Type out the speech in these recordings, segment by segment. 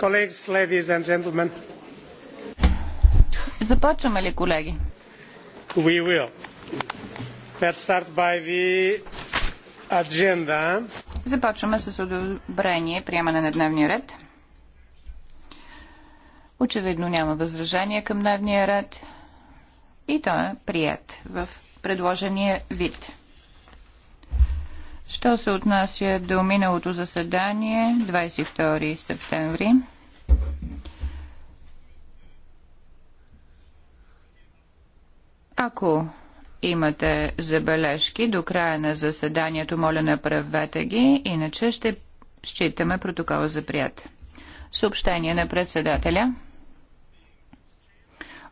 Colleagues, ladies and gentlemen. Започваме ли, колеги? We will. Let's start by the agenda. Започваме с одобрение, приемане на дневния ред. Очевидно няма възражение към дневния ред и той е прият в предложения вид. Що се отнася до миналото заседание, 22 септември, Ако имате забележки до края на заседанието, моля направете ги, иначе ще считаме протокола за прият. Съобщение на председателя.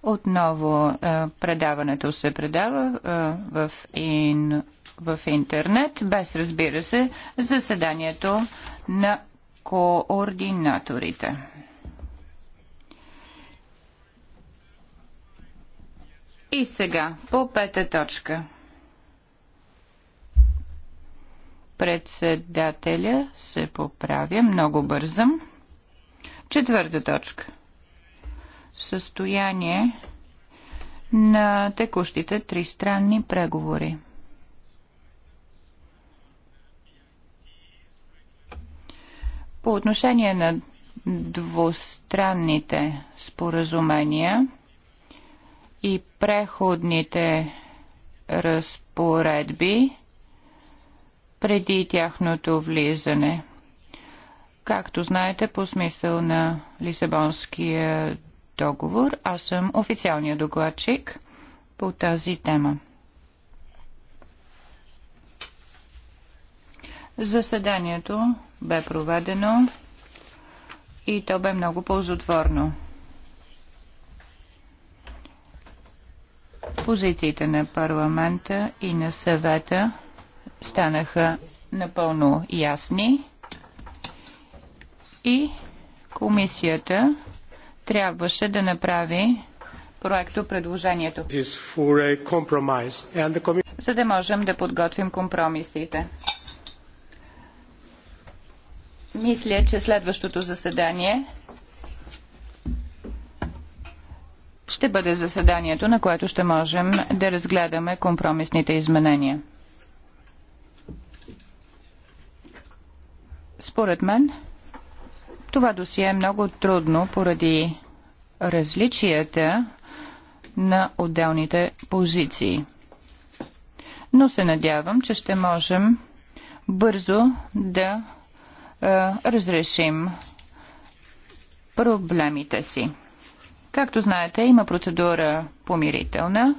Отново е, предаването се предава е, в, ин, в интернет, без разбира се заседанието на координаторите. И сега, по пета точка. Председателя се поправя, много бързам. Четвърта точка. Състояние на текущите тристранни преговори. По отношение на двустранните споразумения, и преходните разпоредби преди тяхното влизане. Както знаете, по смисъл на Лисабонския договор, аз съм официалния докладчик по тази тема. Заседанието бе проведено и то бе много ползотворно. позициите на парламента и на съвета станаха напълно ясни и комисията трябваше да направи проекто предложението, за да можем да подготвим компромисите. Мисля, че следващото заседание ще бъде заседанието, на което ще можем да разгледаме компромисните изменения. Според мен, това досие е много трудно поради различията на отделните позиции. Но се надявам, че ще можем бързо да е, разрешим проблемите си. Както знаете, има процедура помирителна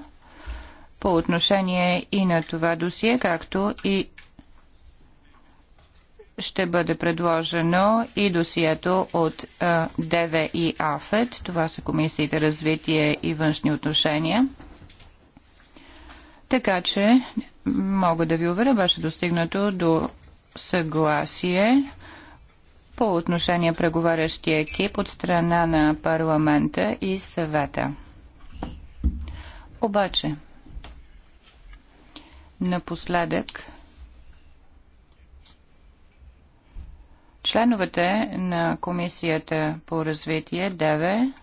по отношение и на това досие, както и ще бъде предложено и досието от ДВ и АФЕД. Това са комисиите развитие и външни отношения. Така че, мога да ви уверя, беше достигнато до съгласие по отношение преговарящия екип от страна на парламента и съвета. Обаче, напоследък, членовете на Комисията по развитие ДВ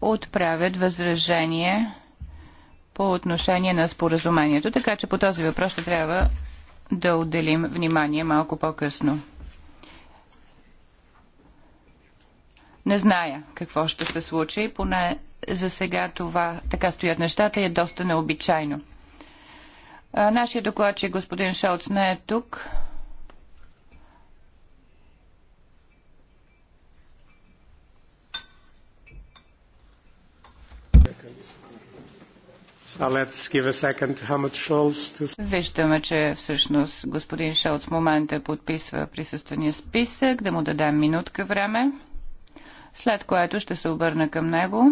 отправят възражение по отношение на споразумението. Така че по този въпрос ще трябва да отделим внимание малко по-късно. Не зная какво ще се случи, поне за сега това така стоят нещата и е доста необичайно. А, нашия докладчик господин Шолц не е тук. Виждаме, че всъщност господин Шолц в момента подписва присъствения списък, да му дадем минутка време, след което ще се обърна към него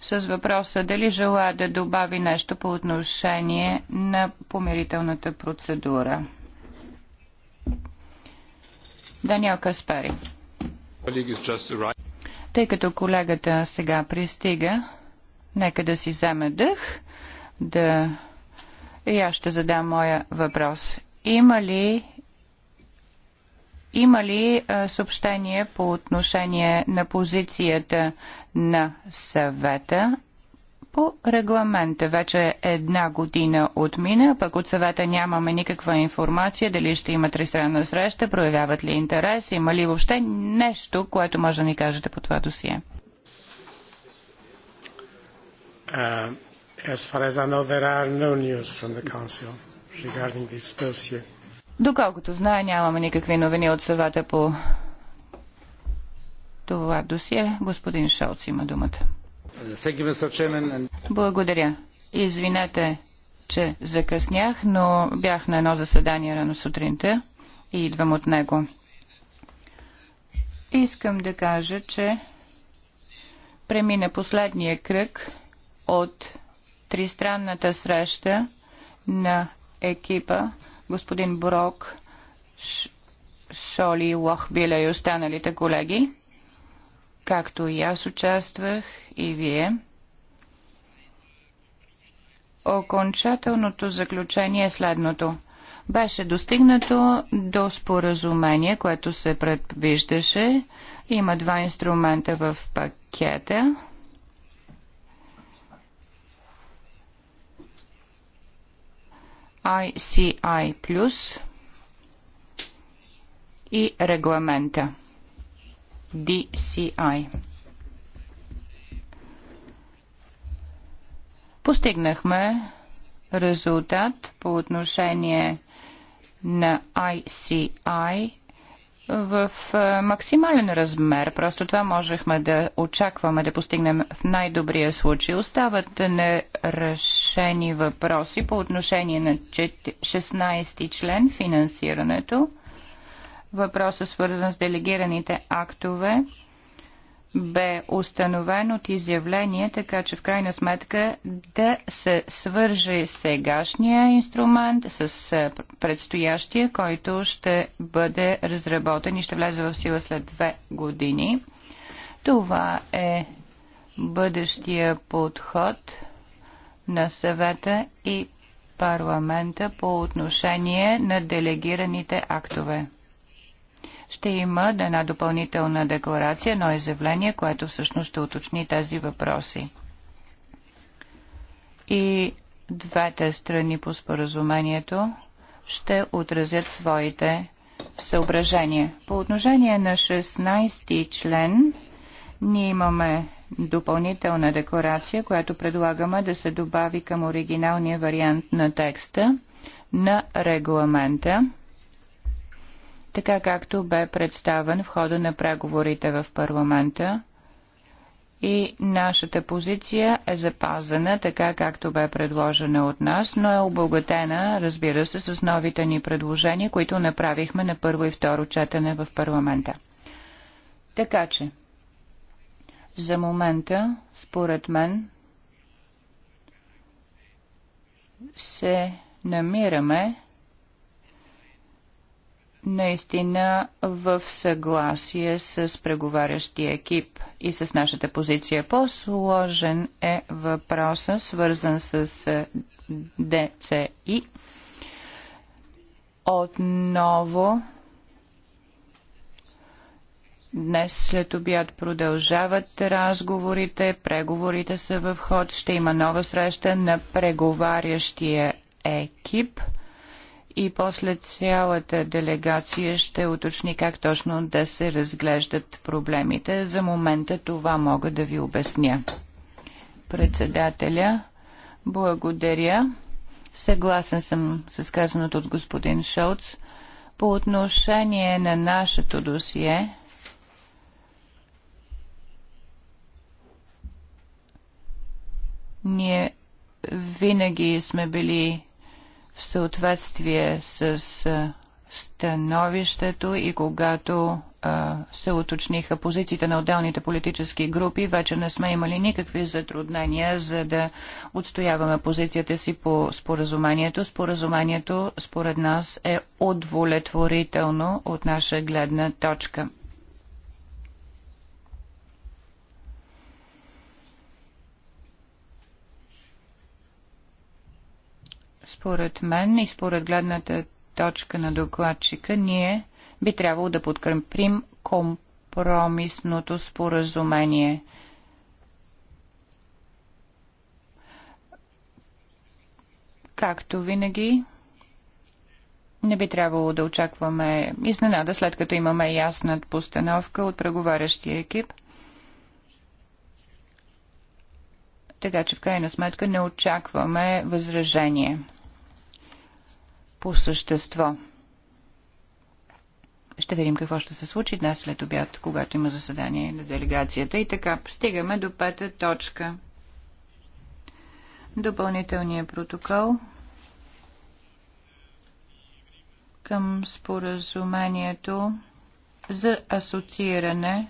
с въпроса дали желая да добави нещо по отношение на помирителната процедура. Даниел Каспари. Тъй като колегата сега пристига, Нека да си вземе дъх, да... И аз ще задам моя въпрос. Има ли има ли а, съобщение по отношение на позицията на съвета по регламента? Вече една година отмина, пък от съвета нямаме никаква информация дали ще има тристранна среща, проявяват ли интерес, има ли въобще нещо, което може да ни кажете по това досие? Uh, as far as I know, there are no news from the Council regarding this dossier. Доколкото знае, нямаме никакви новини от съвета по това досие. Господин Шолц има думата. Благодаря. Извинете, че закъснях, но бях на едно заседание рано сутринта и идвам от него. Искам да кажа, че премина последния кръг от тристранната среща на екипа господин Брок, Шоли, Лохбиле и останалите колеги, както и аз участвах и вие. Окончателното заключение е следното. Беше достигнато до споразумение, което се предвиждаше. Има два инструмента в пакета – ICI Plus и регламента DCI. Постигнахме резултат по отношение на ICI в е, максимален размер. Просто това можехме да очакваме да постигнем в най-добрия случай. Остават нерешени въпроси по отношение на 16 ти член финансирането. Въпросът е свързан с делегираните актове бе установен от изявление, така че в крайна сметка да се свържи сегашния инструмент с предстоящия, който ще бъде разработен и ще влезе в сила след две години. Това е бъдещия подход на съвета и парламента по отношение на делегираните актове ще има една допълнителна декларация, едно изявление, което всъщност ще уточни тези въпроси. И двете страни по споразумението ще отразят своите съображения. По отношение на 16 член, ние имаме допълнителна декларация, която предлагаме да се добави към оригиналния вариант на текста на регламента така както бе представен в хода на преговорите в парламента и нашата позиция е запазена така както бе предложена от нас, но е обогатена, разбира се, с новите ни предложения, които направихме на първо и второ четене в парламента. Така че, за момента, според мен, се намираме наистина в съгласие с преговарящия екип и с нашата позиция. По-сложен е въпроса, свързан с е, ДЦИ. Отново Днес след обяд продължават разговорите, преговорите са в ход, ще има нова среща на преговарящия екип – и после цялата делегация ще уточни как точно да се разглеждат проблемите. За момента това мога да ви обясня. Председателя, благодаря. Съгласен съм с казаното от господин Шолц. По отношение на нашето досие, ние винаги сме били в съответствие с становището и когато а, се уточниха позициите на отделните политически групи, вече не сме имали никакви затруднения за да отстояваме позицията си по споразумението. Споразумението според нас е удовлетворително от наша гледна точка. Според мен и според гледната точка на докладчика, ние би трябвало да подкрепим компромисното споразумение. Както винаги, не би трябвало да очакваме изненада, след като имаме ясна постановка от преговарящия екип. Така че в крайна сметка не очакваме възражение по същество. Ще видим какво ще се случи днес след обяд, когато има заседание на делегацията. И така, стигаме до пета точка. Допълнителният протокол към споразумението за асоцииране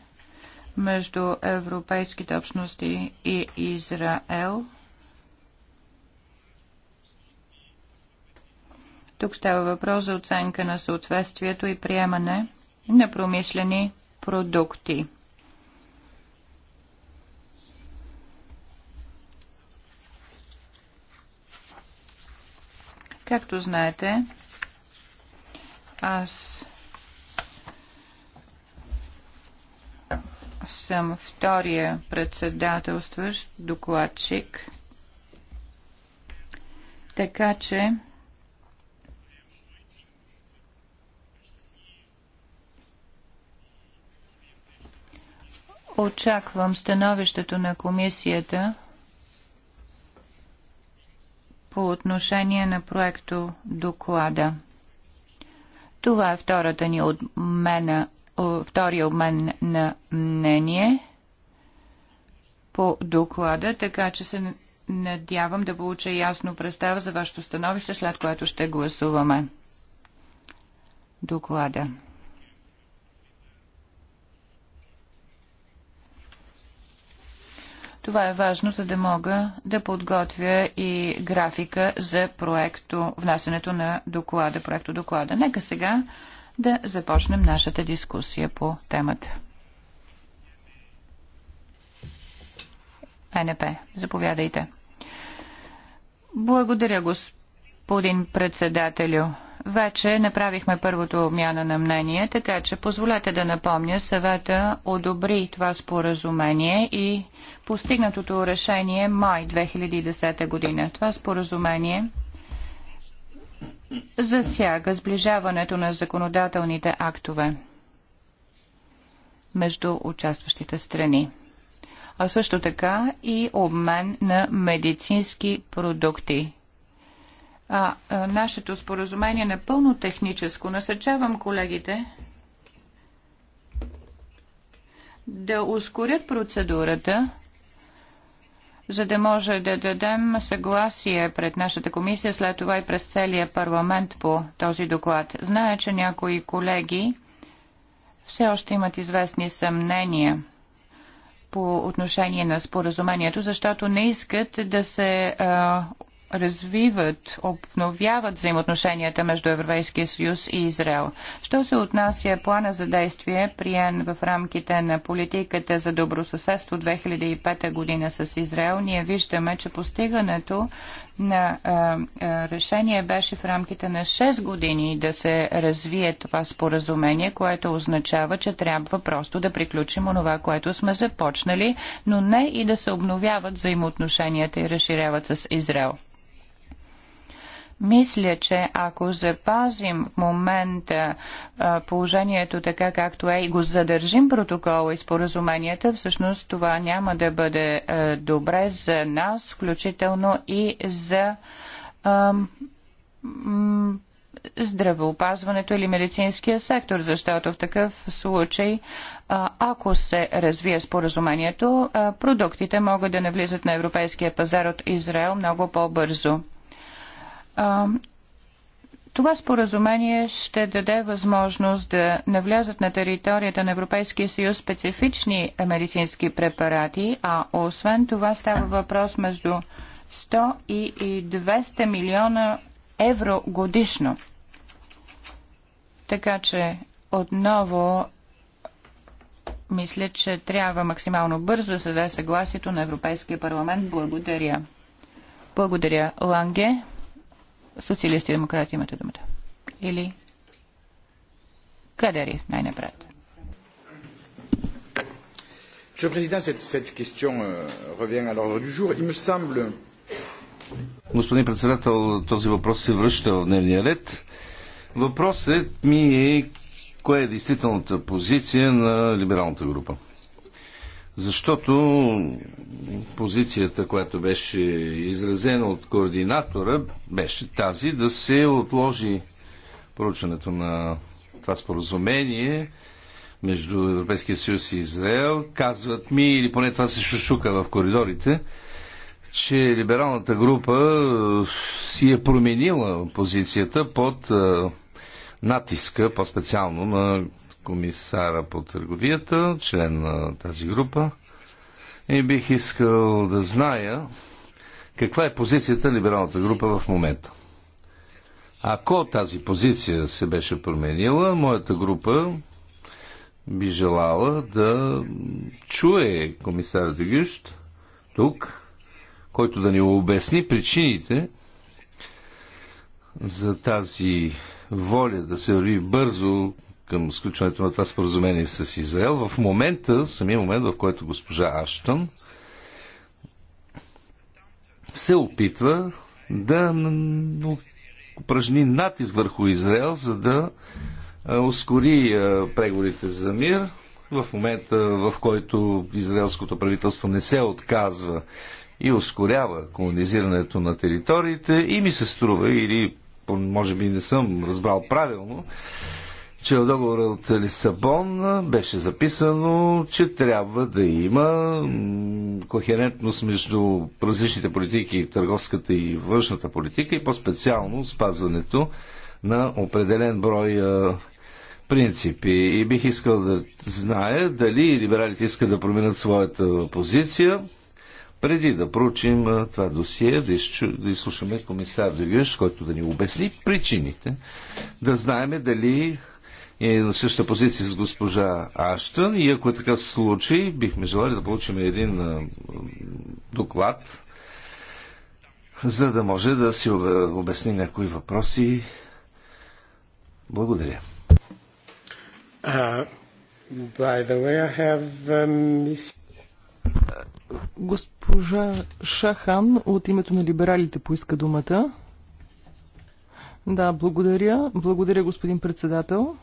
между европейските общности и Израел – Тук става въпрос за оценка на съответствието и приемане на промишлени продукти. Както знаете, аз съм втория председателстващ докладчик, така че Очаквам становището на комисията по отношение на проекто доклада. Това е втората ни обмена, втория обмен на мнение по доклада, така че се надявам да получа ясно представа за вашето становище, след което ще гласуваме доклада. Това е важно, за да мога да подготвя и графика за проекто, внасянето на доклада, проекто доклада. Нека сега да започнем нашата дискусия по темата. Е, НП, заповядайте. Благодаря, господин председателю. Вече направихме първото обмяна на мнение, така че позволете да напомня, съвета одобри това споразумение и постигнатото решение май 2010 година. Това споразумение засяга сближаването на законодателните актове между участващите страни, а също така и обмен на медицински продукти а, а, нашето споразумение е напълно техническо. Насъчавам колегите да ускорят процедурата, за да може да дадем съгласие пред нашата комисия, след това и през целия парламент по този доклад. Зная, че някои колеги все още имат известни съмнения по отношение на споразумението, защото не искат да се а, развиват, обновяват взаимоотношенията между Европейския съюз и Израел. Що се отнася плана за действие, приен в рамките на политиката за добросъседство 2005 година с Израел, ние виждаме, че постигането на а, а, решение беше в рамките на 6 години да се развие това споразумение, което означава, че трябва просто да приключим онова, което сме започнали, но не и да се обновяват взаимоотношенията и разширяват с Израел. Мисля, че ако запазим в момента положението така както е и го задържим протокола и споразуменията, всъщност това няма да бъде добре за нас, включително и за здравеопазването или медицинския сектор, защото в такъв случай, ако се развие споразумението, продуктите могат да навлизат на европейския пазар от Израел много по-бързо това споразумение ще даде възможност да навлязат на територията на Европейския съюз специфични медицински препарати, а освен това става въпрос между 100 и 200 милиона евро годишно. Така че отново мисля, че трябва максимално бързо да се даде съгласието на Европейския парламент. Благодаря. Благодаря, Ланге. Социалисти и демократи имате думата. Или Кадери най-напред. Monsieur le Président, cette, cette question euh, revient à l'ordre du jour. Il me semble. Господин председател, този въпрос се връща в дневния ред. Въпросът ми е кое е действителната позиция на либералната група защото позицията, която беше изразена от координатора, беше тази да се отложи проучването на това споразумение между Европейския съюз и Израел. Казват ми, или поне това се шушука в коридорите, че либералната група е, си е променила позицията под е, натиска, по-специално на комисара по търговията, член на тази група. И бих искал да зная каква е позицията на либералната група в момента. Ако тази позиция се беше променила, моята група би желала да чуе комисар Дегюшт тук, който да ни обясни причините за тази воля да се върви бързо към сключването на това споразумение с Израел. В момента, в самия момент, в който госпожа Аштон се опитва да упражни натиск върху Израел, за да ускори преговорите за мир в момента, в който израелското правителство не се отказва и ускорява колонизирането на териториите и ми се струва, или може би не съм разбрал правилно, че в договора от Лисабон беше записано, че трябва да има кохерентност между различните политики, търговската и външната политика и по-специално спазването на определен брой принципи. И бих искал да зная дали либералите искат да променят своята позиция преди да проучим това досие, да, изчу, да изслушаме комисар Дегюш, който да ни обясни причините, да знаеме дали е на същата позиция с госпожа Аштън и ако е такъв случай, бихме желали да получим един а, доклад, за да може да си обясни някои въпроси. Благодаря. Uh, by the way, I have, um, Госпожа Шахан от името на либералите поиска думата. Да, благодаря. Благодаря, господин председател.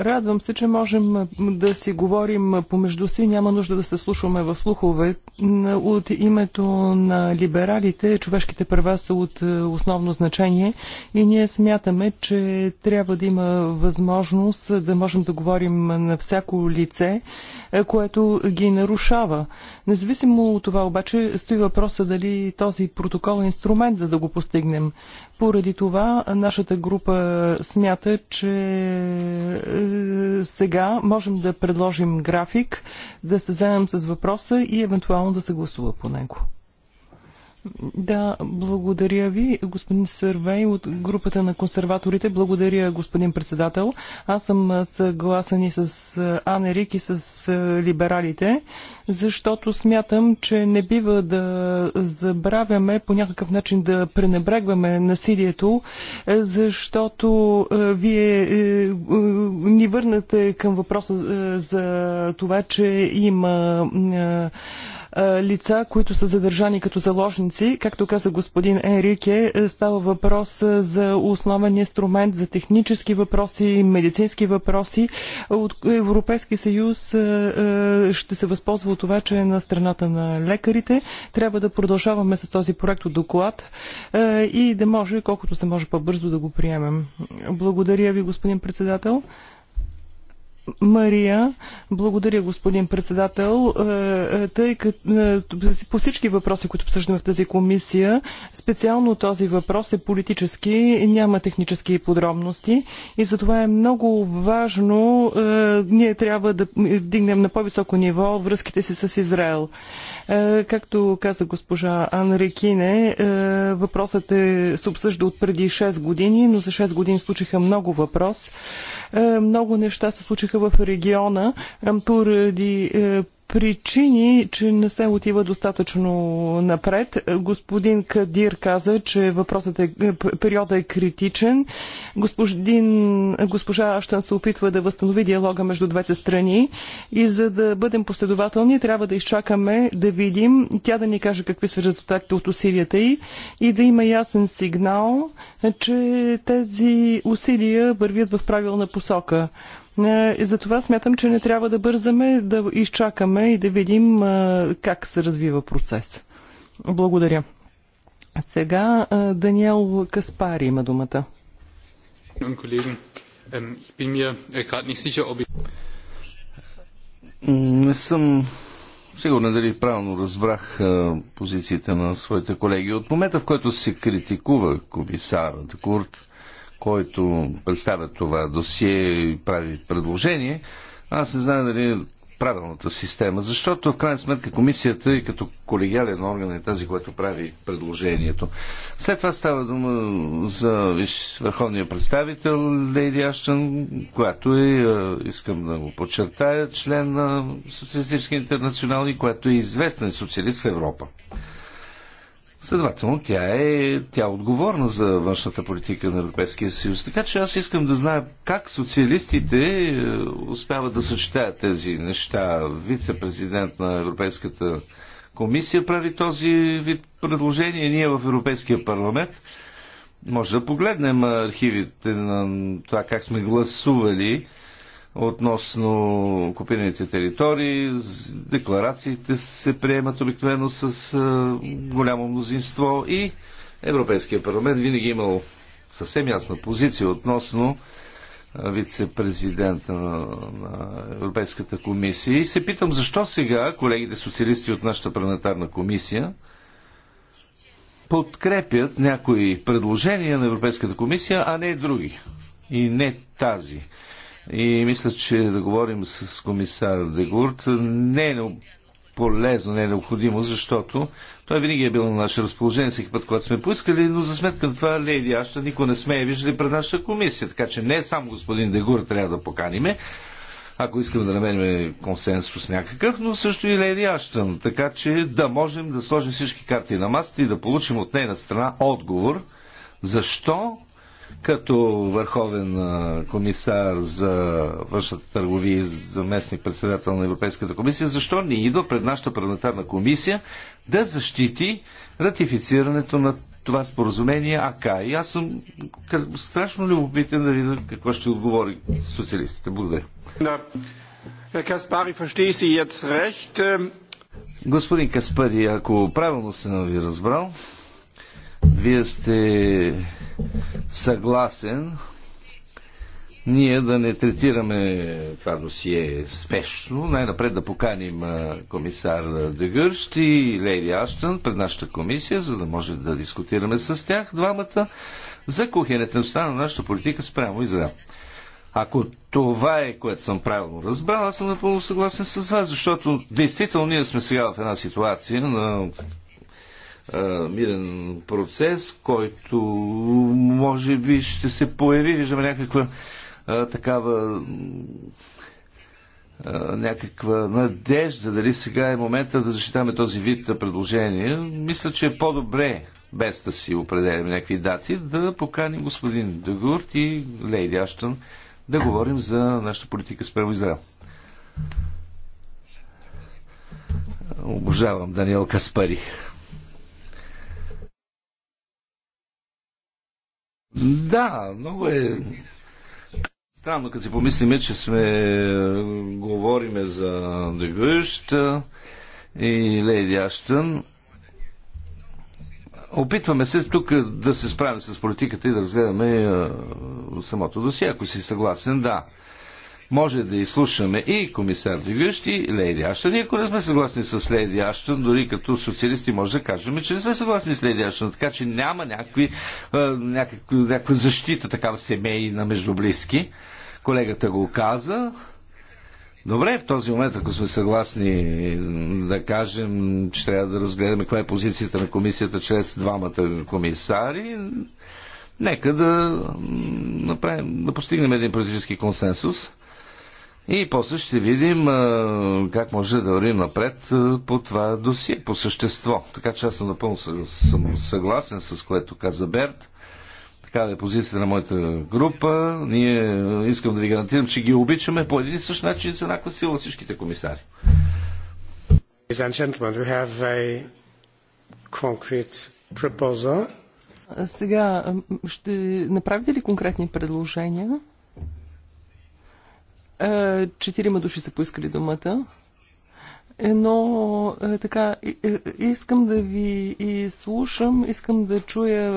Радвам се, че можем да си говорим помежду си. Няма нужда да се слушаме в слухове. От името на либералите човешките права са от е, основно значение и ние смятаме, че трябва да има възможност да можем да говорим на всяко лице, е, което ги нарушава. Независимо от това обаче стои въпроса дали този протокол е инструмент за да го постигнем. Поради това нашата група смята, че е, сега можем да предложим график, да се заемем с въпроса и евентуално да се гласува по него. Да, благодаря ви, господин Сървей от групата на консерваторите. Благодаря, господин председател. Аз съм съгласен и с Анерик и с либералите, защото смятам, че не бива да забравяме, по някакъв начин да пренебрегваме насилието, е, защото вие е, е, ни върнате към въпроса за това, че има лица, които са задържани като заложници. Както каза господин Енрике, е, става въпрос е, за основен инструмент за технически въпроси, медицински въпроси. От Европейски съюз е, ще се възползва от това, че е на страната на лекарите. Трябва да продължаваме с този проект от доклад и да може, колкото се може по-бързо да го приемем. Благодаря ви, господин председател. Мария, благодаря господин председател. Е, е, тъй като е, по всички въпроси, които обсъждаме в тази комисия, специално този въпрос е политически, няма технически подробности и за това е много важно ние трябва да вдигнем на по-високо ниво връзките си с Израел. Както каза госпожа Анрекине, въпросът е, се обсъжда от преди 6 години, но за 6 години случиха много въпрос. Много неща се случиха в региона поради е, причини, че не се отива достатъчно напред. Господин Кадир каза, че въпросът е, е периода е критичен. Господин, госпожа Аштан се опитва да възстанови диалога между двете страни и за да бъдем последователни, трябва да изчакаме да видим, тя да ни каже какви са резултатите от усилията й и да има ясен сигнал, че тези усилия вървят в правилна посока. Е, и за това смятам, че не трябва да бързаме, да изчакаме и да видим е, как се развива процес. Благодаря. Сега е, Даниел Каспари има думата. Ähm, äh, не съм сигурен дали правилно разбрах позицията на своите колеги. От момента, в който се критикува комисара Декурт, който представя това досие и прави предложение, аз не знам дали е правилната система, защото в крайна сметка комисията и като колегиален орган е тази, която прави предложението. След това става дума за виж, върховния представител Лейди Аштън, която е, е, искам да го подчертая, член на Социалистическия интернационал и която е известен социалист в Европа. Следователно, тя е, тя е отговорна за външната политика на Европейския съюз. Така че аз искам да знае как социалистите е, успяват да съчетаят тези неща. Вице-президент на Европейската комисия прави този вид предложение. Ние в Европейския парламент може да погледнем архивите на това как сме гласували относно окупираните територии. Декларациите се приемат обикновено с е, голямо мнозинство и Европейския парламент винаги е имал съвсем ясна позиция относно е, вице-президента на, Европейската комисия. И се питам защо сега колегите социалисти от нашата парламентарна комисия подкрепят някои предложения на Европейската комисия, а не други. И не тази. И мисля, че да говорим с комисар Дегурт не е полезно, не е необходимо, защото той винаги е бил на наше разположение всеки път, когато сме поискали, но за сметка на това Леди Аща, никой не сме я виждали пред нашата комисия. Така че не само господин Дегур трябва да поканиме, ако искаме да намерим консенсус някакъв, но също и Леди Аштън, така че да можем да сложим всички карти на масата и да получим от нейна страна отговор, защо като върховен комисар за външната търговия и заместник председател на Европейската комисия, защо не идва пред нашата парламентарна комисия да защити ратифицирането на това споразумение АК. И аз съм страшно любопитен да видя какво ще отговори социалистите. Благодаря. Е, Каспари, verstehe си jetzt recht. Е, Господин Каспари, ако правилно се ви разбрал, вие сте съгласен ние да не третираме това досие спешно. Най-напред да поканим комисар Дегърщ и Лейди Аштън пред нашата комисия, за да може да дискутираме с тях двамата за кохерентността на нашата политика спрямо Израел. Ако това е, което съм правилно разбрал, аз съм напълно съгласен с вас, защото действително ние сме сега в една ситуация на е, мирен процес, който може би ще се появи. Виждаме някаква а, е, такава а, е, някаква надежда, дали сега е момента да защитаваме този вид предложение. Мисля, че е по-добре, без да си определим някакви дати, да поканим господин Дегурт и Лейди Аштън да говорим за нашата политика с спрямо Израел. Обожавам Даниел Каспари. Да, много е странно, като си помислиме, че сме е, говориме за Дегъщ е, и Лейди Аштън. Опитваме се тук да се справим с политиката и да разгледаме е, самото досие. Ако си съгласен, да може да изслушаме и комисар Дегъщ и Лейди Аштън. Ние, ако не сме съгласни с Лейди Аштън, дори като социалисти може да кажем, че не сме съгласни с Лейди Аштън. Така че няма някакви, някакви, някаква защита такава семейна между близки. Колегата го каза. Добре, в този момент, ако сме съгласни да кажем, че трябва да разгледаме каква е позицията на комисията чрез двамата комисари, нека да, направим, да постигнем един политически консенсус. И после ще видим а, как може да вървим напред а, по това досие, по същество. Така че аз съм напълно съм съгласен с което каза Берт. Така е позицията на моята група. Ние искам да ви гарантирам, че ги обичаме по един и същ начин с еднаква сила всичките комисари. Сега ще направите ли конкретни предложения? Е, четирима души са поискали думата. Но е, така, е, искам да ви и слушам, искам да чуя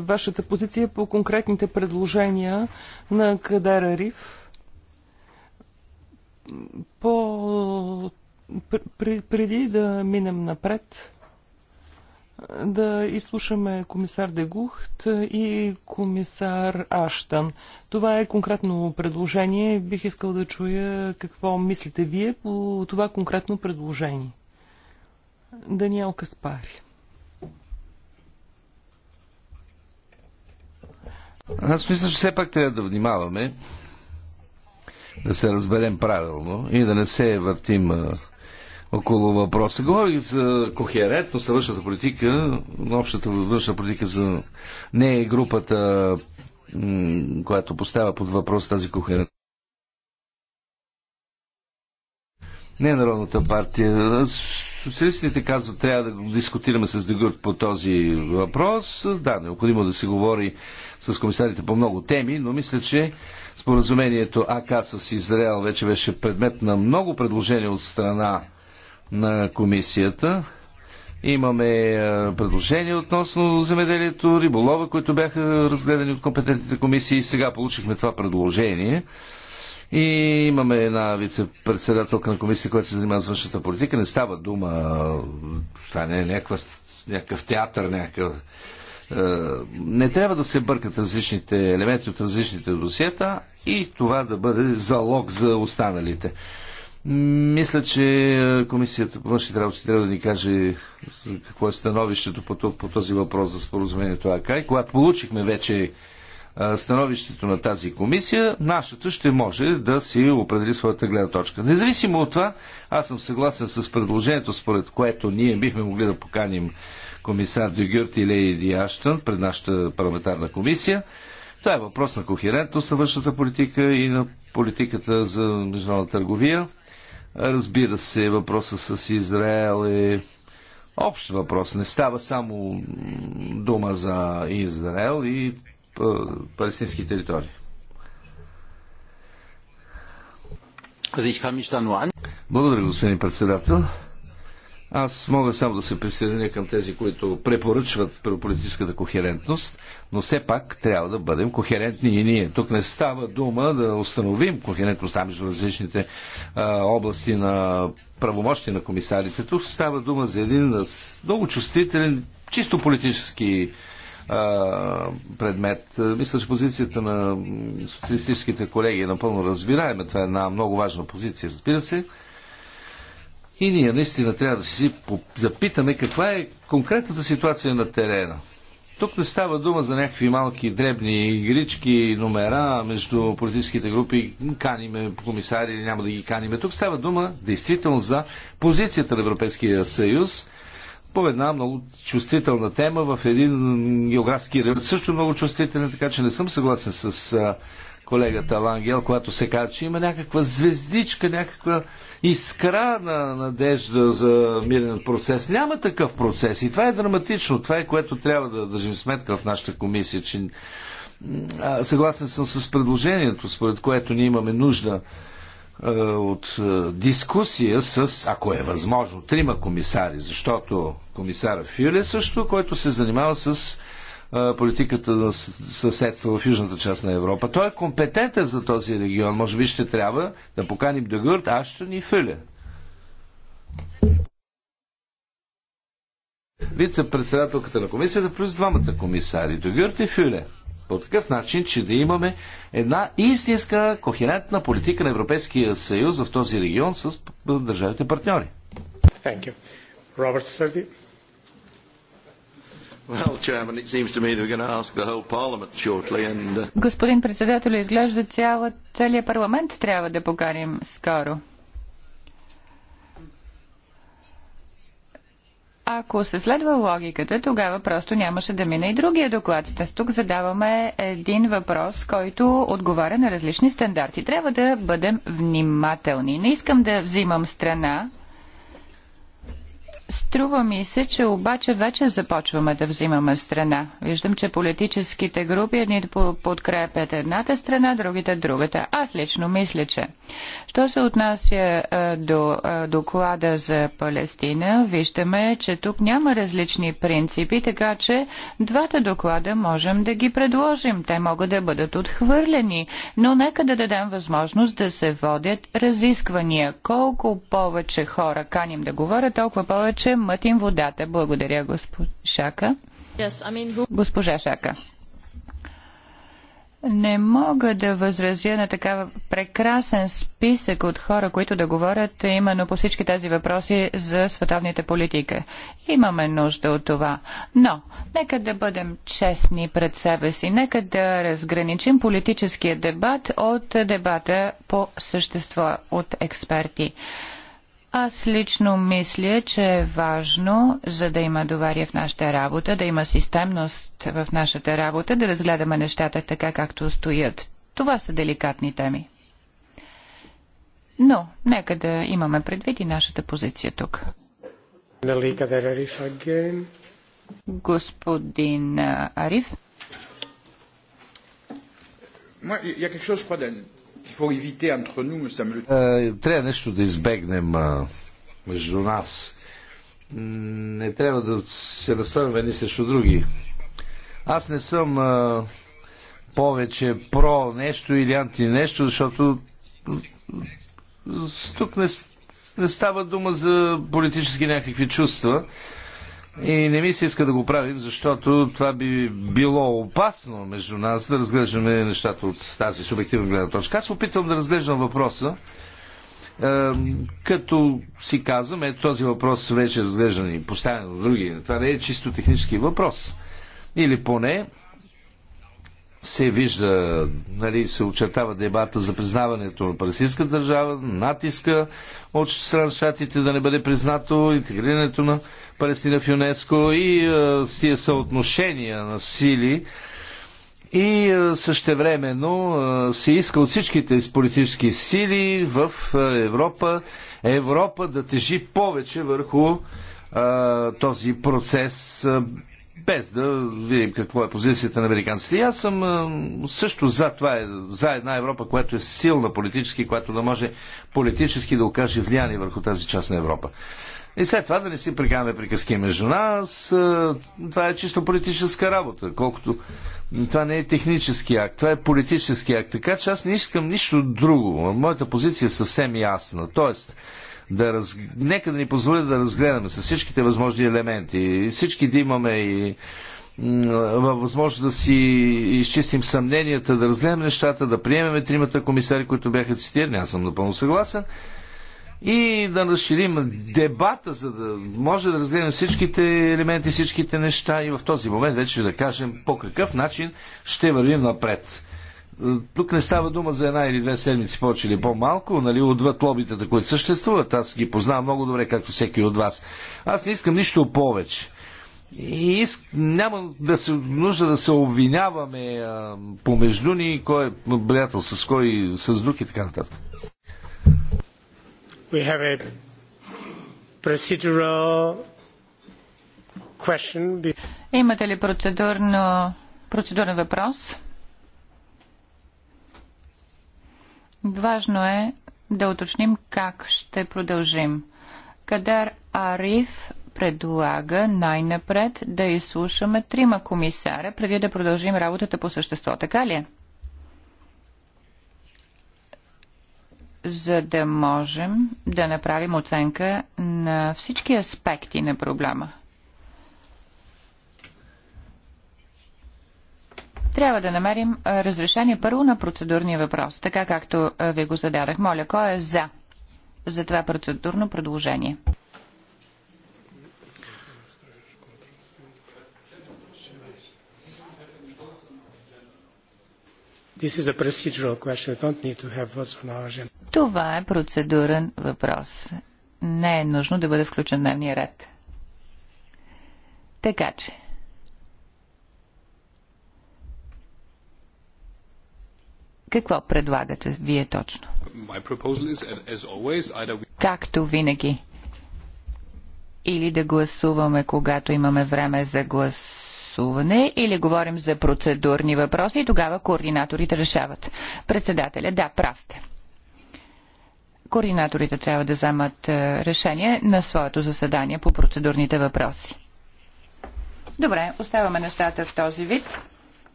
вашата позиция по конкретните предложения на кадера Риф. По, преди да минем напред, да изслушаме комисар Дегухт и комисар Аштан. Това е конкретно предложение. Бих искал да чуя какво мислите вие по това конкретно предложение. Даниел Каспари. Аз мисля, че все пак трябва да внимаваме, да се разберем правилно и да не се въртим около въпроса. Говорих за кохерентност на външната политика, общата външна политика за не е групата, която поставя под въпрос тази кохерентност. Не Народната партия. Социалистите казват, трябва да дискутираме с Дегурт по този въпрос. Да, необходимо да се говори с комисарите по много теми, но мисля, че споразумението АК с Израел вече беше предмет на много предложения от страна на комисията. Имаме е, предложения относно земеделието, риболова, които бяха разгледани от компетентните комисии. Сега получихме това предложение. И имаме една вице-председателка на комисия, която се занимава с външната политика. Не става дума, това не е някаква, някакъв театър, някакъв... Е, не трябва да се бъркат различните елементи от различните досиета и това да бъде залог за останалите. Мисля, че е, Комисията по външните работи трябва да ни каже е, какво е становището по, по този въпрос за споразумението АКА. И когато получихме вече е, становището на тази комисия, нашата ще може да си определи своята гледна точка. Независимо от това, аз съм съгласен с предложението, според което ние бихме могли да поканим комисар Дюгюрт и Лейди Аштън пред нашата парламентарна комисия. Това е въпрос на кохерентност на външната политика и на политиката за международна търговия. Разбира се, въпроса с Израел е общ въпрос. Не става само дума за Израел и палестински територии. Благодаря, господин председател. Аз мога само да се присъединя към тези, които препоръчват политическата кохерентност. Но все пак трябва да бъдем кохерентни и ние. Тук не става дума да установим кохерентността между различните а, области на правомощи на комисарите. Тук става дума за един много чувствителен, чисто политически предмет. Мисля, че позицията на социалистическите колеги е напълно разбираема. Това е една много важна позиция, разбира се. И ние наистина трябва да си запитаме каква е конкретната ситуация на терена. Тук не става дума за някакви малки дребни игрички, номера между политическите групи, каниме комисари или няма да ги каниме. Тук става дума действително за позицията на Европейския съюз по една много чувствителна тема в един географски район, също много чувствителен, така че не съм съгласен с колегата Лангел, когато се казва, че има някаква звездичка, някаква искра на надежда за мирен процес. Няма такъв процес и това е драматично. Това е което трябва да държим сметка в нашата комисия, че съгласен съм с предложението, според което ние имаме нужда от дискусия с, ако е възможно, трима комисари, защото комисара Фюле също, който се занимава с политиката на съседство в южната част на Европа. Той е компетентен за този регион. Може би ще трябва да поканим Дегърт, ще и Фюле. Вице-председателката на комисията плюс двамата комисари Дегърт и Фюле. По такъв начин, че да имаме една истинска кохерентна политика на Европейския съюз в този регион с държавите партньори. Thank you. Robert Uh, Господин председател, изглежда целият парламент трябва да поканим скоро. Ако се следва логиката, тогава просто нямаше да мине и другия доклад. Тез тук задаваме един въпрос, който отговаря на различни стандарти. Трябва да бъдем внимателни. Не искам да взимам страна Струва ми се, че обаче вече започваме да взимаме страна. Виждам, че политическите групи едни подкрепят едната страна, другите другата. Аз лично мисля, че. Що се отнася а, до а, доклада за Палестина, виждаме, че тук няма различни принципи, така че двата доклада можем да ги предложим. Те могат да бъдат отхвърлени, но нека да дадем възможност да се водят разисквания. Колко повече хора каним да говорят, толкова повече че мътим водата. Благодаря, госпожа Шака. Госпожа Шака. Не мога да възразя на такава прекрасен списък от хора, които да говорят именно по всички тези въпроси за световните политики. Имаме нужда от това. Но, нека да бъдем честни пред себе си. Нека да разграничим политическия дебат от дебата по същество от експерти. Аз лично мисля, че е важно, за да има доверие в нашата работа, да има системност в нашата работа, да разгледаме нещата така, както стоят. Това са деликатни теми. Но, нека да имаме предвид и нашата позиция тук. Господин Ариф. Е, трябва нещо да избегнем между нас. Не трябва да се настроим едни срещу други. Аз не съм повече про нещо или анти нещо, защото тук не става дума за политически някакви чувства. И не ми се иска да го правим, защото това би било опасно между нас да разглеждаме нещата от тази субективна гледна точка. Аз опитвам да разглеждам въпроса, е, като си казвам, ето този въпрос вече е разглеждан и поставен от други. Това не е чисто технически въпрос. Или поне се вижда, нали, се очертава дебата за признаването на палестинска държава, натиска от страна щатите да не бъде признато, интегрирането на Палестина в ЮНЕСКО и е, тия съотношения на сили. И също е, същевременно е, се иска от всичките политически сили в е, Европа, Европа да тежи повече върху е, този процес без да видим какво е позицията на американците. И аз съм също за това, е, за една Европа, която е силна политически, която да може политически да окаже влияние върху тази част на Европа. И след това да не си прикаме приказки между нас. Това е чисто политическа работа. Колкото това не е технически акт, това е политически акт. Така че аз не искам нищо друго. Моята позиция е съвсем ясна. Тоест, да раз... нека да ни позволят да разгледаме с всичките възможни елементи, всички да имаме и във възможност да си изчистим съмненията, да разгледаме нещата, да приемеме тримата комисари, които бяха цитирани, аз съм напълно съгласен, и да разширим дебата, за да може да разгледаме всичките елементи, всичките неща и в този момент вече да кажем по какъв начин ще вървим напред тук не става дума за една или две седмици повече или по-малко, нали, отвъд лобитата, които съществуват. Аз ги познавам много добре, както всеки от вас. Аз не искам нищо повече. И иск... няма да се нужда да се обвиняваме а, помежду ни, кой е приятел с кой, с друг и така нататък. We have a procedural question. Имате ли процедурно, процедурен въпрос? Важно е да уточним как ще продължим. Кадар Ариф предлага най-напред да изслушаме трима комисаря, преди да продължим работата по същество. Така ли е? За да можем да направим оценка на всички аспекти на проблема – Трябва да намерим разрешение първо на процедурния въпрос, така както ви го зададах. Моля, кой е за за това процедурно предложение? Това е процедурен въпрос. Не е нужно да бъде включен дневния ред. Така че, Какво предлагате вие точно? Както винаги. Или да гласуваме, когато имаме време за гласуване, или говорим за процедурни въпроси и тогава координаторите решават. Председателя, да, прав сте. Координаторите трябва да вземат е, решение на своето заседание по процедурните въпроси. Добре, оставаме нещата в този вид.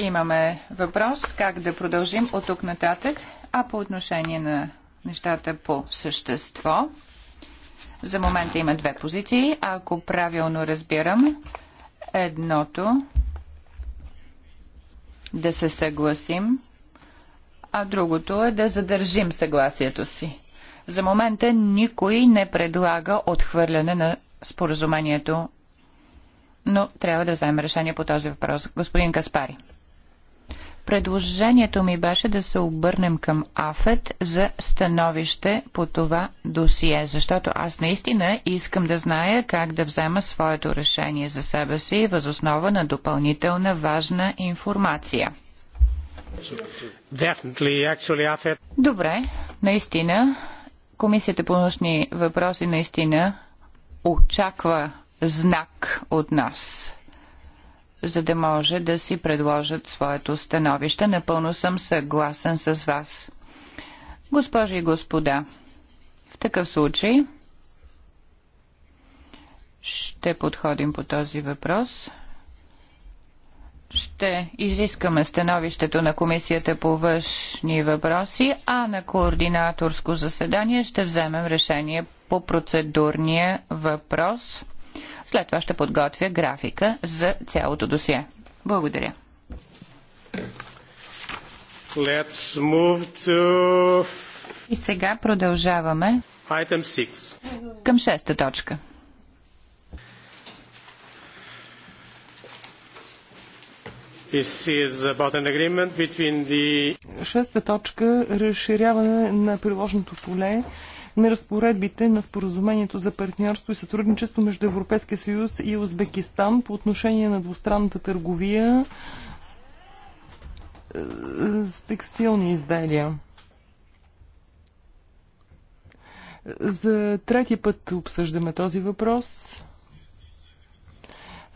Имаме въпрос как да продължим от тук нататък, а по отношение на нещата по същество. За момента има две позиции. Ако правилно разбирам, едното да се съгласим, а другото е да задържим съгласието си. За момента никой не предлага отхвърляне на споразумението, но трябва да вземем решение по този въпрос. Господин Каспари. Предложението ми беше да се обърнем към АФЕТ за становище по това досие, защото аз наистина искам да зная как да взема своето решение за себе си възоснова на допълнителна важна информация. Добре, наистина, Комисията по външни въпроси наистина очаква знак от нас за да може да си предложат своето становище. Напълно съм съгласен с вас. Госпожи и господа, в такъв случай ще подходим по този въпрос. Ще изискаме становището на Комисията по външни въпроси, а на координаторско заседание ще вземем решение по процедурния въпрос – след това ще подготвя графика за цялото досие. Благодаря. Let's move to... И сега продължаваме Item 6. към шеста точка. This is about an agreement between the... Шеста точка – разширяване на приложното поле на разпоредбите на споразумението за партньорство и сътрудничество между Европейския съюз и Узбекистан по отношение на двустранната търговия е, с текстилни изделия. За трети път обсъждаме този въпрос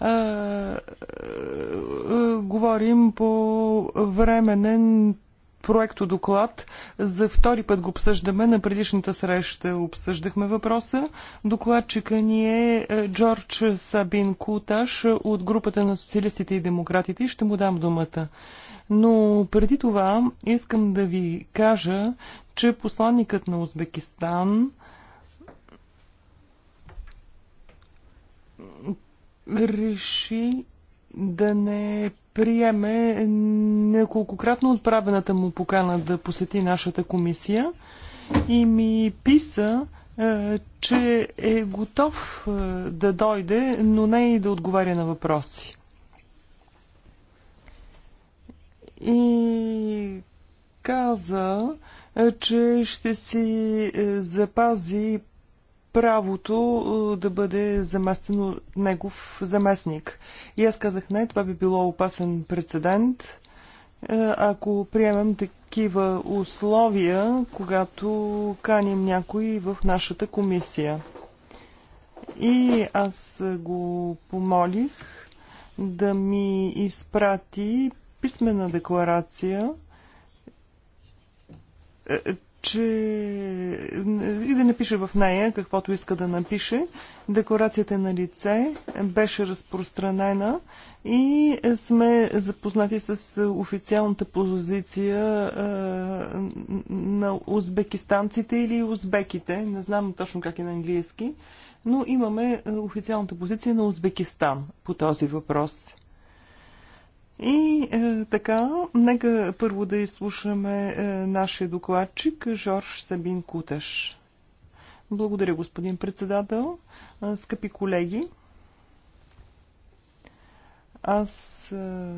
е, е, говорим по временен проекто доклад. За втори път го обсъждаме. На предишната среща обсъждахме въпроса. Докладчика ни е, е Джордж Сабин Куташ от групата на социалистите и демократите. Ще му дам думата. Но преди това искам да ви кажа, че посланникът на Узбекистан реши да не приеме неколкократно отправената му покана да посети нашата комисия и ми писа, е, че е готов е, да дойде, но не и да отговаря на въпроси. И каза, е, че ще си запази правото е, да бъде заместен от негов заместник. И аз казах не, това би било опасен прецедент, е, ако приемем такива условия, когато каним някой в нашата комисия. И аз го помолих да ми изпрати писмена декларация, е, че и да напише в нея каквото иска да напише. Декларацията е на лице беше разпространена и сме запознати с официалната позиция на узбекистанците или узбеките. Не знам точно как е на английски, но имаме официалната позиция на Узбекистан по този въпрос. И е, така, нека първо да изслушаме е, нашия докладчик Жорж Сабин Куташ. Благодаря, господин председател. Е, скъпи колеги, аз е,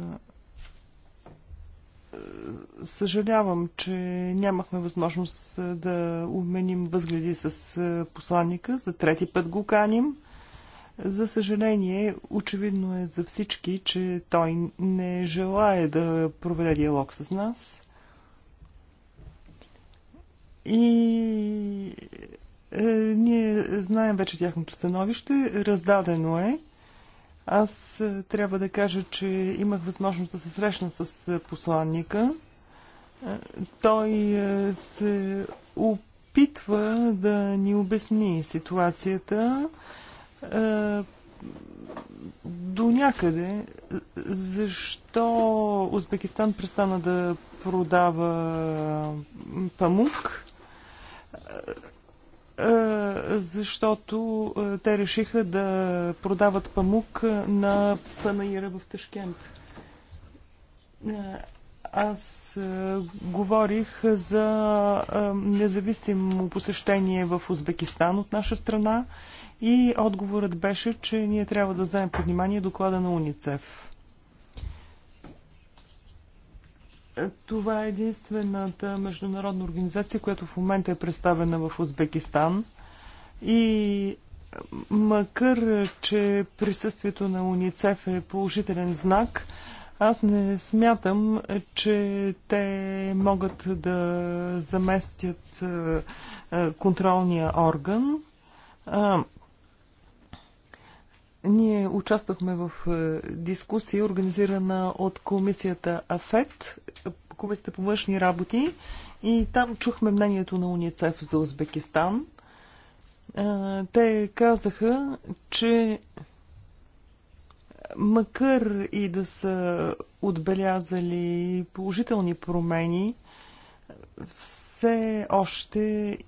съжалявам, че нямахме възможност е, да обменим възгледи с е, посланника. За трети път го каним. За съжаление, очевидно е за всички, че той не желая да проведе диалог с нас. И е, ние знаем вече тяхното становище, раздадено е. Аз е, трябва да кажа, че имах възможност да се срещна с е, посланника. Е, той се опитва да ни обясни ситуацията е, до някъде защо Узбекистан престана да продава памук, е, е, защото те решиха да продават памук на панаира в Ташкент. Аз говорих за независимо посещение в Узбекистан от наша страна и отговорът беше, че ние трябва да вземем под внимание доклада на УНИЦЕФ. Е, това е единствената международна организация, която в момента е представена в Узбекистан. И макар, че присъствието на УНИЦЕФ е положителен знак, аз не смятам, че те могат да заместят е, е, контролния орган. Ние участвахме в е, дискусия, организирана от комисията АФЕТ, комисията по външни работи, и там чухме мнението на УНИЦЕФ за Узбекистан. Е, те казаха, че макар и да са отбелязали положителни промени, все още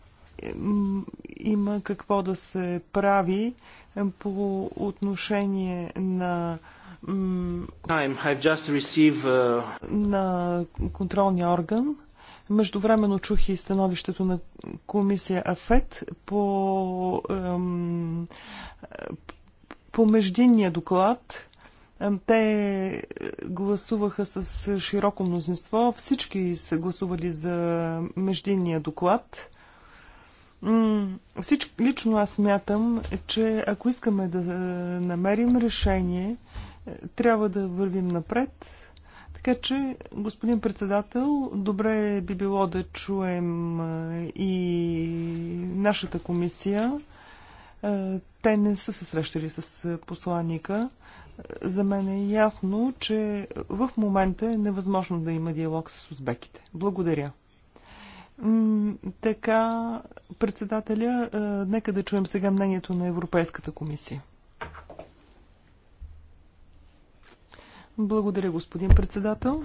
има какво да се прави, по отношение на uh, на контролния орган. Междувременно чух и становището на комисия АФЕТ по, по междинния доклад. Те гласуваха с широко мнозинство. Всички са гласували за междинния доклад. Всичко, лично аз смятам, че ако искаме да е, намерим решение, е, трябва да вървим напред. Така че, господин председател, добре би било да чуем е, и нашата комисия. Те не са се срещали с посланника. За мен е ясно, че в момента е невъзможно да има диалог с узбеките. Благодаря. Така, председателя, е, нека да чуем сега мнението на Европейската комисия. Благодаря, господин председател.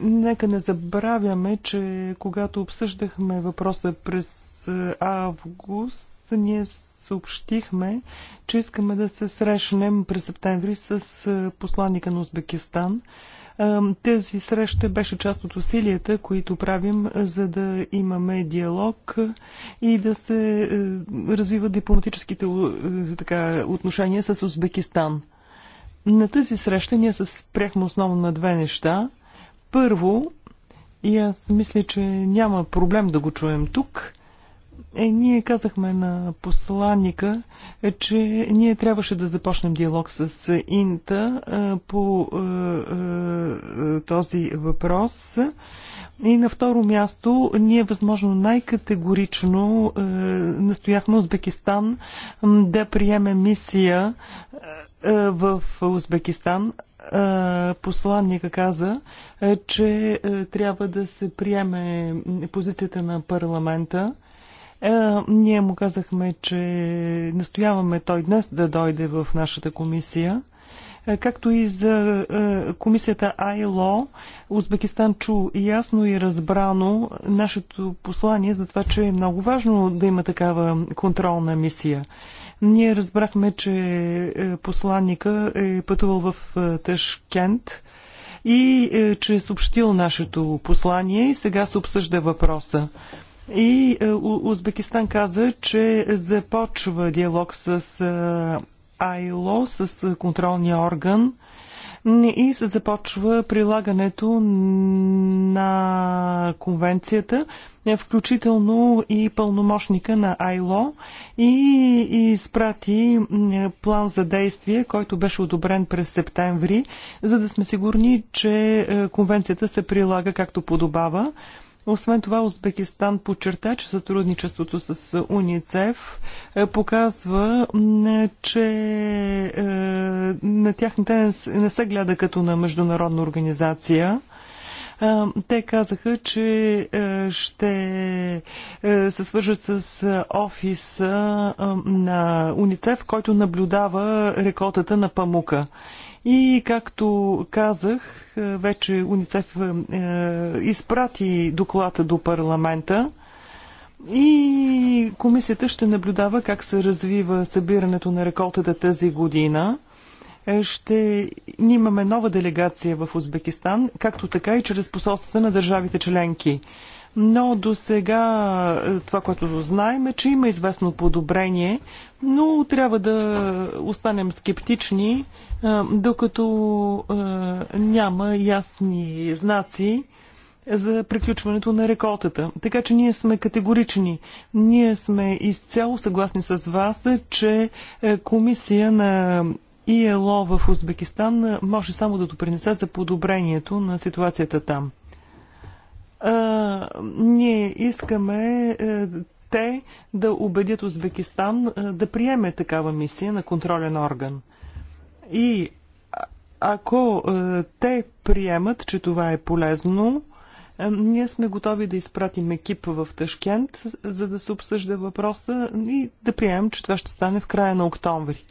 Нека не забравяме, че когато обсъждахме въпроса през е, август, ние съобщихме, че искаме да се срещнем през септември с е, посланника на Узбекистан. Тази среща беше част от усилията, които правим, за да имаме диалог и да се развиват дипломатическите така, отношения с Узбекистан. На тази среща ние се спряхме основно на две неща. Първо, и аз мисля, че няма проблем да го чуем тук – е, ние казахме на посланника, е, че ние трябваше да започнем диалог с Инта е, по е, този въпрос. И на второ място, ние възможно най-категорично е, настояхме Узбекистан да приеме мисия е, в Узбекистан. посланника каза, че трябва да се приеме позицията на парламента. Е, ние му казахме, че настояваме той днес да дойде в нашата комисия е, както и за е, комисията АИЛО, Узбекистан чу ясно и разбрано нашето послание за това, че е много важно да има такава контролна мисия. Ние разбрахме, че посланника е пътувал в Ташкент и че е съобщил нашето послание и сега се обсъжда въпроса. И е, Узбекистан каза, че започва диалог с е, АИЛО, с е, контролния орган и се започва прилагането на конвенцията, включително и пълномощника на АИЛО и изпрати план за действие, който беше одобрен през септември, за да сме сигурни, че конвенцията се прилага както подобава. Освен това, Узбекистан подчерта, че сътрудничеството с УНИЦЕФ е, показва, че е, на тях не се гледа като на международна организация е, те казаха, че ще се свържат с офиса на УНИЦЕФ, който наблюдава реколтата на памука. И както казах, е, вече УНИЦЕФ е, е, изпрати доклада до парламента и комисията ще наблюдава как се развива събирането на реколтата тази година ще имаме нова делегация в Узбекистан, както така и чрез посолствата на държавите членки но до сега е, това, което знаем е, че има известно подобрение, но трябва да останем скептични, е, докато е, няма ясни знаци за приключването на реколтата. Така че ние сме категорични. Ние сме изцяло съгласни с вас, че комисия на ИЛО в Узбекистан може само да допринесе за подобрението на ситуацията там. А, ние искаме е, те да убедят Узбекистан е, да приеме такава мисия на контролен орган. И ако е, те приемат, че това е полезно, ние сме готови да изпратим екип в Ташкент, за да се обсъжда въпроса и да приемем, че това ще стане в края на октомври.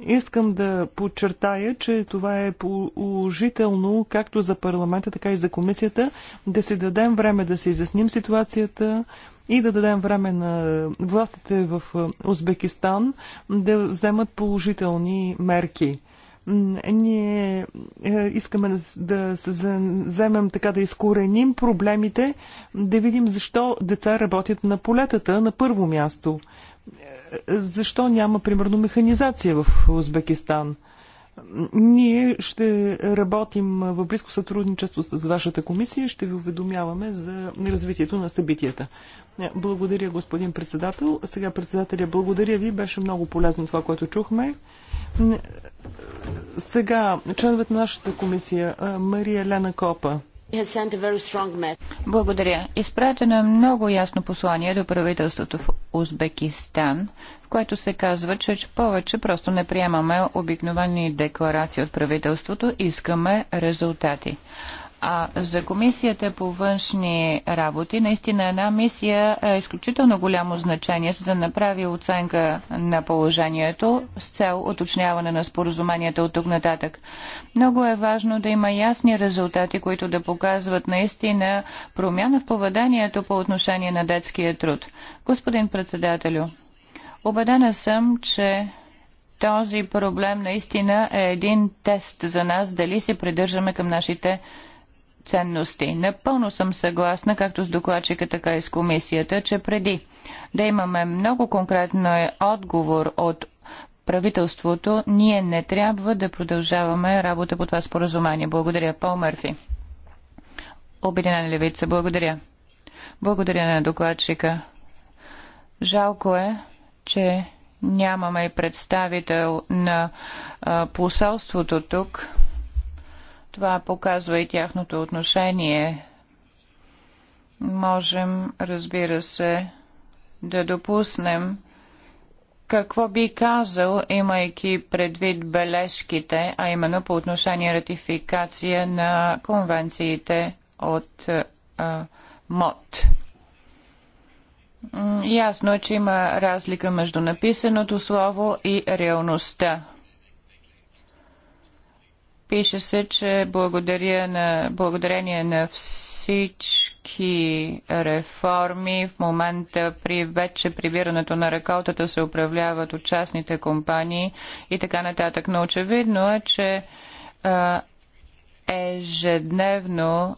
Искам да подчертая, че това е положително както за парламента, така и за комисията, да си дадем време да се изясним ситуацията и да дадем време на властите в Узбекистан да вземат положителни мерки ние е, искаме да се вземем така да изкореним проблемите, да видим защо деца работят на полетата на първо място защо няма, примерно, механизация в Узбекистан? Ние ще работим в близко сътрудничество с вашата комисия. и Ще ви уведомяваме за развитието на събитията. Благодаря, господин председател. Сега, председателя, благодаря ви. Беше много полезно това, което чухме. Сега, членът на нашата комисия, Мария Лена Копа. Благодаря. Изпратено е много ясно послание до правителството в Узбекистан, в което се казва, че повече просто не приемаме обикновени декларации от правителството, искаме резултати. А за комисията по външни работи, наистина една мисия е изключително голямо значение, за да направи оценка на положението с цел уточняване на споразуменията от тук нататък. Много е важно да има ясни резултати, които да показват наистина промяна в поведението по отношение на детския труд. Господин председателю, убедена съм, че този проблем наистина е един тест за нас дали се придържаме към нашите ценности. Напълно съм съгласна, както с докладчика, така и с комисията, че преди да имаме много конкретно отговор от правителството, ние не трябва да продължаваме работа по това споразумение. Благодаря. Пол Мърфи. Обединена левица. Благодаря. Благодаря на докладчика. Жалко е, че нямаме и представител на а, посолството тук. Това показва и тяхното отношение. Можем, разбира се, да допуснем какво би казал, имайки предвид бележките, а именно по отношение ратификация на конвенциите от а, МОД. Ясно е, че има разлика между написаното слово и реалността. Пише се, че благодаря на, благодарение на всички реформи в момента при вече прибирането на реколтата се управляват от частните компании и така нататък. Но очевидно е, че а, ежедневно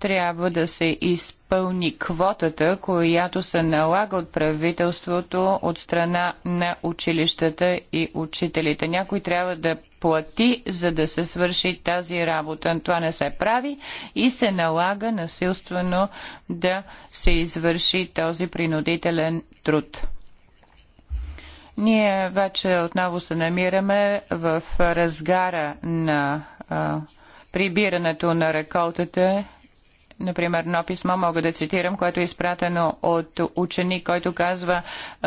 трябва да се изпълни квотата, която се налага от правителството от страна на училищата и учителите. Някой трябва да плати, за да се свърши тази работа. Това не се прави и се налага насилствено да се извърши този принудителен труд. Ние вече отново се намираме в разгара на а, прибирането на реколтата например, едно писмо мога да цитирам, което е изпратено от ученик, който казва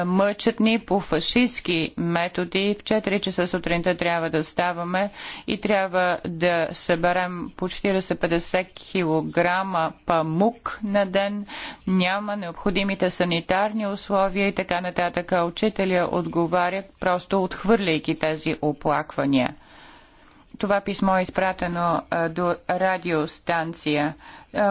мъчат ни по фашистски методи. В 4 часа сутринта трябва да ставаме и трябва да съберем по 40-50 кг памук на ден. Няма необходимите санитарни условия и така нататък. Учителя отговаря, просто отхвърляйки тези оплаквания. Това писмо е изпратено до радиостанция.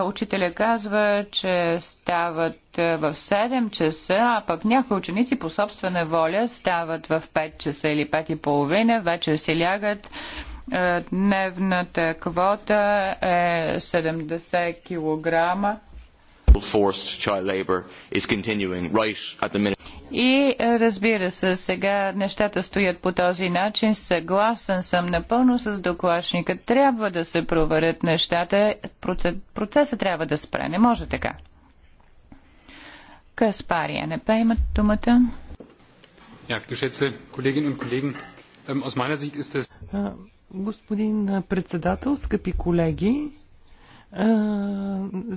Учителя казва, че стават в 7 часа, а пък някои ученици по собствена воля стават в 5 часа или 5 и половина, вечер се лягат. Дневната квота е 70 килограма forced child labour is continuing right at the minute. И е, разбира се, сега нещата стоят по този начин. Съгласен съм напълно с докладчника. Трябва да се проверят нещата. Процесът трябва да спре. Не може така. Каспария, не имат думата. Ja, geschätzte Kolleginnen und Kollegen, ähm, aus meiner Sicht ist es... Е, господин председател, скъпи колеги,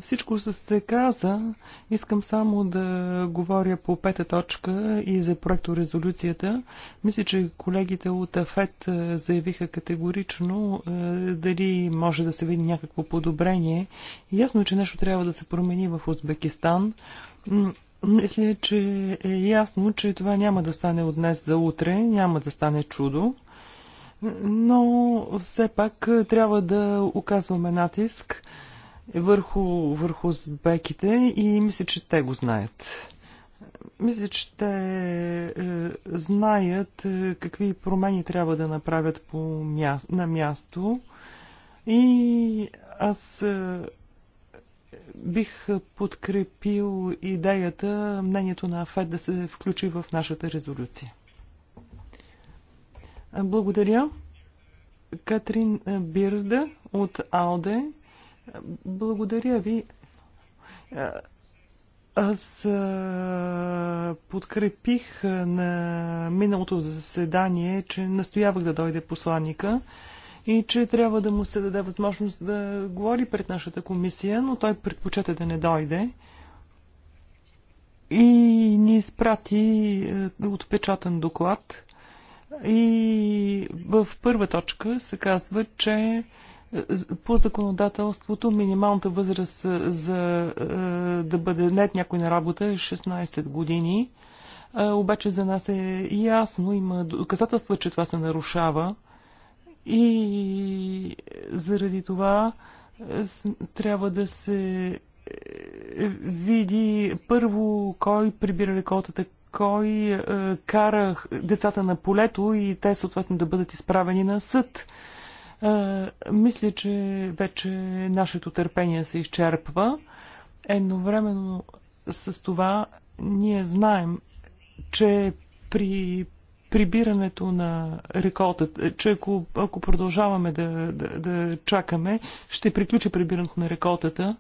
всичко се каза. Искам само да говоря по пета точка и за резолюцията. Мисля, че колегите от АФЕТ заявиха категорично дали може да се види някакво подобрение. Ясно, че нещо трябва да се промени в Узбекистан. Мисля, че е ясно, че това няма да стане от днес за утре, няма да стане чудо но все пак е, трябва да оказваме натиск върху, върху сбеките и мисля, че те го знаят. Мисля, че те е, знаят е, какви промени трябва да направят по мя... на място. И аз е, бих подкрепил идеята, мнението на ФЕД да се включи в нашата резолюция. Благодаря. Катрин Бирда от АЛДЕ. Благодаря ви. Аз подкрепих на миналото заседание, че настоявах да дойде посланника и че трябва да му се даде възможност да говори пред нашата комисия, но той предпочета да не дойде и ни изпрати отпечатан доклад. И в първа точка се казва, че е, по законодателството минималната възраст е, за е, да бъде нет някой на работа е 16 години. Обаче за нас е ясно, има доказателства, че това се нарушава. И заради това трябва да се види първо кой прибира реколтата, кой е, кара децата на полето и те съответно да бъдат изправени на съд. Е, мисля, че вече нашето търпение се изчерпва. Едновременно с това ние знаем, че при прибирането на реколтата, че ако, ако продължаваме да, да, да чакаме, ще приключи прибирането на реколтата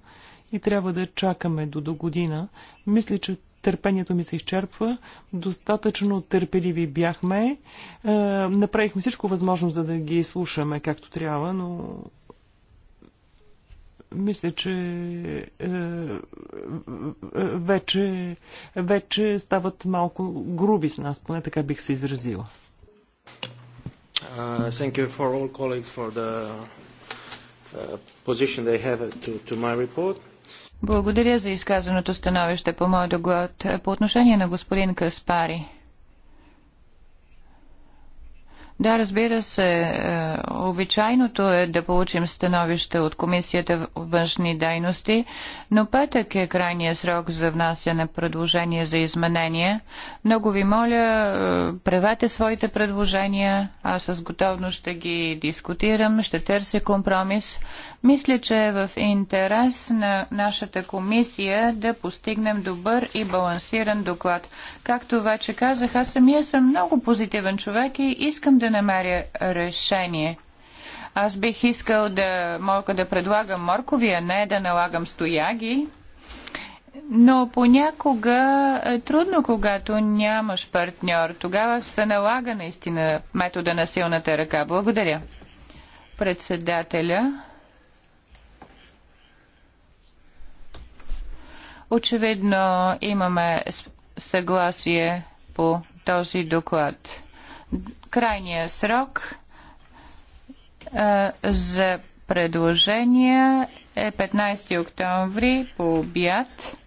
и трябва да чакаме до до година. Мисля, че Търпението ми се изчерпва. Достатъчно търпеливи бяхме. Е, направихме всичко възможно, за да ги слушаме както трябва, но мисля, че е, е, вече, вече стават малко груби с нас, поне така бих се изразила. Uh, thank you for all colleagues for the uh, position they have to, to my report. Благодаря за изказаното становище по мой доглад. По отношение на господин Каспари. Да, разбира се, е, обичайното е да получим становище от Комисията външни дейности, но петък е крайният срок за внасяне предложение за изменения. Много ви моля, е, правете своите предложения, аз с готовност ще ги дискутирам, ще търся компромис, мисля, че е в интерес на нашата комисия да постигнем добър и балансиран доклад. Както вече казах, аз самия съм много позитивен човек и искам да намеря решение. Аз бих искал да мога да предлагам моркови, а не да налагам стояги. Но понякога е трудно, когато нямаш партньор. Тогава се налага наистина метода на силната ръка. Благодаря. Председателя, Очевидно имаме съгласие по този доклад. Крайният срок е, за предложения е 15 октомври по обяд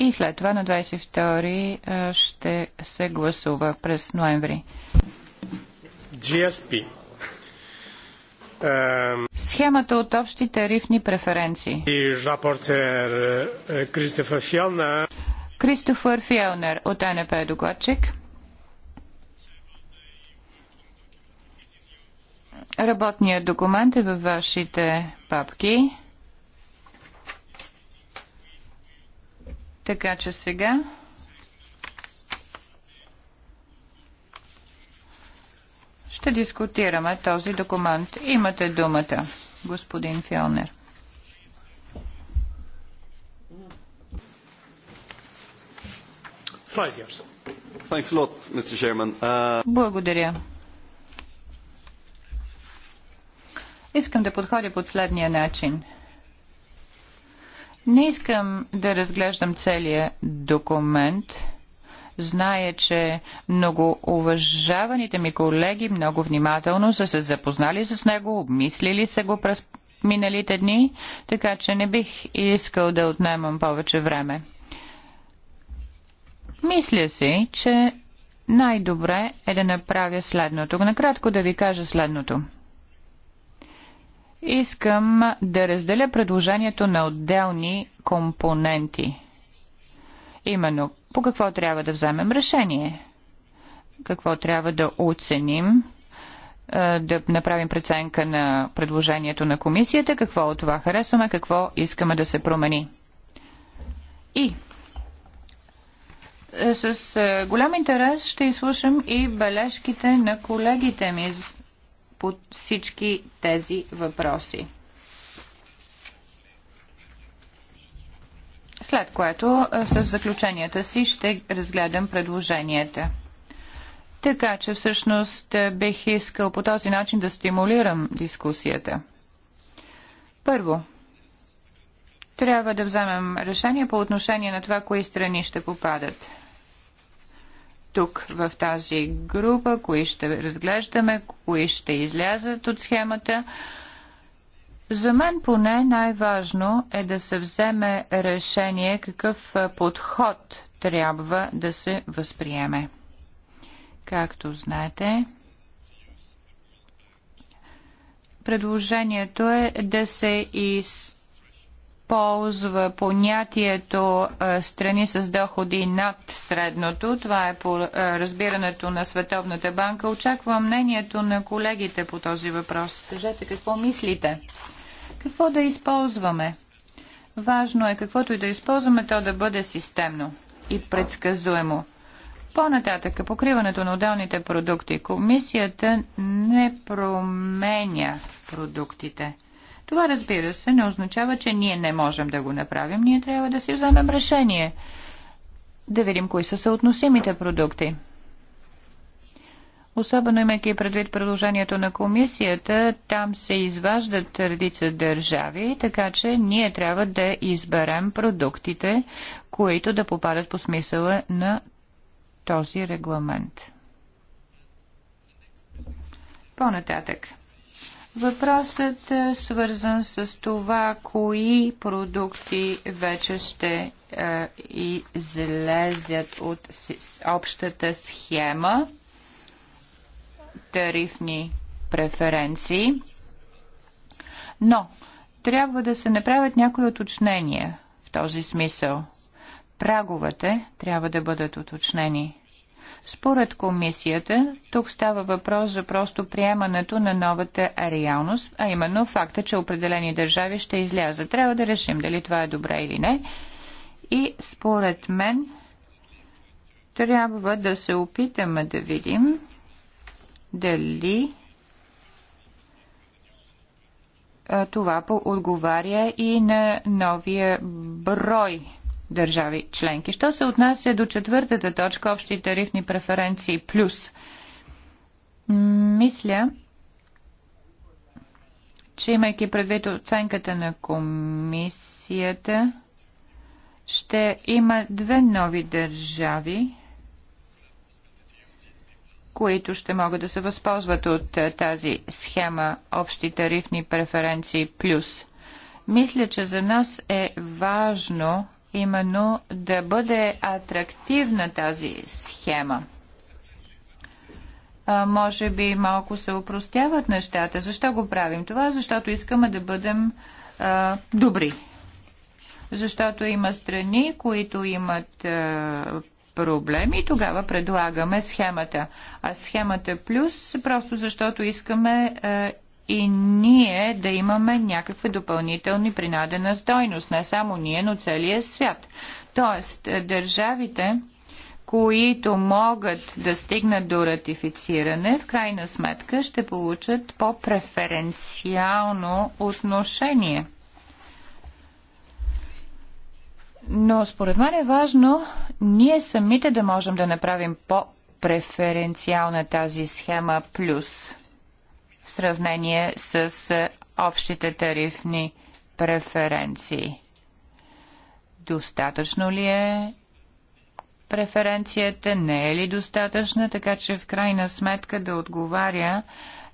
и след това на 22 ще се гласува през ноември. GSP. Схемата от общи тарифни преференции. Е, е, Кристофър Фелнер. Кристофър Фелнер от НП докладчик. Работният документ е във вашите папки. Така че сега ще дискутираме този документ. Имате думата, господин Фионер. Uh, Благодаря. Искам да подходя под следния начин. Не искам да разглеждам целия документ – Зная, че много уважаваните ми колеги много внимателно са се запознали с него, обмислили са го през миналите дни, така че не бих искал да отнемам повече време. Мисля си, че най-добре е да направя следното. Накратко да ви кажа следното. Искам да разделя предложението на отделни компоненти. Именно по какво трябва да вземем решение, какво трябва да оценим, е, да направим преценка на предложението на комисията, какво от това харесваме, какво искаме да се промени. И е, с е, голям интерес ще изслушам и бележките на колегите ми по всички тези въпроси. след което е, с заключенията си ще разгледам предложенията. Така че всъщност е, бих искал по този начин да стимулирам дискусията. Първо, трябва да вземем решение по отношение на това, кои страни ще попадат тук в тази група, кои ще разглеждаме, кои ще излязат от схемата. За мен поне най-важно е да се вземе решение какъв подход трябва да се възприеме. Както знаете, предложението е да се използва понятието страни с доходи над средното. Това е по разбирането на Световната банка. Очаквам мнението на колегите по този въпрос. Кажете какво мислите. Какво да използваме? Важно е каквото и да използваме, то да бъде системно и предсказуемо. По-нататък, покриването на отделните продукти. Комисията не променя продуктите. Това, разбира се, не означава, че ние не можем да го направим. Ние трябва да си вземем решение. Да видим кои са съотносимите продукти особено имайки предвид предложението на комисията, там се изваждат редица държави, така че ние трябва да изберем продуктите, които да попадат по смисъла на този регламент. По-нататък. Въпросът е свързан с това, кои продукти вече ще е, излезят от общата схема тарифни преференции, но трябва да се направят някои уточнения в този смисъл. Праговете трябва да бъдат уточнени. Според комисията, тук става въпрос за просто приемането на новата реалност, а именно факта, че определени държави ще излязат. Трябва да решим дали това е добре или не. И според мен трябва да се опитаме да видим дали това отговаря и на новия брой държави членки. Що се отнася до четвъртата точка, общи тарифни преференции плюс, мисля, че имайки предвид оценката на комисията, ще има две нови държави, които ще могат да се възползват от е, тази схема общи тарифни преференции плюс. Мисля, че за нас е важно именно да бъде атрактивна тази схема. А, може би малко се упростяват нещата. Защо го правим това? Защото искаме да бъдем а, добри. Защото има страни, които имат а, проблем и тогава предлагаме схемата. А схемата плюс, просто защото искаме е, и ние да имаме някакви допълнителни принадена стойност. Не само ние, но целия свят. Тоест, е, държавите, които могат да стигнат до ратифициране, в крайна сметка ще получат по-преференциално отношение – Но според мен е важно ние самите да можем да направим по-преференциална тази схема плюс в сравнение с е, общите тарифни преференции. Достатъчно ли е преференцията? Не е ли достатъчна? Така че в крайна сметка да отговаря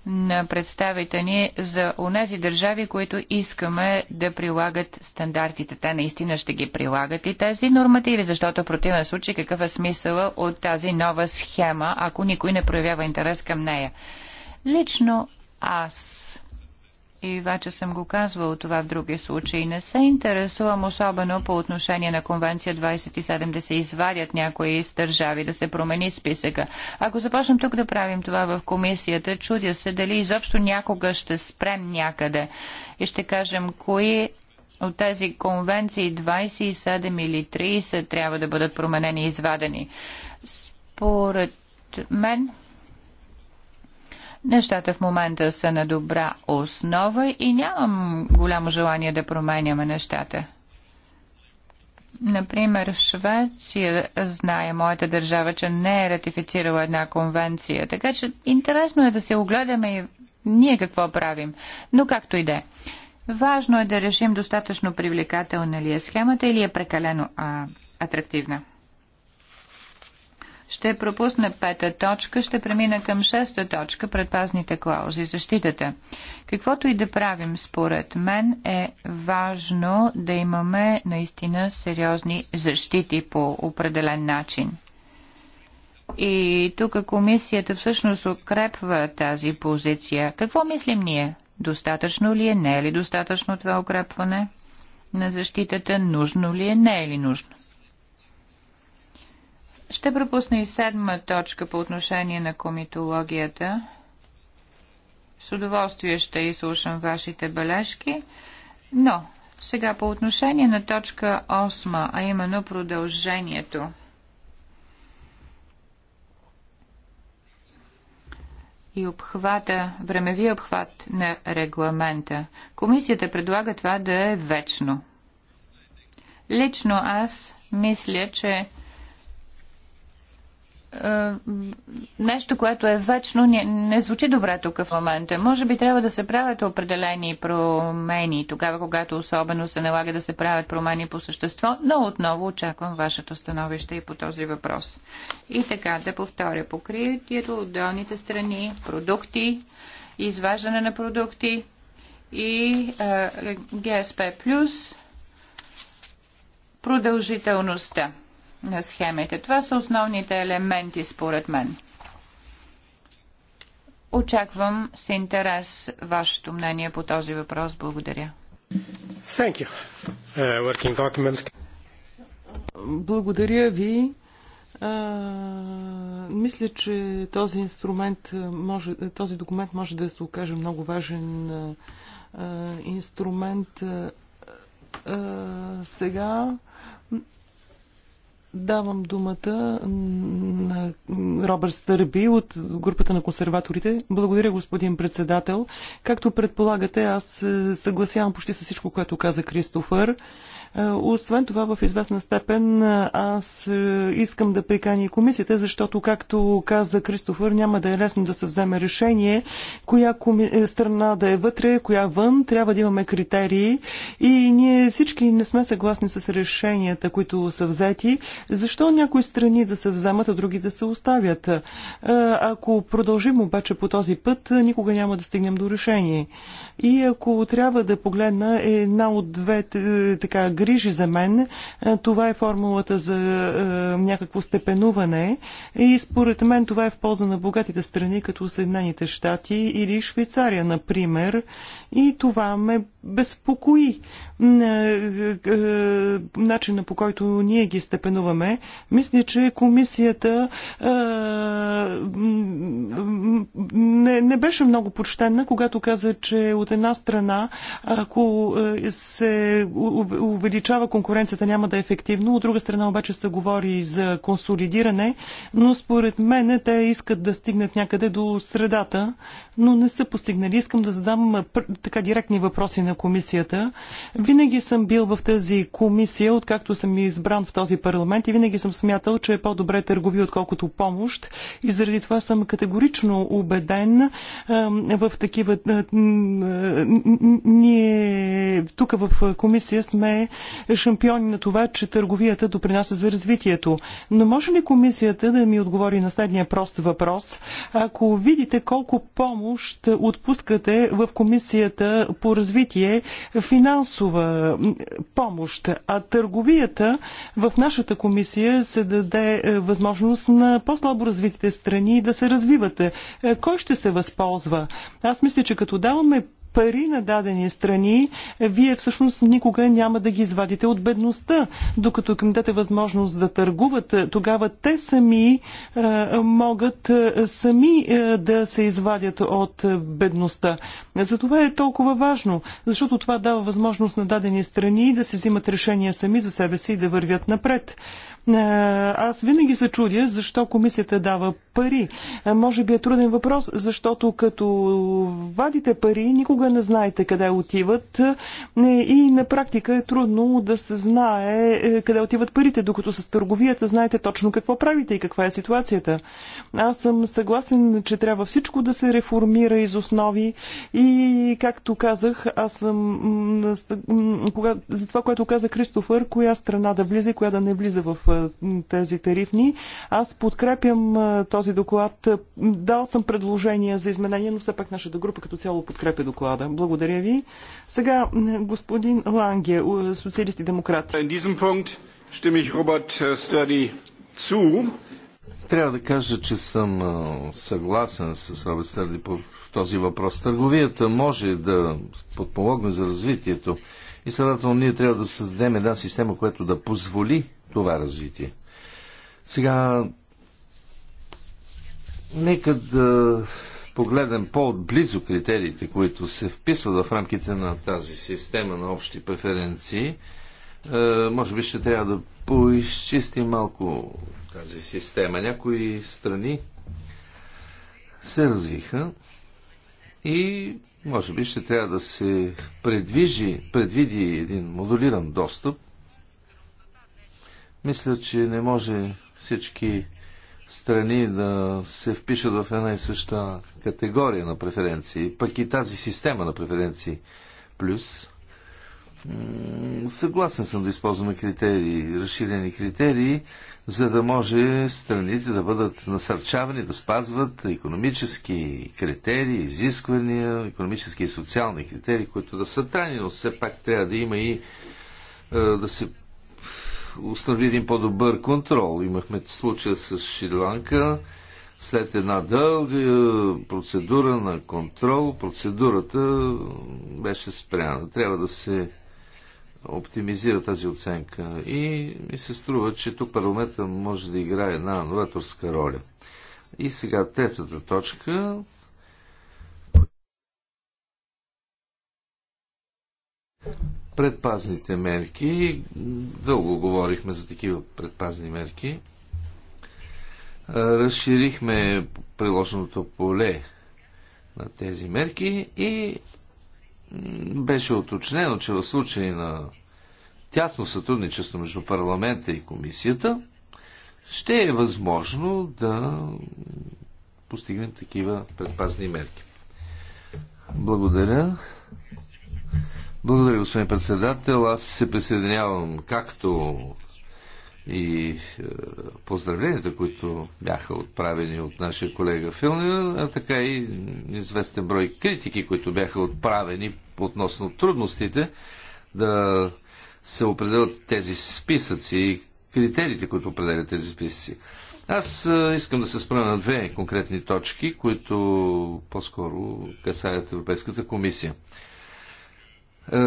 на представите ни за онези държави, които искаме да прилагат стандартите. Те наистина ще ги прилагат и тези нормативи, защото в противен случай какъв е смисъл от тази нова схема, ако никой не проявява интерес към нея. Лично аз и вече съм го казвал това в други случаи. Не се интересувам особено по отношение на конвенция 27 да се извадят някои из държави, да се промени списъка. Ако започнем тук да правим това в комисията, чудя се дали изобщо някога ще спрем някъде и ще кажем кои от тези конвенции 27 или 30 трябва да бъдат променени и извадени. Според мен Нещата в момента са на добра основа и нямам голямо желание да променяме нещата. Например, Швеция знае моята държава, че не е ратифицирала една конвенция. Така че интересно е да се огледаме и ние какво правим. Но както и да е. Важно е да решим достатъчно привлекателна ли е схемата или е прекалено а, атрактивна. Ще пропусна пета точка, ще премина към шеста точка, предпазните клаузи, защитата. Каквото и да правим, според мен е важно да имаме наистина сериозни защити по определен начин. И тук комисията всъщност укрепва тази позиция. Какво мислим ние? Достатъчно ли е? Не е ли достатъчно това укрепване на защитата? Нужно ли е? Не е ли нужно? Ще пропусна и седма точка по отношение на комитологията. С удоволствие ще изслушам вашите бележки, но сега по отношение на точка 8, а именно продължението. и обхвата, времевия обхват на регламента. Комисията предлага това да е вечно. Лично аз мисля, че е, нещо, което е вечно, не, не звучи добре тук в момента. Може би трябва да се правят определени промени, тогава когато особено се налага да се правят промени по същество, но отново очаквам вашето становище и по този въпрос. И така, да повторя, покритието от долните страни, продукти, изваждане на продукти и е, ГСП+, продължителността на схемите. Това са основните елементи, според мен. Очаквам с интерес вашето мнение по този въпрос. Благодаря. Thank you. Uh, Благодаря ви. А, мисля, че този инструмент може, този документ може да се окаже много важен а, инструмент. А, сега Давам думата на Робърт Стърби от групата на консерваторите. Благодаря, господин председател. Както предполагате, аз е, съгласявам почти с всичко, което каза Кристофър. Е, освен това, в известна степен е, аз е, искам да прикани комисията, защото, както каза Кристофър, няма да е лесно да се вземе решение, коя коми... страна да е вътре, коя вън. Трябва да имаме критерии и ние всички не сме съгласни с решенията, които са взети. Защо някои страни да се вземат, а други да се оставят? Ако продължим обаче по този път, никога няма да стигнем до решение. И ако трябва да погледна една от двете така грижи за мен. Е, това е формулата за е, някакво степенуване и според мен това е в полза на богатите страни, като Съединените щати или Швейцария, например. И това ме безпокои. Е, е, начина по който ние ги степенуваме, мисля, че комисията е, не, не беше много почтенна, когато каза, че от една страна, ако се увеличава конкуренцията, няма да е ефективно, от друга страна обаче се говори за консолидиране, но според мен те искат да стигнат някъде до средата, но не са постигнали. Искам да задам така директни въпроси на комисията. Винаги съм бил в тази комисия, откакто съм избран в този парламент и винаги съм смятал, че е по-добре търговия, отколкото помощ. И заради това съм категорично убеден в такива... Ние тук в комисия сме шампиони на това, че търговията допринася за развитието. Но може ли комисията да ми отговори на следния прост въпрос? Ако видите колко помощ отпускате в комисията по развитие финансово, такава е, помощ, а търговията в нашата комисия се даде е, възможност на по-слабо развитите страни да се развивате. Кой ще се възползва? Аз мисля, че като даваме пари на дадени страни, вие всъщност никога няма да ги извадите от бедността. Докато им дадете възможност да търгуват, тогава те сами е, могат е, сами е, да се извадят от бедността. Затова е толкова важно, защото това дава възможност на дадени страни да се взимат решения сами за себе си и да вървят напред. Е, аз винаги се чудя защо комисията дава пари. Е, може би е труден въпрос, защото като вадите пари, никога не знаете къде отиват е, и на практика е трудно да се знае къде отиват парите, докато с търговията знаете точно какво правите и каква е ситуацията. Аз съм съгласен, че трябва всичко да се реформира из основи и, както казах, аз съм за това, което каза Кристофър, коя страна да влиза и коя да не влиза в е, тези тарифни. Аз подкрепям е, този доклад. Дал съм предложения за изменения, но все пак нашата група като цяло подкрепя доклада. Благодаря ви. Сега е, господин Ланге, социалист и демократ. Трябва да кажа, че съм съгласен с Робът Стърди по този въпрос. Търговията може да подпомогне за развитието и следователно ние трябва да създадем една система, която да позволи това развитие. Сега, нека да погледнем по-отблизо критериите, които се вписват в рамките на тази система на общи преференции. Е, може би ще трябва да поизчистим малко тази система. Някои страни се развиха и може би ще трябва да се предвижи, предвиди един модулиран достъп мисля, че не може всички страни да се впишат в една и съща категория на преференции, пък и тази система на преференции плюс. Съгласен съм да използваме критерии, разширени критерии, за да може страните да бъдат насърчавани да спазват економически критерии, изисквания, економически и социални критерии, които да са трайни, но все пак трябва да има и е, да се установи един по-добър контрол. Имахме случая с Шри-Ланка след една дълга е, процедура на контрол. Процедурата беше спряна. Трябва да се оптимизира тази оценка. И ми се струва, че тук парламента може да играе една новаторска роля. И сега третата точка Предпазните мерки. Дълго говорихме за такива предпазни мерки. Разширихме приложеното поле на тези мерки и беше уточнено, че в случай на тясно сътрудничество между парламента и комисията ще е възможно да постигнем такива предпазни мерки. Благодаря. Благодаря, господин председател. Аз се присъединявам както и е, поздравленията, които бяха отправени от нашия колега Филнер, а така и известен брой критики, които бяха отправени относно трудностите да се определят тези списъци и критериите, които определят тези списъци. Аз е, искам да се спра на две конкретни точки, които по-скоро касаят Европейската комисия. Е,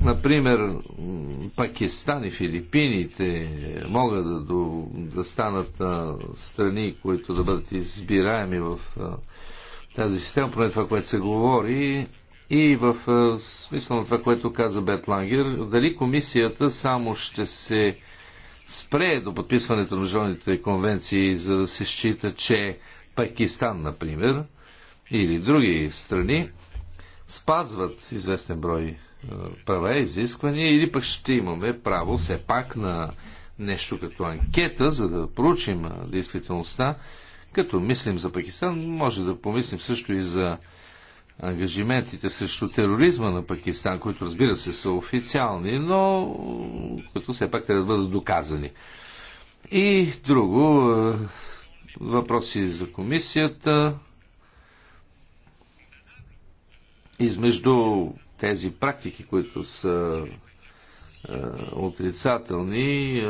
например, Пакистан и Филипините могат да, до, да станат а, страни, които да бъдат избираеми в а, тази система, поне това, което се говори, и в а, смисъл на това, което каза Бет Лангер, дали комисията само ще се спре до подписването на международните конвенции, за да се счита, че Пакистан, например, или други страни, спазват известен брой е, права и изисквания, или пък ще имаме право все пак на нещо като анкета, за да проучим е, действителността. Като мислим за Пакистан, може да помислим също и за ангажиментите срещу тероризма на Пакистан, които разбира се са официални, но е, като все пак трябва да бъдат доказани. И друго, въпроси за комисията. измежду тези практики, които са е, отрицателни, е,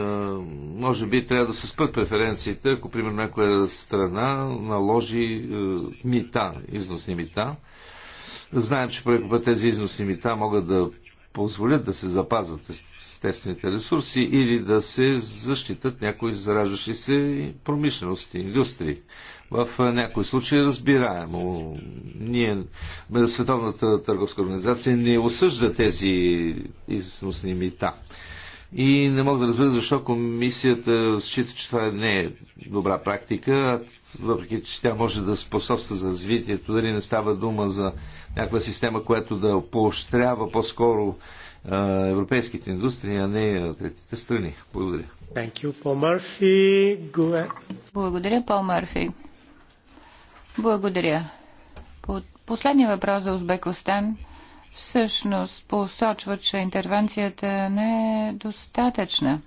може би трябва да се спрат преференциите, ако примерно някоя страна наложи е, мита, износни мита. Знаем, че понякога тези износни мита могат да позволят да се запазват естествените ресурси или да се защитат някои заражащи се промишлености, индустрии в някои случаи е разбираемо. Ние, Световната търговска организация не осъжда тези износни мита. И не мога да разбера защо комисията счита, че това не е добра практика, въпреки че тя може да способства за развитието, дали не става дума за някаква система, която да поощрява по-скоро европейските индустрии, а не третите страни. Благодаря. Thank you, Paul Murphy. Благодаря, Пол Мърфи. Благодаря. Последният въпрос за Узбекостан всъщност посочва, че интервенцията не е достатъчна.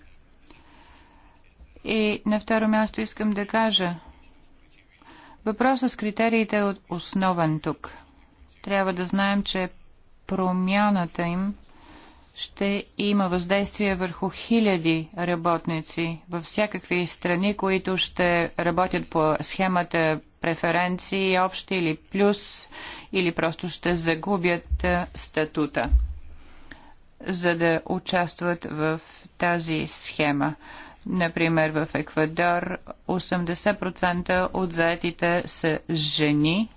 И на второ място искам да кажа, въпросът с критериите е основен тук. Трябва да знаем, че промяната им ще има въздействие върху хиляди работници във всякакви страни, които ще работят по схемата преференции общи или плюс, или просто ще загубят статута, за да участват в тази схема. Например, в Еквадор 80% от заетите са жени.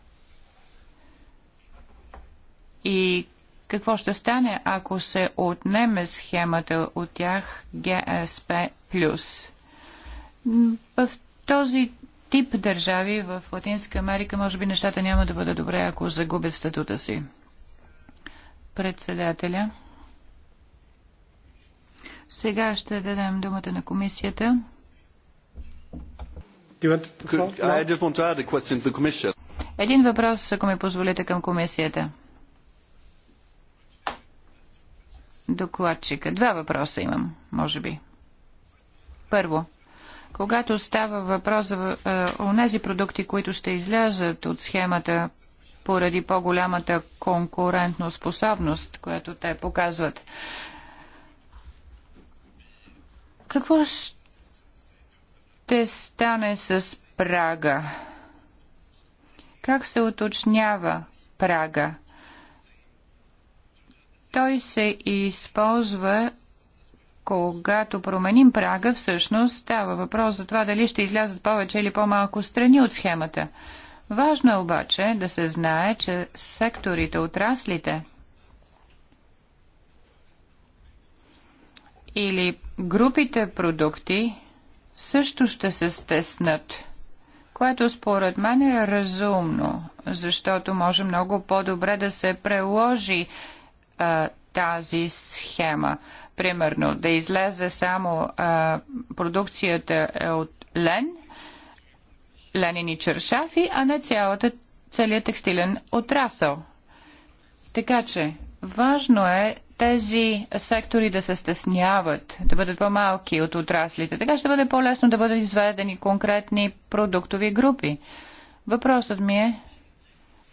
И какво ще стане, ако се отнеме схемата от тях ГСП+. В този тип държави в Латинска Америка, може би нещата няма да бъдат добре, ако загубят статута си. Председателя. Сега ще дадем думата на комисията. Един въпрос, ако ми позволите, към комисията. Докладчика. Два въпроса имам, може би. Първо. Когато става въпрос за е, онези продукти, които ще излязат от схемата поради по-голямата конкурентно способност, която те показват, какво ще стане с прага? Как се уточнява прага? Той се използва когато променим прага, всъщност става въпрос за това дали ще излязат повече или по-малко страни от схемата. Важно е обаче да се знае, че секторите, отраслите или групите продукти също ще се стеснат, което според мен е разумно, защото може много по-добре да се преложи а, тази схема примерно, да излезе само а, продукцията е от лен, ленини чершафи, а не цялата, целият текстилен отрасъл. Така че, важно е тези сектори да се стесняват, да бъдат по-малки от отраслите. Така ще бъде по-лесно да бъдат изведени конкретни продуктови групи. Въпросът ми е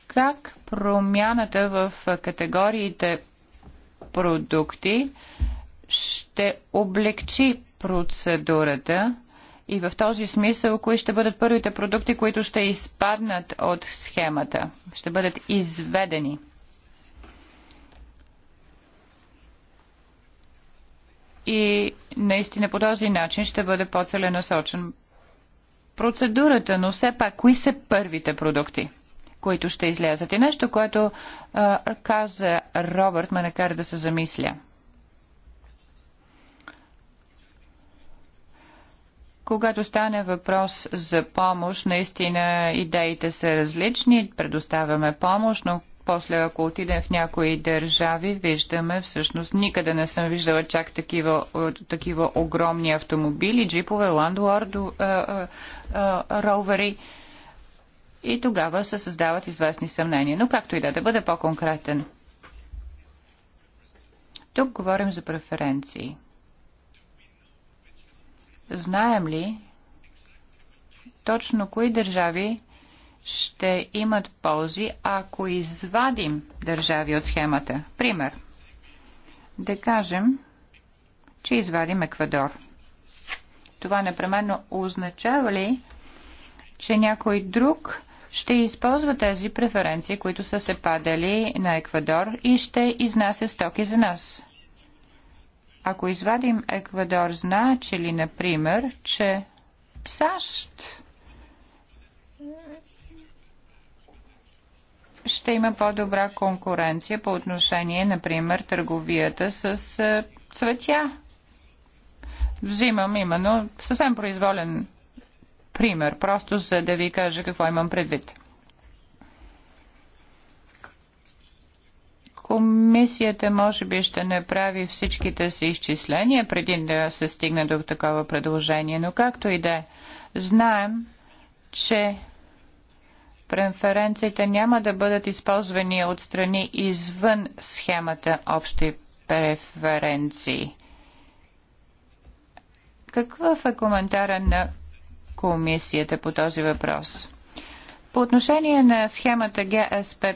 как промяната в категориите продукти ще облегчи процедурата и в този смисъл, кои ще бъдат първите продукти, които ще изпаднат от схемата, ще бъдат изведени. И наистина по този начин ще бъде по-целенасочен процедурата, но все пак, кои са първите продукти, които ще излязат? И нещо, което а, каза Робърт, ме накара да се замисля – Когато стане въпрос за помощ, наистина идеите са различни, предоставяме помощ, но после ако отидем в някои държави, виждаме, всъщност никъде не съм виждала чак такива, такива огромни автомобили, джипове, ландуард, ровери. И тогава се създават известни съмнения. Но както и да, да бъде по-конкретен. Тук говорим за преференции. Знаем ли точно кои държави ще имат ползи, ако извадим държави от схемата? Пример. Да кажем, че извадим Еквадор. Това непременно означава ли, че някой друг ще използва тези преференции, които са се падали на Еквадор и ще изнася стоки за нас? Ако извадим Еквадор, значи ли, например, че САЩ ще има по-добра конкуренция по отношение, например, търговията с е, цветя? Взимам именно съвсем произволен пример, просто за да ви кажа какво имам предвид. Комисията може би ще направи всичките си изчисления преди да се стигне до такова предложение, но както и да е, знаем, че преференциите няма да бъдат използвани от страни извън схемата общи преференции. Какъв е коментара на комисията по този въпрос? По отношение на схемата ГСП+,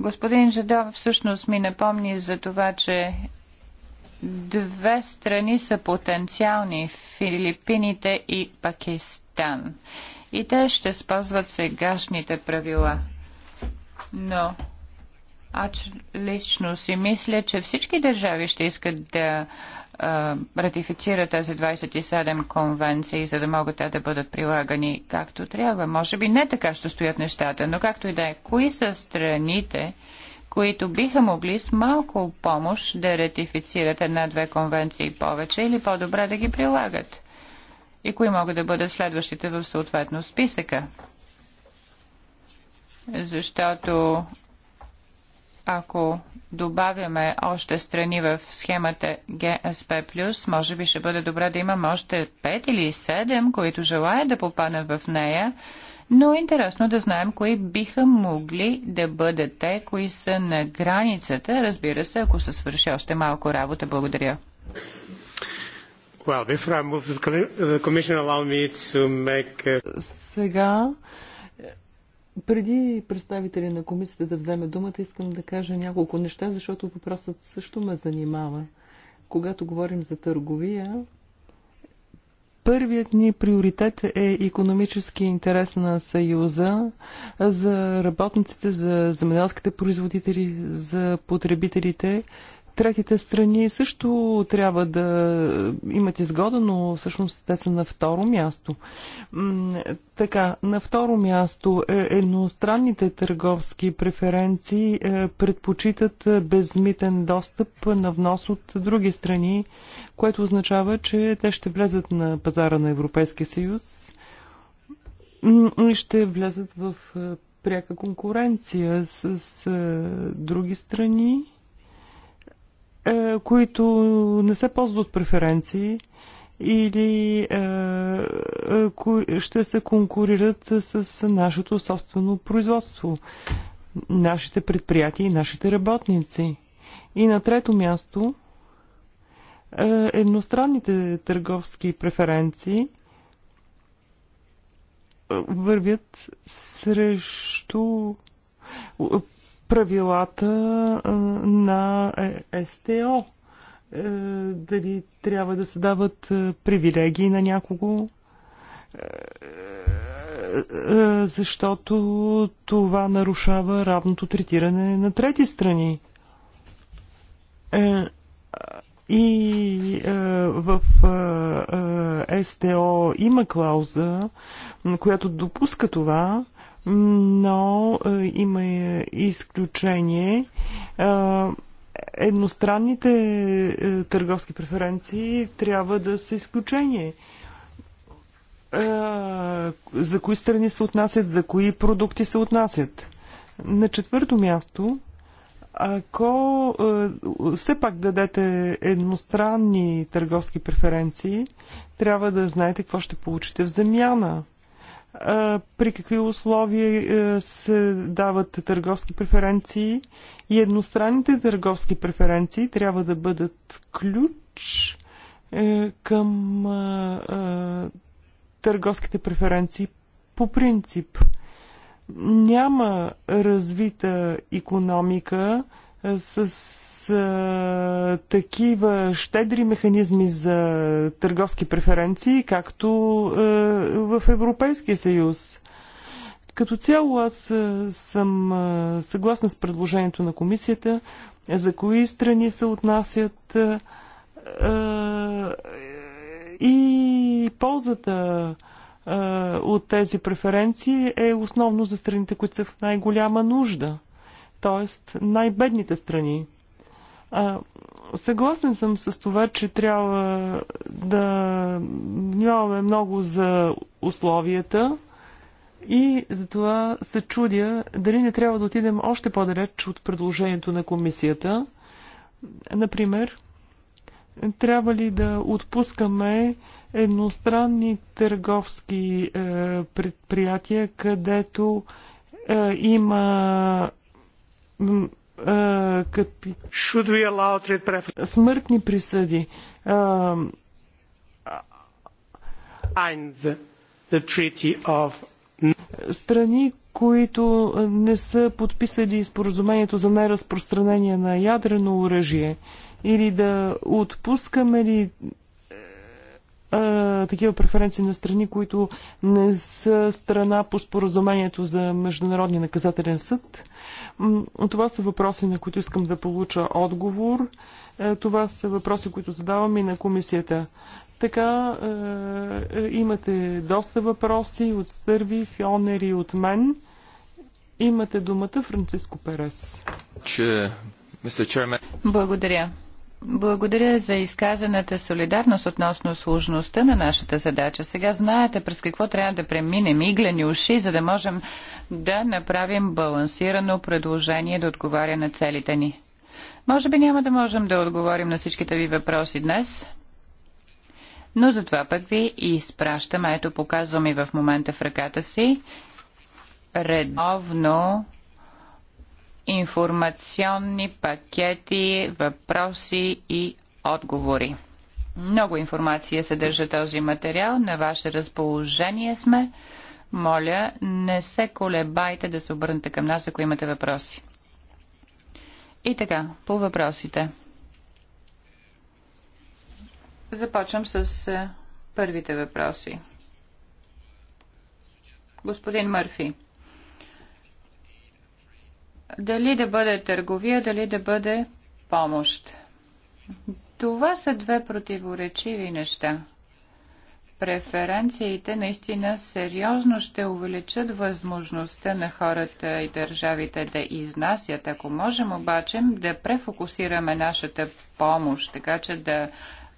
Господин Жадов всъщност ми напомни за това, че две страни са потенциални Филипините и Пакистан. И те ще спазват сегашните правила. Но аз лично си мисля, че всички държави ще искат да ратифицира тези 27 конвенции, за да могат те да бъдат прилагани както трябва. Може би не така ще стоят нещата, но както и да е, кои са страните, които биха могли с малко помощ да ратифицират една-две конвенции повече или по-добре да ги прилагат? И кои могат да бъдат следващите в съответно списъка? Защото ако добавяме още страни в схемата GSP, може би ще бъде добре да имаме още 5 или 7, които желаят да попаднат в нея, но е интересно да знаем кои биха могли да бъдат те, кои са на границата, разбира се, ако се свърши още малко работа. Благодаря. Well, move, Сега преди представители на комисията да вземе думата, искам да кажа няколко неща, защото въпросът също ме занимава. Когато говорим за търговия, Първият ни приоритет е економически интерес на Съюза за работниците, за земеделските производители, за потребителите Третите страни също трябва да имат изгода, но всъщност те са на второ място. Така, на второ място е, едностранните търговски преференции е, предпочитат е, безмитен достъп на внос от други страни, което означава, че те ще влезат на пазара на Европейския съюз и ще влезат в пряка конкуренция с други страни е, които не се ползват преференции или е, е, ще се конкурират с нашето собствено производство, нашите предприятия и нашите работници. И на трето място едностранните търговски преференции вървят срещу правилата на е, СТО. Е, дали трябва да се дават е, привилегии на някого? Защото това нарушава равното третиране на трети страни. И е, в е, е, СТО има клауза, която допуска това, но е, има изключение е, едностранните е, търговски преференции трябва да са изключение. За кои страни се отнасят, за кои продукти се отнасят. На четвърто място, ако все пак дадете едностранни търговски преференции, трябва да знаете какво ще получите в замяна при какви условия е, се дават търговски преференции и едностранните търговски преференции трябва да бъдат ключ е, към търговските преференции по принцип. Няма развита економика, с а, такива щедри механизми за търговски преференции, както а, в Европейския съюз. Като цяло аз съм съгласна с предложението на комисията за кои страни се отнасят а, и ползата а, от тези преференции е основно за страните, които са в най-голяма нужда т.е. най-бедните страни. А, съгласен съм с това, че трябва да внимаваме много за условията и затова се чудя дали не трябва да отидем още по-далеч от предложението на комисията. Например, трябва ли да отпускаме едностранни търговски е, предприятия, където е, има капи... смъртни присъди. А, страни, които не са подписали споразумението за най-разпространение на ядрено оръжие или да отпускаме ли такива преференции на страни, които не са страна по споразумението за международния наказателен съд. Това са въпроси, на които искам да получа отговор. Е, това са въпроси, които задавам и на комисията. Така е, е имате доста въпроси от Стърви, Фионер и от мен. Имате думата Франциско Перес. Че, Благодаря. Благодаря за изказаната солидарност относно сложността на нашата задача. Сега знаете през какво трябва да преминем иглени уши, за да можем да направим балансирано предложение да отговаря на целите ни. Може би няма да можем да отговорим на всичките ви въпроси днес, но затова пък ви изпращам, ето показвам и в момента в ръката си, редовно информационни пакети, въпроси и отговори. Много информация съдържа този материал. На ваше разположение сме. Моля, не се колебайте да се обърнете към нас, ако имате въпроси. И така, по въпросите. Започвам с е, първите въпроси. Господин Мърфи. Дали да бъде търговия, дали да бъде помощ. Това са две противоречиви неща. Преференциите наистина сериозно ще увеличат възможността на хората и държавите да изнасят. Ако можем обаче да префокусираме нашата помощ, така че да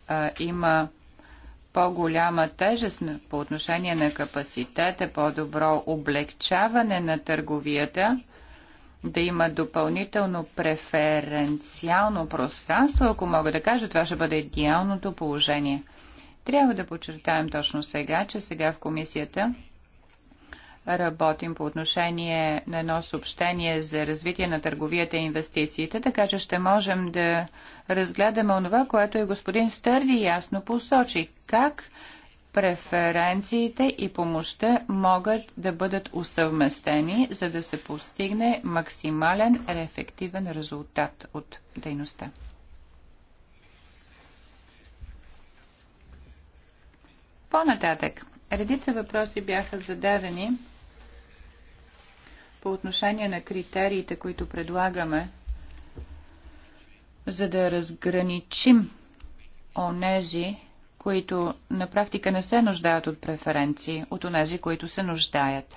а, има по-голяма тежест по отношение на капацитета, по-добро облегчаване на търговията, да има допълнително преференциално пространство, ако мога да кажа, това ще бъде идеалното положение. Трябва да подчертаем точно сега, че сега в комисията работим по отношение на едно съобщение за развитие на търговията и инвестициите, така че ще можем да разгледаме онова, което и господин Стърди ясно посочи. Как преференциите и помощта могат да бъдат усъвместени, за да се постигне максимален ефективен резултат от дейността. По-нататък, редица въпроси бяха зададени по отношение на критериите, които предлагаме, за да разграничим онези, които на практика не се нуждаят от преференции, от онези, които се нуждаят.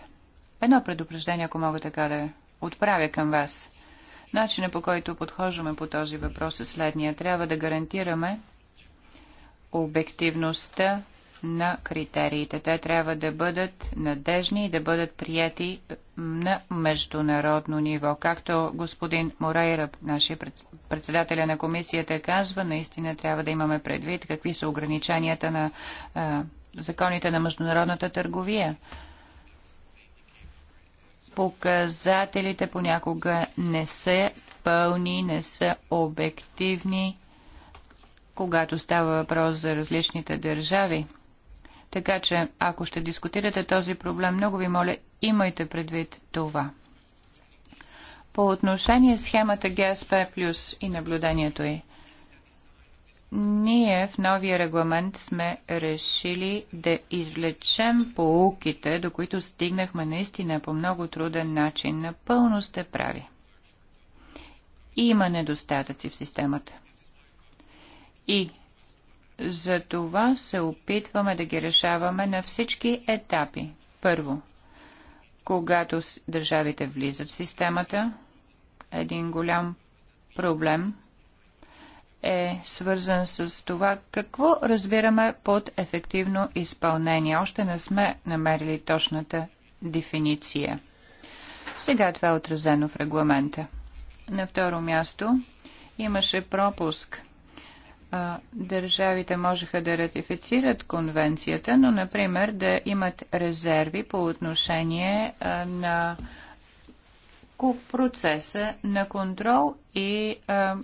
Едно предупреждение, ако мога така да отправя към вас. Начинът по който подхождаме по този въпрос е следния. Трябва да гарантираме обективността на критериите. Те трябва да бъдат надежни и да бъдат прияти на международно ниво. Както господин Морейра, нашия председателя на комисията, казва, наистина трябва да имаме предвид какви са ограниченията на а, законите на международната търговия. Показателите понякога не са пълни, не са обективни, когато става въпрос за различните държави. Така че, ако ще дискутирате този проблем, много ви моля, имайте предвид това. По отношение схемата ГСП Плюс и наблюдението й, ние в новия регламент сме решили да извлечем поуките, до които стигнахме наистина по много труден начин. Напълно сте прави. Има недостатъци в системата. И за това се опитваме да ги решаваме на всички етапи. Първо, когато държавите влизат в системата, един голям проблем е свързан с това какво разбираме под ефективно изпълнение. Още не сме намерили точната дефиниция. Сега това е отразено в регламента. На второ място имаше пропуск – държавите можеха да ратифицират конвенцията, но, например, да имат резерви по отношение на процеса на контрол и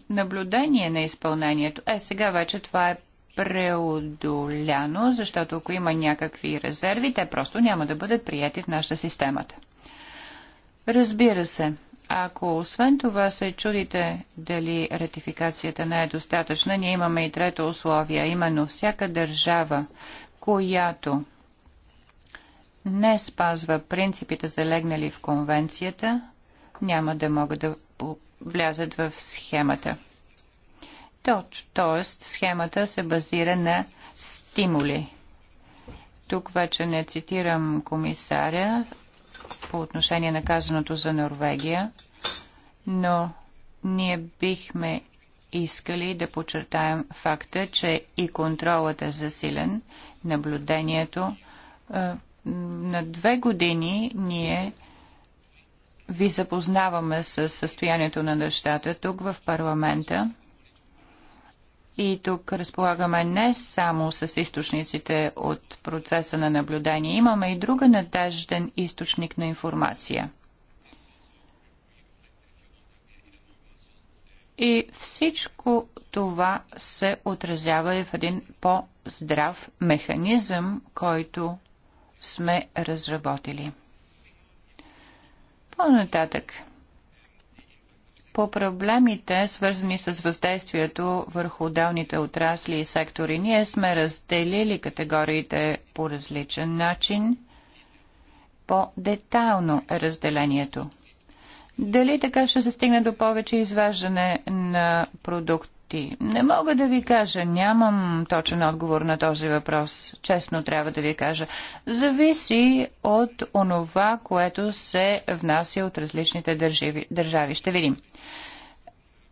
наблюдение на изпълнението. Е, сега вече това е преодоляно, защото ако има някакви резерви, те просто няма да бъдат прияти в нашата системата. Разбира се, ако освен това се чудите дали ратификацията не е достатъчна, ние имаме и трето условие, именно всяка държава, която не спазва принципите залегнали в конвенцията, няма да могат да влязат в схемата. Точ, тоест, схемата се базира на стимули. Тук вече не цитирам комисаря, по отношение на казаното за Норвегия, но ние бихме искали да подчертаем факта, че и контролът е засилен, наблюдението. На две години ние ви запознаваме с състоянието на нещата тук в парламента и тук разполагаме не само с източниците от процеса на наблюдение, имаме и друга надежден източник на информация. И всичко това се отразява и в един по-здрав механизъм, който сме разработили. По-нататък – по проблемите, свързани с въздействието върху отделните отрасли и сектори. Ние сме разделили категориите по различен начин. По-детайлно е разделението. Дали така ще се стигне до повече изваждане на продукт продукти? Не мога да ви кажа, нямам точен отговор на този въпрос. Честно трябва да ви кажа. Зависи от онова, което се внася от различните държави. държави. Ще видим.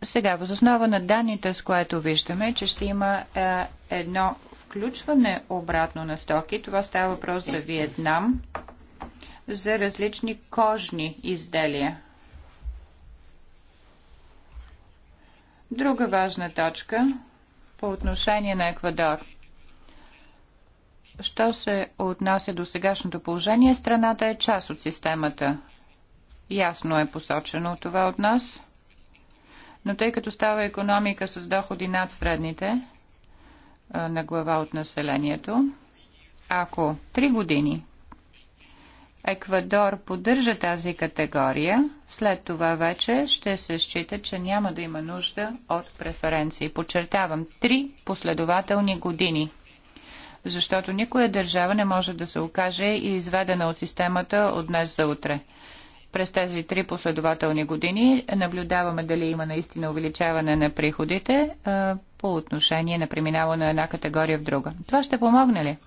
Сега, възоснова на данните, с което виждаме, че ще има е, едно включване обратно на стоки. Това става въпрос за Виетнам, за различни кожни изделия Друга важна точка по отношение на Еквадор. Що се отнася до сегашното положение, страната е част от системата. Ясно е посочено това от нас. Но тъй като става економика с доходи над средните на глава от населението, ако три години Еквадор поддържа тази категория, след това вече ще се счита, че няма да има нужда от преференции. Подчертавам, три последователни години. Защото никоя държава не може да се окаже и изведена от системата от днес за утре. През тези три последователни години наблюдаваме дали има наистина увеличаване на приходите по отношение на преминаване на една категория в друга. Това ще помогне ли?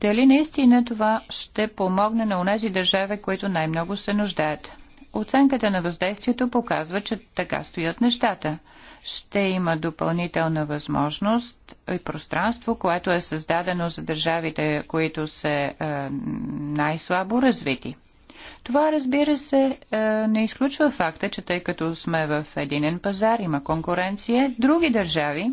Дали наистина това ще помогне на унези държави, които най-много се нуждаят? Оценката на въздействието показва, че така стоят нещата. Ще има допълнителна възможност и пространство, което е създадено за държавите, които са е, най-слабо развити. Това, разбира се, е, не изключва факта, че тъй като сме в единен пазар, има конкуренция, други държави,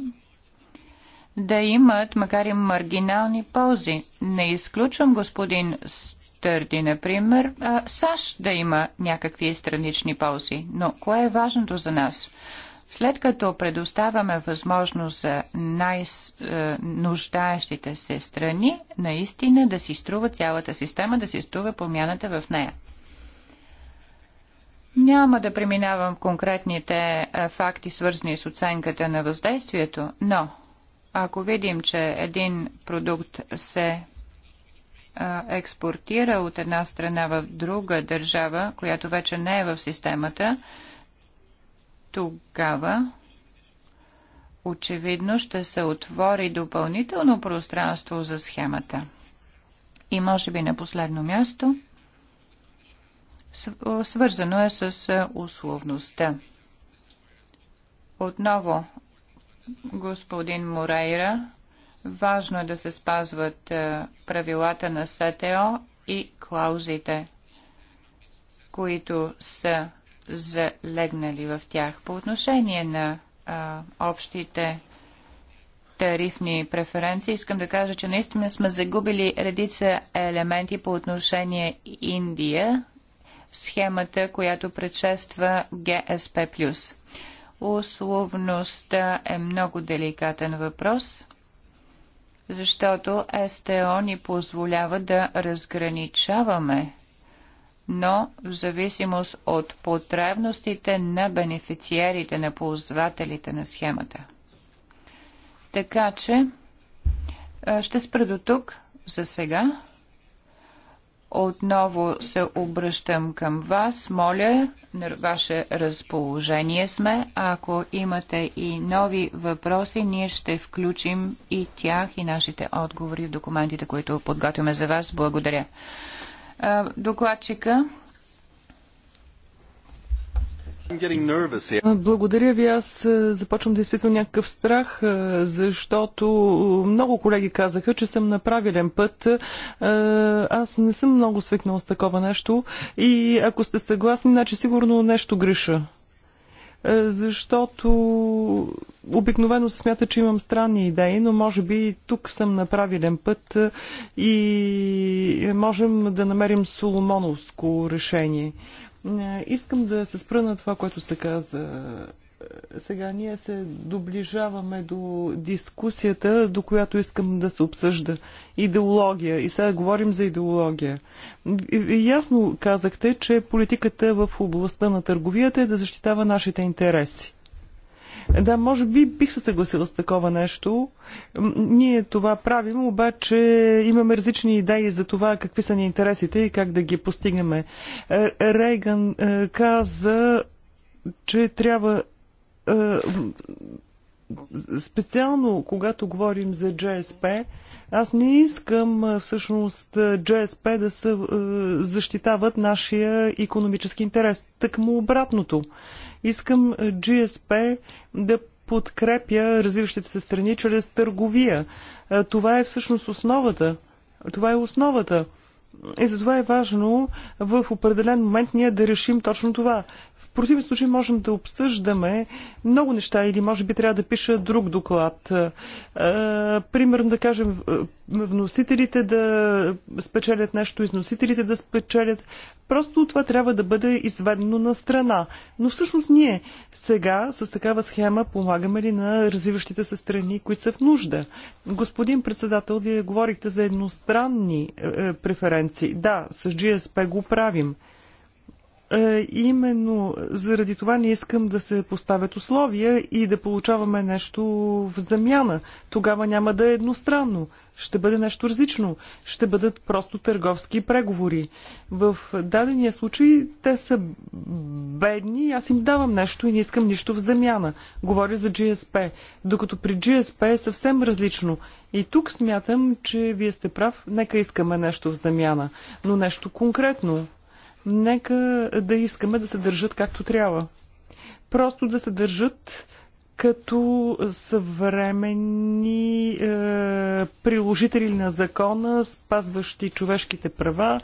да имат, макар и маргинални ползи. Не изключвам господин Стърди, например, а САЩ да има някакви странични ползи. Но кое е важното за нас? След като предоставяме възможност за най-нуждаещите се страни, наистина да си струва цялата система, да си струва промяната в нея. Няма да преминавам конкретните факти, свързани с оценката на въздействието, но ако видим, че един продукт се експортира от една страна в друга държава, която вече не е в системата, тогава очевидно ще се отвори допълнително пространство за схемата. И може би на последно място, свързано е с условността. Отново господин Морейра. Важно е да се спазват е, правилата на СТО и клаузите, които са залегнали в тях. По отношение на а, е, общите тарифни преференции, искам да кажа, че наистина сме загубили редица елементи по отношение Индия, схемата, която предшества ГСП+. Условността е много деликатен въпрос, защото СТО ни позволява да разграничаваме, но в зависимост от потребностите на бенефициерите, на ползвателите на схемата. Така че ще спра до тук за сега. Отново се обръщам към вас. Моля, на ваше разположение сме. Ако имате и нови въпроси, ние ще включим и тях и нашите отговори в документите, които подготвяме за вас. Благодаря. Докладчика. Благодаря ви. Аз започвам да изпитвам някакъв страх, защото много колеги казаха, че съм на правилен път. Аз не съм много свикнала с такова нещо и ако сте съгласни, значи сигурно нещо греша. Защото обикновено се смята, че имам странни идеи, но може би тук съм на правилен път и можем да намерим соломоновско решение. Е, искам да се спра на това, което се каза е, сега ние се доближаваме до дискусията, до която искам да се обсъжда. Идеология. И сега говорим за идеология. Ясно казахте, че политиката в областта на търговията е да защитава нашите интереси. Да, може би бих се съгласила с такова нещо. Ние това правим, обаче имаме различни идеи за това какви са ни интересите и как да ги постигнем. Е, Рейган е, каза, че трябва е, специално когато говорим за GSP, аз не искам всъщност GSP да се защитават нашия економически интерес. Тъкмо обратното. Искам е, GSP да подкрепя развиващите се страни чрез търговия. Е, това е всъщност основата. Това е основата. И затова е важно в определен момент ние да решим точно това противен случай можем да обсъждаме много неща или може би трябва да пиша друг доклад. Е, примерно да кажем е, вносителите да спечелят нещо, износителите да спечелят. Просто това трябва да бъде изведено на страна. Но всъщност ние сега с такава схема помагаме ли на развиващите се страни, които са в нужда? Господин председател, вие говорихте за едностранни е, преференции. Да, с GSP го правим. Е, именно заради това не искам да се поставят условия и да получаваме нещо в замяна. Тогава няма да е едностранно. Ще бъде нещо различно. Ще бъдат просто търговски преговори. В дадения случай те са бедни, аз им давам нещо и не искам нищо в замяна. Говоря за GSP. Докато при GSP е съвсем различно. И тук смятам, че вие сте прав. Нека искаме нещо в замяна, но нещо конкретно нека да искаме да се държат както трябва. Просто да се държат като съвременни е, приложители на закона, спазващи човешките права,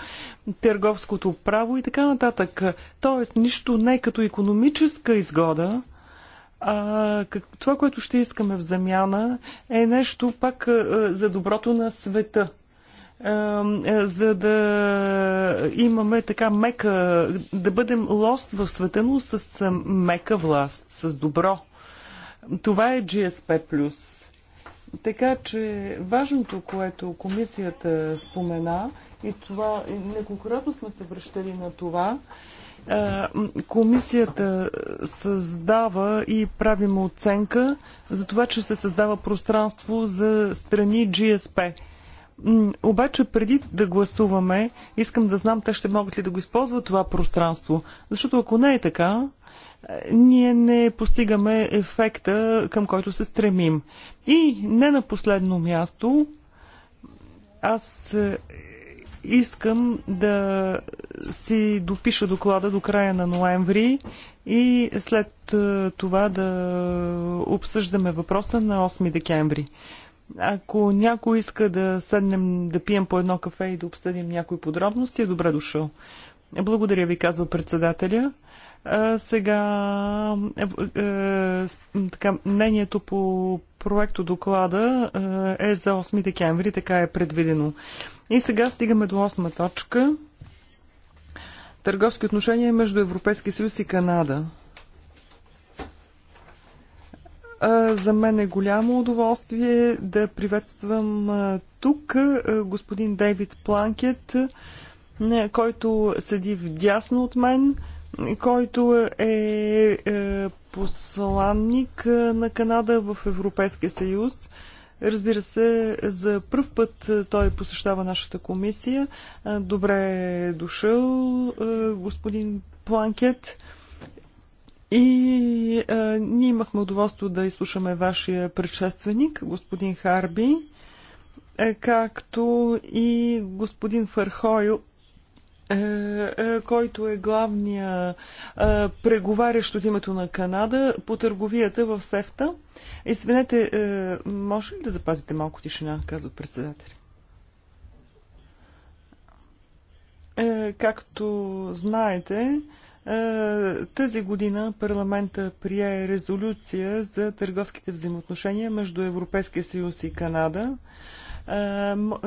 търговското право и така нататък. Тоест, нищо не като економическа изгода, а как, това, което ще искаме в замяна, е нещо пак е, за доброто на света. Е, за да имаме така мека, да бъдем лост в света, но с мека власт, с добро. Това е GSP+. Така че важното, което комисията спомена, и това неколкократно сме се връщали на това, комисията създава и правим оценка за това, че се създава пространство за страни GSP. Обаче преди да гласуваме, искам да знам те ще могат ли да го използват това пространство. Защото ако не е така, е, ние не постигаме ефекта, към който се стремим. И не на последно място, аз е, искам да си допиша доклада до края на ноември и след е, това да обсъждаме въпроса на 8 декември. Ако някой иска да седнем да пием по едно кафе и да обсъдим някои подробности, е добре дошъл. Е, благодаря ви, казва председателя. А, сега е, е, така, мнението по проекто доклада е, е за 8 декември, така е предвидено. И сега стигаме до 8 точка. Търговски отношения между Европейския съюз и Канада. За мен е голямо удоволствие да приветствам тук господин Дейвид Планкет, който седи вдясно от мен, който е, е посланник на Канада в Европейския съюз. Разбира се, за първ път той посещава нашата комисия. Добре е дошъл, господин Планкет. И а, е, ние имахме удоволство да изслушаме вашия предшественик, господин Харби, е, както и господин Фархойо, е, който е главния преговарящ от името на Канада по търговията в СЕФТА. Извинете, може ли да запазите малко тишина, казва председателя. Както знаете, е, тази година парламента прие резолюция за търговските взаимоотношения между Европейския съюз и Канада. Е,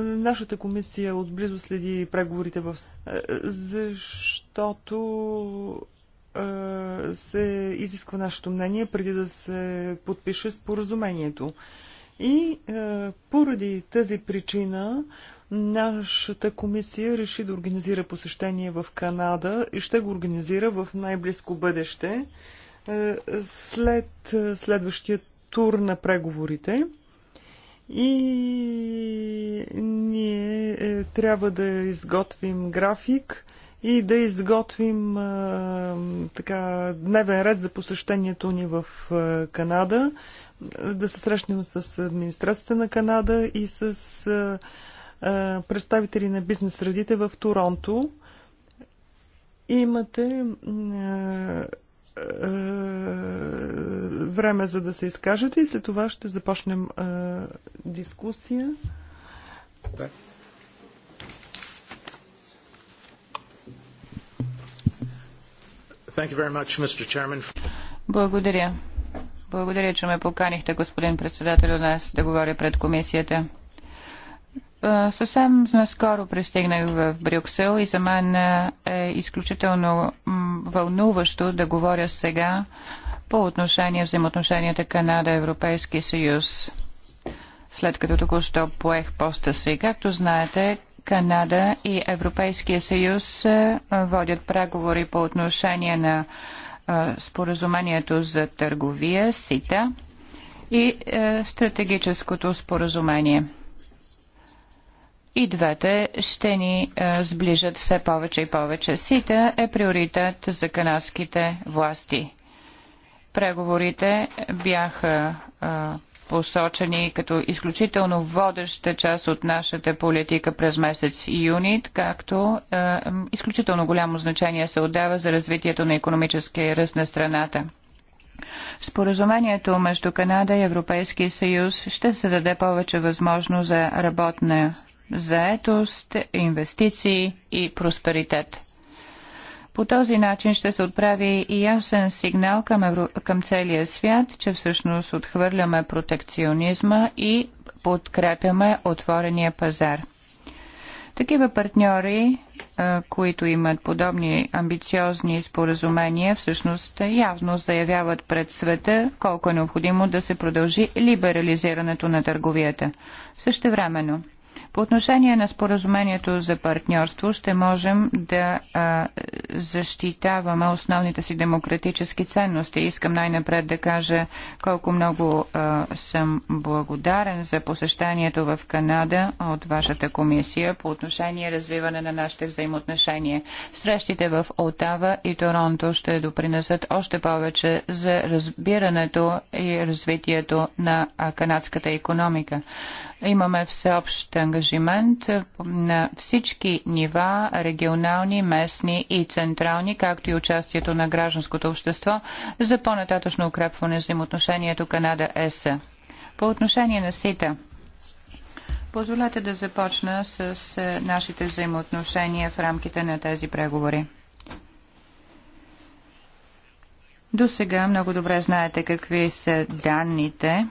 нашата комисия отблизо следи преговорите в... Е, защото се изисква нашето мнение преди да се подпише споразумението. И поради тази причина Нашата комисия реши да организира посещение в Канада и ще го организира в най-близко бъдеще е, след е, следващия тур на преговорите. И ние е, трябва да изготвим график и да изготвим така дневен ред за посещението ни в Канада, да се срещнем с администрацията на Канада и с представители на бизнес средите в Торонто. Имате време за да се изкажете и след това ще започнем дискусия. Да. Благодаря. Благодаря, че ме поканихте, господин председател, днес да говоря пред комисията. Съвсем наскоро пристигнах в Брюксел и за мен е изключително вълнуващо да говоря сега по отношение взаимоотношенията Канада-Европейски съюз, след като току-що поех поста си. Както знаете, Канада и Европейския съюз водят преговори по отношение на споразумението за търговия, СИТА и е, стратегическото споразумение – и двете ще ни е, сближат все повече и повече. СИТА е приоритет за канадските власти. Преговорите бяха е, посочени като изключително водеща част от нашата политика през месец юни, както е, изключително голямо значение се отдава за развитието на економическия ръст на страната. Споразумението между Канада и Европейския съюз ще се даде повече възможност за работна заетост, инвестиции и просперитет. По този начин ще се отправи и ясен сигнал към, евро... към целия свят, че всъщност отхвърляме протекционизма и подкрепяме отворения пазар. Такива партньори, е, които имат подобни амбициозни споразумения, всъщност явно заявяват пред света колко е необходимо да се продължи либерализирането на търговията. Също времено по отношение на споразумението за партньорство ще можем да а, защитаваме основните си демократически ценности. Искам най-напред да кажа колко много а, съм благодарен за посещанието в Канада от вашата комисия по отношение развиване на нашите взаимоотношения. Срещите в Отава и Торонто ще допринесат още повече за разбирането и развитието на канадската економика. Имаме всеобщ ангажимент на всички нива, регионални, местни и централни, както и участието на гражданското общество за по-нататъчно укрепване на взаимоотношението Канада-ЕС. По отношение на СИТА, позволете да започна с е, нашите взаимоотношения в рамките на тези преговори. До сега много добре знаете какви са данните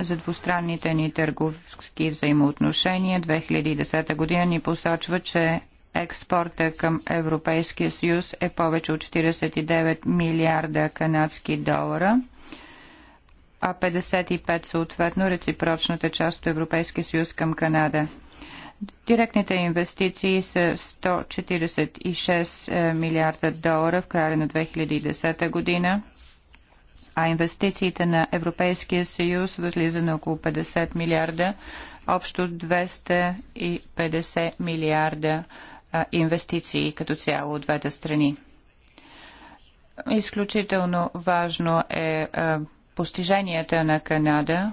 за двустранните ни търговски взаимоотношения 2010 година ни посочва, че експорта към Европейския съюз е повече от 49 милиарда канадски долара, а 55 съответно реципрочната част от Европейския съюз към Канада. Директните инвестиции са 146 е, милиарда долара в края на 2010 година а инвестициите на Европейския съюз възлиза на около 50 милиарда, общо 250 милиарда инвестиции като цяло от двете страни. Изключително важно е постиженията на Канада,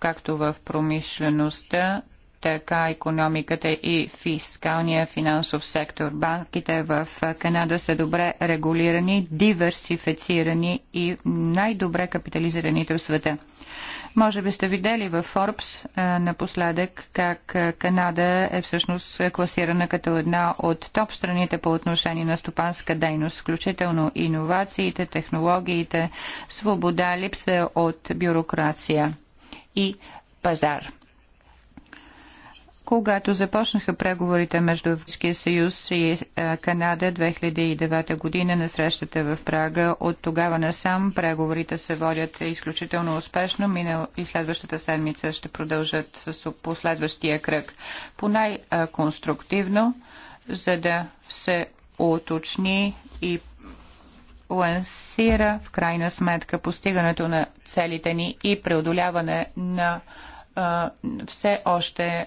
както в промишлеността, така економиката и фискалния финансов сектор. Банките в Канада са добре регулирани, диверсифицирани и най-добре капитализираните в света. Може би сте видели във Forbes напоследък как Канада е всъщност класирана като една от топ страните по отношение на стопанска дейност, включително иновациите, технологиите, свобода, липса от бюрокрация и пазар когато започнаха преговорите между Европейския съюз и е, Канада 2009 година на срещата в Прага. От тогава насам преговорите се водят изключително успешно. Минал и следващата седмица ще продължат с последващия кръг по най-конструктивно, за да се уточни и лансира в крайна сметка постигането на целите ни и преодоляване на все още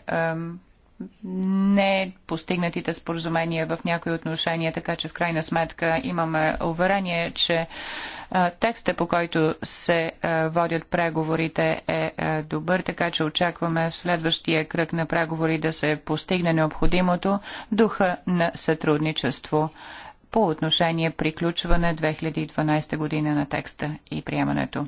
не постигнатите споразумения в някои отношения, така че в крайна сметка имаме уверение, че текста, по който се водят преговорите е добър, така че очакваме в следващия кръг на преговори да се постигне необходимото духа на сътрудничество по отношение приключване 2012 година на текста и приемането.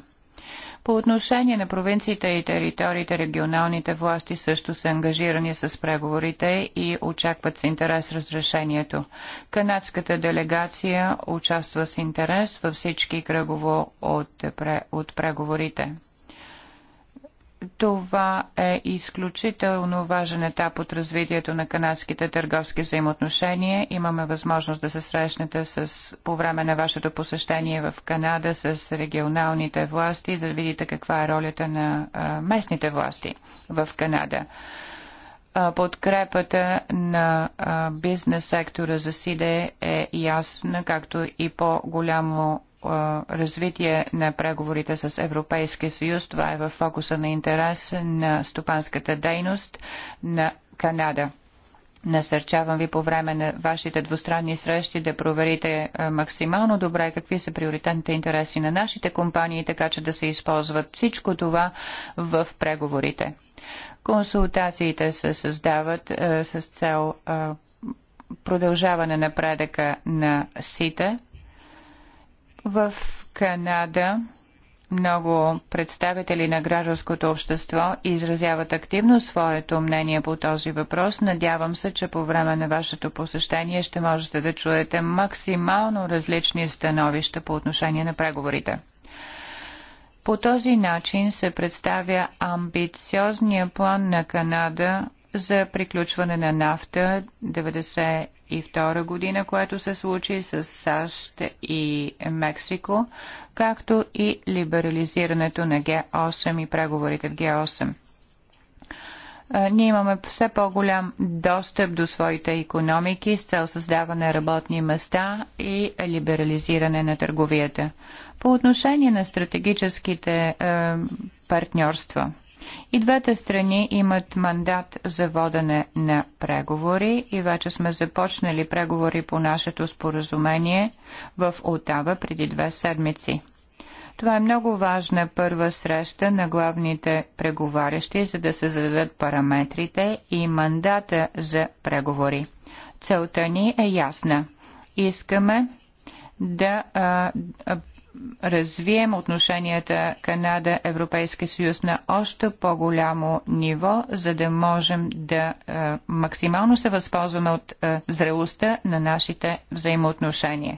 По отношение на провинциите и териториите, регионалните власти също са ангажирани с преговорите и очакват с интерес разрешението. Канадската делегация участва с интерес във всички кръгово от, от преговорите. Това е изключително важен етап от развитието на канадските търговски взаимоотношения. Имаме възможност да се срещнете с, по време на вашето посещение в Канада с регионалните власти, да видите каква е ролята на а, местните власти в Канада. А, подкрепата на бизнес сектора за СИДЕ е ясна, както и по-голямо развитие на преговорите с Европейския съюз. Това е в фокуса на интерес на стопанската дейност на Канада. Насърчавам ви по време на вашите двустранни срещи да проверите максимално добре какви са приоритетните интереси на нашите компании, така че да се използват всичко това в преговорите. Консултациите се създават е, с цел е, продължаване напредъка на СИТА в Канада много представители на гражданското общество изразяват активно своето мнение по този въпрос. Надявам се, че по време на вашето посещение ще можете да чуете максимално различни становища по отношение на преговорите. По този начин се представя амбициозния план на Канада за приключване на нафта 90 втора година, което се случи с САЩ и Мексико, както и либерализирането на Г8 и преговорите в Г8 ние имаме все по-голям достъп до своите економики с цел създаване на работни места и либерализиране на търговията. По отношение на стратегическите е, партньорства, и двете страни имат мандат за водене на преговори и вече сме започнали преговори по нашето споразумение в Отава преди две седмици. Това е много важна първа среща на главните преговарящи, за да се зададат параметрите и мандата за преговори. Целта ни е ясна. Искаме да а, развием отношенията Канада-Европейски съюз на още по-голямо ниво, за да можем да е, максимално се възползваме от е, зрелостта на нашите взаимоотношения.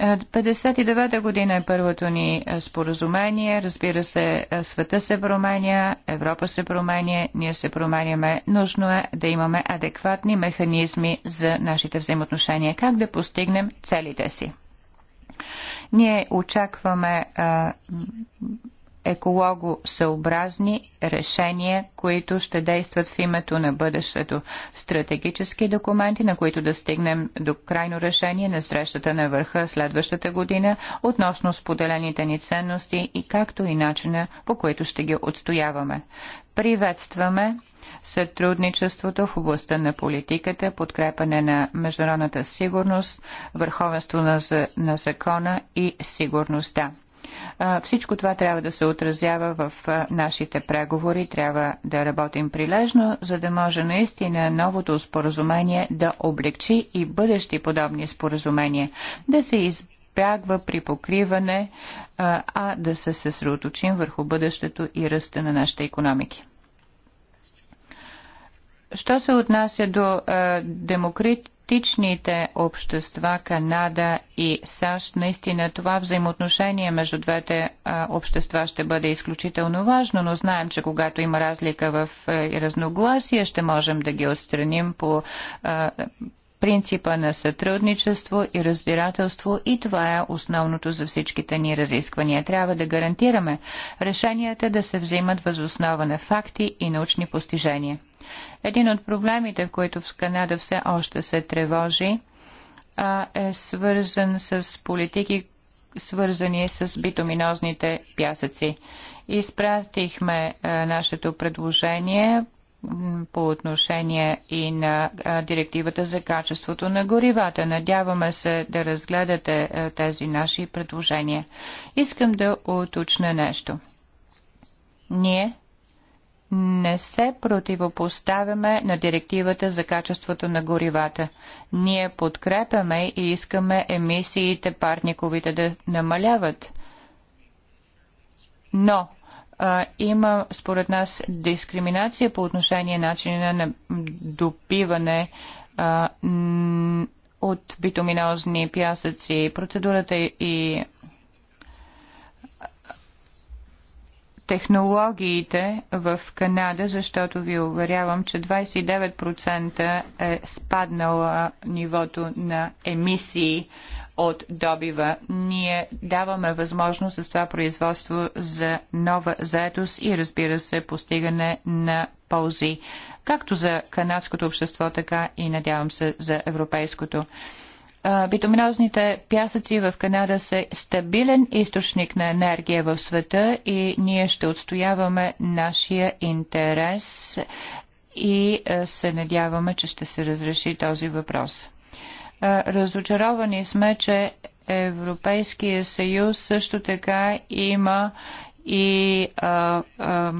59-та е, година е първото ни е, споразумение. Разбира се, е, света се променя, Европа се променя, ние се променяме. Нужно е да имаме адекватни механизми за нашите взаимоотношения. Как да постигнем целите си? Ние очакваме екологосъобразни решения, които ще действат в името на бъдещето. Стратегически документи, на които да стигнем до крайно решение на срещата на върха следващата година, относно споделените ни ценности и както и начина, по който ще ги отстояваме. Приветстваме сътрудничеството в областта на политиката, подкрепане на международната сигурност, върховенство на, на закона и сигурността. Всичко това трябва да се отразява в нашите преговори. Трябва да работим прилежно, за да може наистина новото споразумение да облегчи и бъдещи подобни споразумения, да се избягва при покриване, а да се съсредоточим върху бъдещето и ръста на нашите економики. Що се отнася до е, демократичните общества Канада и САЩ, наистина това взаимоотношение между двете е, общества ще бъде изключително важно, но знаем, че когато има разлика в е, разногласие, ще можем да ги отстраним по е, принципа на сътрудничество и разбирателство и това е основното за всичките ни разисквания. Трябва да гарантираме решенията да се взимат възоснова на факти и научни постижения. Един от проблемите, в които в Канада все още се тревожи, е свързан с политики, свързани с битоминозните пясъци. Изпратихме нашето предложение по отношение и на директивата за качеството на горивата. Надяваме се да разгледате тези наши предложения. Искам да уточня нещо. Ние не се противопоставяме на директивата за качеството на горивата. Ние подкрепяме и искаме емисиите парниковите да намаляват. Но а, има според нас дискриминация по отношение начина на допиване а, от битуминозни пясъци. Процедурата и технологиите в Канада, защото ви уверявам, че 29% е спаднало нивото на емисии от добива. Ние даваме възможност с това производство за нова заетост и разбира се постигане на ползи, както за канадското общество, така и надявам се за европейското. Битуминозните пясъци в Канада са стабилен източник на енергия в света и ние ще отстояваме нашия интерес и се надяваме, че ще се разреши този въпрос. Разочаровани сме, че Европейския съюз също така има и а, а,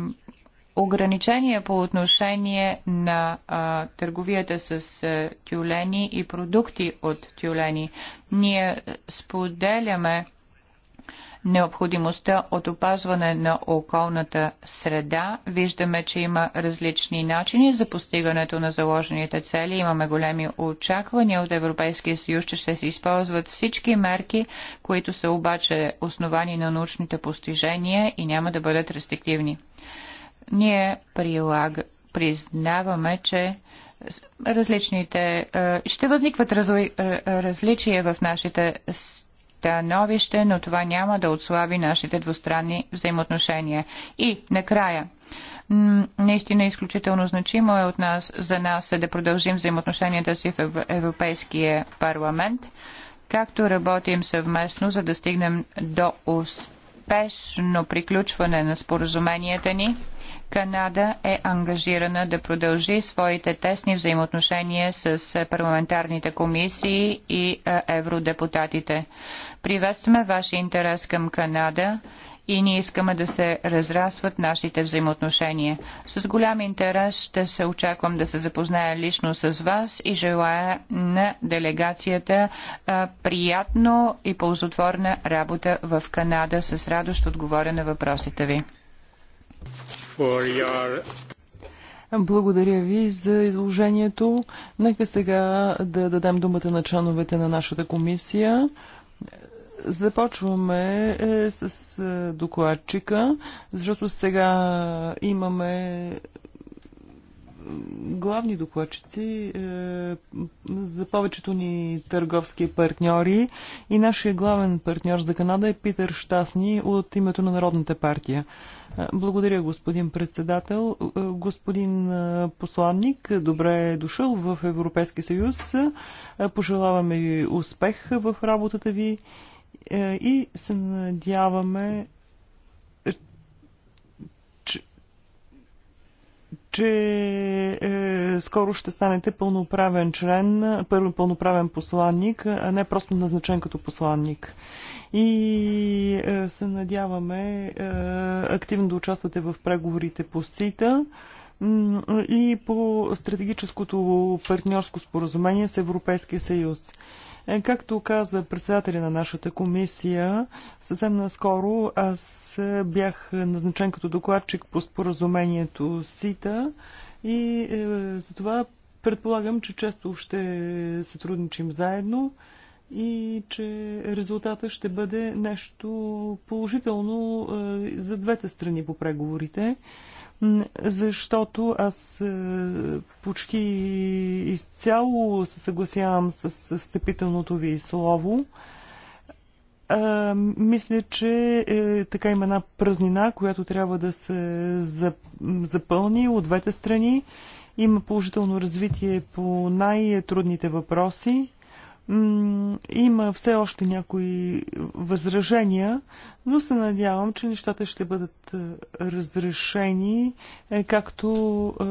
ограничения по отношение на а, търговията с а, тюлени и продукти от тюлени. Ние споделяме необходимостта от опазване на околната среда. Виждаме, че има различни начини за постигането на заложените цели. Имаме големи очаквания от Европейския съюз, че ще се използват всички мерки, които са обаче основани на научните постижения и няма да бъдат рестриктивни ние прилага, признаваме, че различните, е, ще възникват разли, е, различия в нашите становище, но това няма да отслаби нашите двустранни взаимоотношения. И накрая, наистина изключително значимо е от нас, за нас е да продължим взаимоотношенията си в Европейския парламент, както работим съвместно, за да стигнем до успешно приключване на споразуменията ни Канада е ангажирана да продължи своите тесни взаимоотношения с е, парламентарните комисии и е, евродепутатите. Приветстваме вашия интерес към Канада и ние искаме да се разрастват нашите взаимоотношения. С голям интерес ще се очаквам да се запозная лично с вас и желая на делегацията е, приятно и ползотворна работа в Канада. С радост отговоря на въпросите ви your... Благодаря ви за изложението. Нека сега да дадем думата на членовете на нашата комисия. Започваме е, с е, докладчика, защото сега имаме главни докладчици е, за повечето ни търговски партньори и нашия главен партньор за Канада е Питър Штасни от името на Народната партия. Е, благодаря, господин председател. Е, господин посланник, добре е дошъл в Европейския съюз. Пожелаваме ви успех в работата ви и се надяваме че е, скоро ще станете пълноправен член, първо пълноправен посланник, а не просто назначен като посланник. И е, се надяваме е, активно да участвате в преговорите по СИТА и по стратегическото партньорско споразумение с Европейския съюз. Е, както каза председателя на нашата комисия, съвсем наскоро аз бях назначен като докладчик по споразумението СИТА и е, за това предполагам, че често ще сътрудничим заедно и че резултата ще бъде нещо положително е, за двете страни по преговорите защото аз е, почти изцяло се съгласявам с встъпителното ви слово. А, мисля, че е, така има една празнина, която трябва да се запълни от двете страни. Има положително развитие по най-трудните въпроси. Има все още някои възражения, но се надявам, че нещата ще бъдат е, разрешени, е, както е,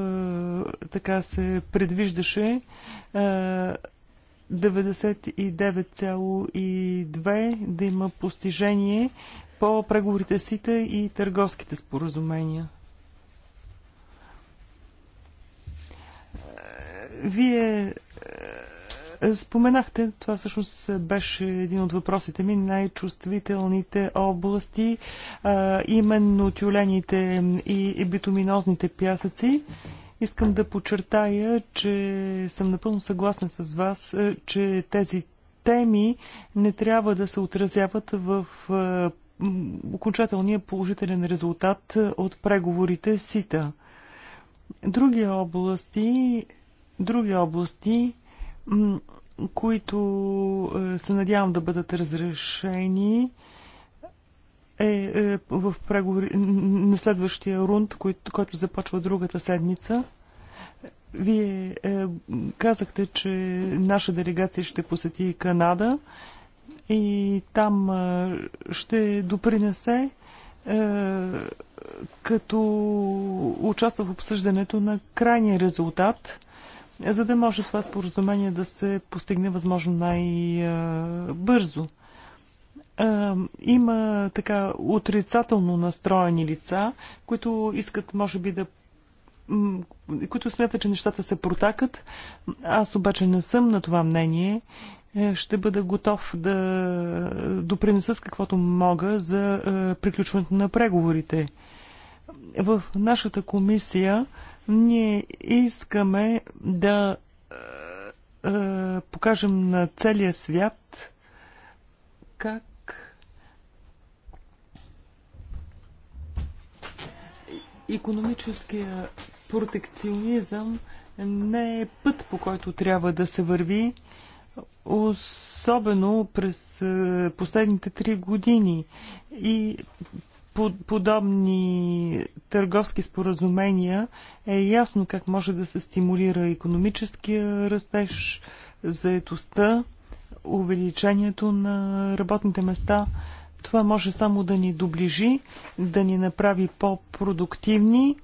така се предвиждаше 99,2 да има постижение по преговорите сите и търговските споразумения. Вие е, споменахте, това всъщност беше един от въпросите ми, най-чувствителните области, е, именно тюлените и битуминозните пясъци. Искам да подчертая, че съм напълно съгласен с вас, е, че тези теми не трябва да се отразяват в окончателния положителен резултат от преговорите СИТА. Други области, други области които е, се надявам да бъдат разрешени е, е в преговори на следващия рунд, който, който започва другата седмица. Вие е, казахте, че наша делегация ще посети Канада и там е, ще допринесе е, като участва в обсъждането на крайния резултат за да може това споразумение да се постигне възможно най-бързо. Има така отрицателно настроени лица, които искат, може би, да които смятат, че нещата се протакат. Аз обаче не съм на това мнение. Е, ще бъда готов да допринеса с каквото мога за е, приключването на преговорите. В нашата комисия ние искаме да е, е, покажем на целия свят как економическия протекционизъм не е път, по който трябва да се върви, особено през е, последните три години. И подобни търговски споразумения е ясно как може да се стимулира економическия растеж, заетостта, увеличението на работните места. Това може само да ни доближи, да ни направи по-продуктивни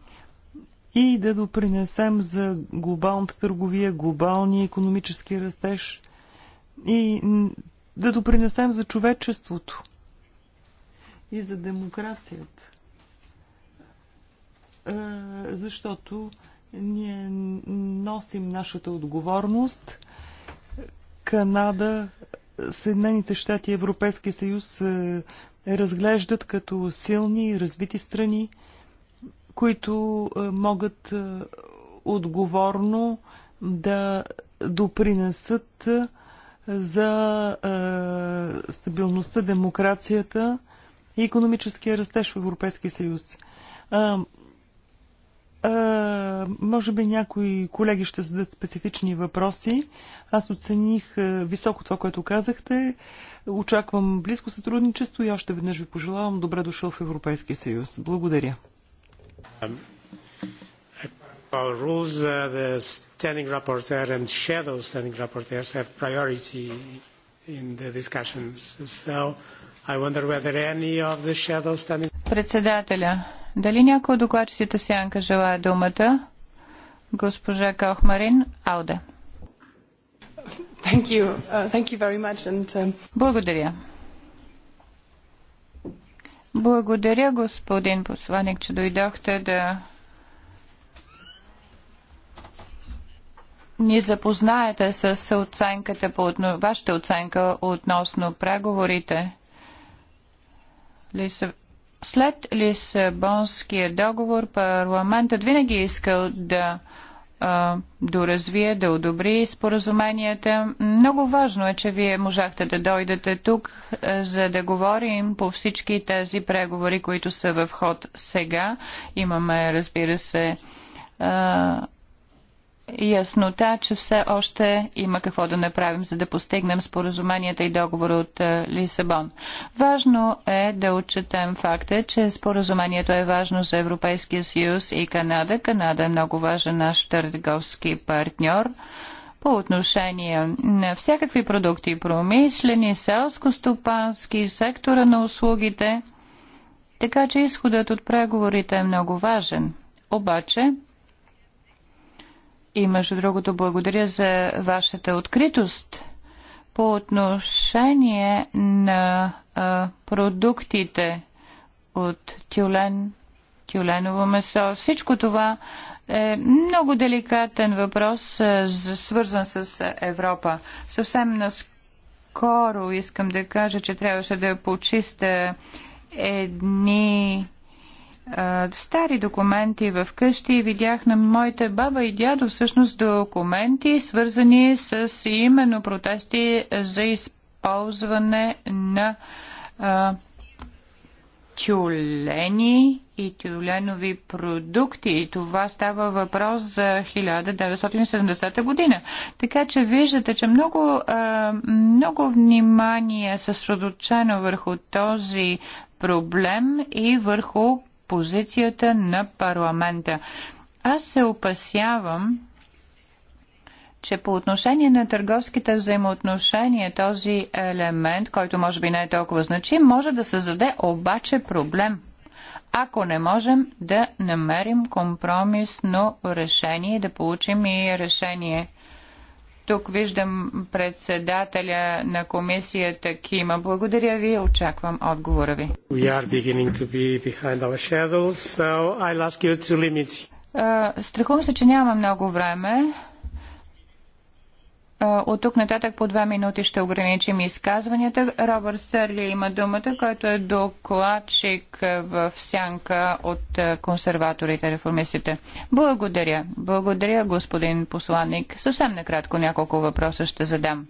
и да допринесем за глобалната търговия, глобалния економически растеж и да допринесем за човечеството и за демокрацията. Защото ние носим нашата отговорност. Канада, Съединените щати и Европейския съюз разглеждат като силни и развити страни, които могат отговорно да допринесат за стабилността, демокрацията и економическия растеж в Европейския съюз. А, а, може би някои колеги ще зададат специфични въпроси. Аз оцених високо това, което казахте. Очаквам близко сътрудничество и още веднъж ви пожелавам добре дошъл в Европейския съюз. Благодаря. Um, rules, uh, the Председателя, дали някой от докладчиците Сянка желая думата? Госпожа Калхмарин, Ауде. Thank you. Uh, thank you very much and, um, Благодаря. Благодаря, господин посланик, че дойдохте да ни запознаете с оценката по вашата оценка относно преговорите след Лисабонския договор парламентът винаги е искал да доразвие, да одобри споразуменията. Много важно е, че вие можахте да дойдете тук, за да говорим по всички тези преговори, които са в ход сега. Имаме, разбира се, яснота, че все още има какво да направим, за да постигнем споразуменията и договора от е, Лисабон. Важно е да отчетем факта, че споразумението е важно за Европейския съюз и Канада. Канада е много важен наш търговски партньор по отношение на всякакви продукти, промишлени, селско-стопански, сектора на услугите. Така че изходът от преговорите е много важен. Обаче, и между другото, благодаря за вашата откритост по отношение на а, продуктите от тюлен, тюленово месо. Всичко това е много деликатен въпрос, а, свързан с Европа. Съвсем наскоро искам да кажа, че трябваше да почистя едни стари документи в къщи и видях на моите баба и дядо всъщност документи, свързани с именно протести за използване на а, тюлени и тюленови продукти. И това става въпрос за 1970 година. Така че виждате, че много, много внимание е съсредоточено върху този проблем и върху позицията на парламента. Аз се опасявам, че по отношение на търговските взаимоотношения този елемент, който може би не е толкова значим, може да създаде обаче проблем ако не можем да намерим компромисно решение, да получим и решение тук виждам председателя на комисията Кима. Благодаря ви очаквам отговора ви. Страхувам се, че няма много време. От тук нататък по две минути ще ограничим изказванията. Робърт Сърли има думата, който е докладчик в сянка от консерваторите, реформистите. Благодаря. Благодаря, господин посланник. Съвсем накратко няколко въпроса ще задам.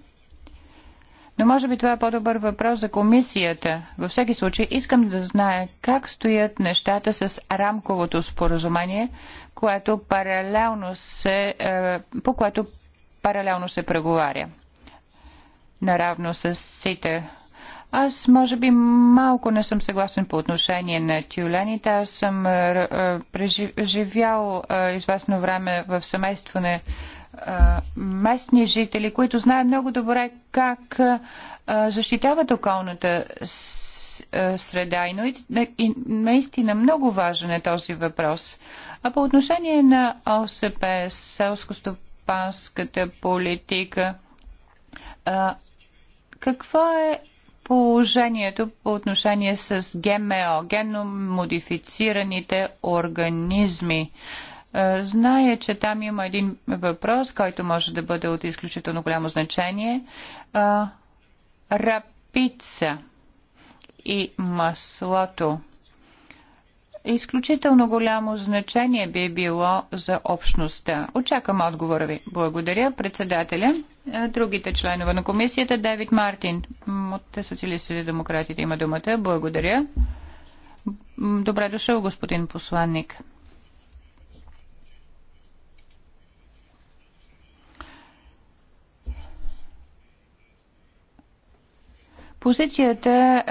Но може би това е по-добър въпрос за комисията. Във всеки случай искам да знае как стоят нещата с рамковото споразумение, което паралелно се, е, по което паралелно се преговаря. Наравно с сите. Аз може би малко не съм съгласен по отношение на тюлените. Аз съм е, е, преживял е, известно време в семейство на местни жители, които знаят много добре как защитават околната среда. И, но, и наистина много важен е този въпрос. А по отношение на ОСП, селско стопанство, стопанската политика. А, какво е положението по отношение с ГМО, генно модифицираните организми? А, зная, че там има един въпрос, който може да бъде от изключително голямо значение. А, рапица и маслото изключително голямо значение би било за общността. Очакам отговора ви. Благодаря, председателя. Е, другите членове на комисията, Девид Мартин от Социалистите и демократите има думата. Благодаря. Добре дошъл, господин посланник. Позицията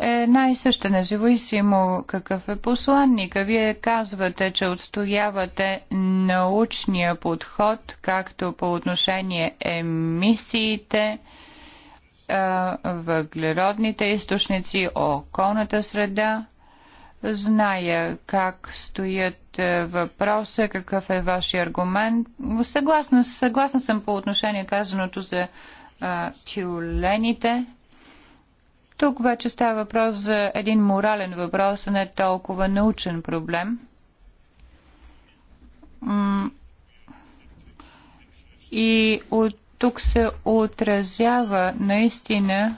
е, е най-съща, независимо какъв е посланника. Вие казвате, че отстоявате научния подход, както по отношение емисиите, е, въглеродните източници, околната среда. Зная как стоят е, въпроса, какъв е вашия аргумент. Съгласна, съгласна съм по отношение казаното за тюлените. Тук вече става въпрос за един морален въпрос, а не толкова научен проблем. И от тук се отразява наистина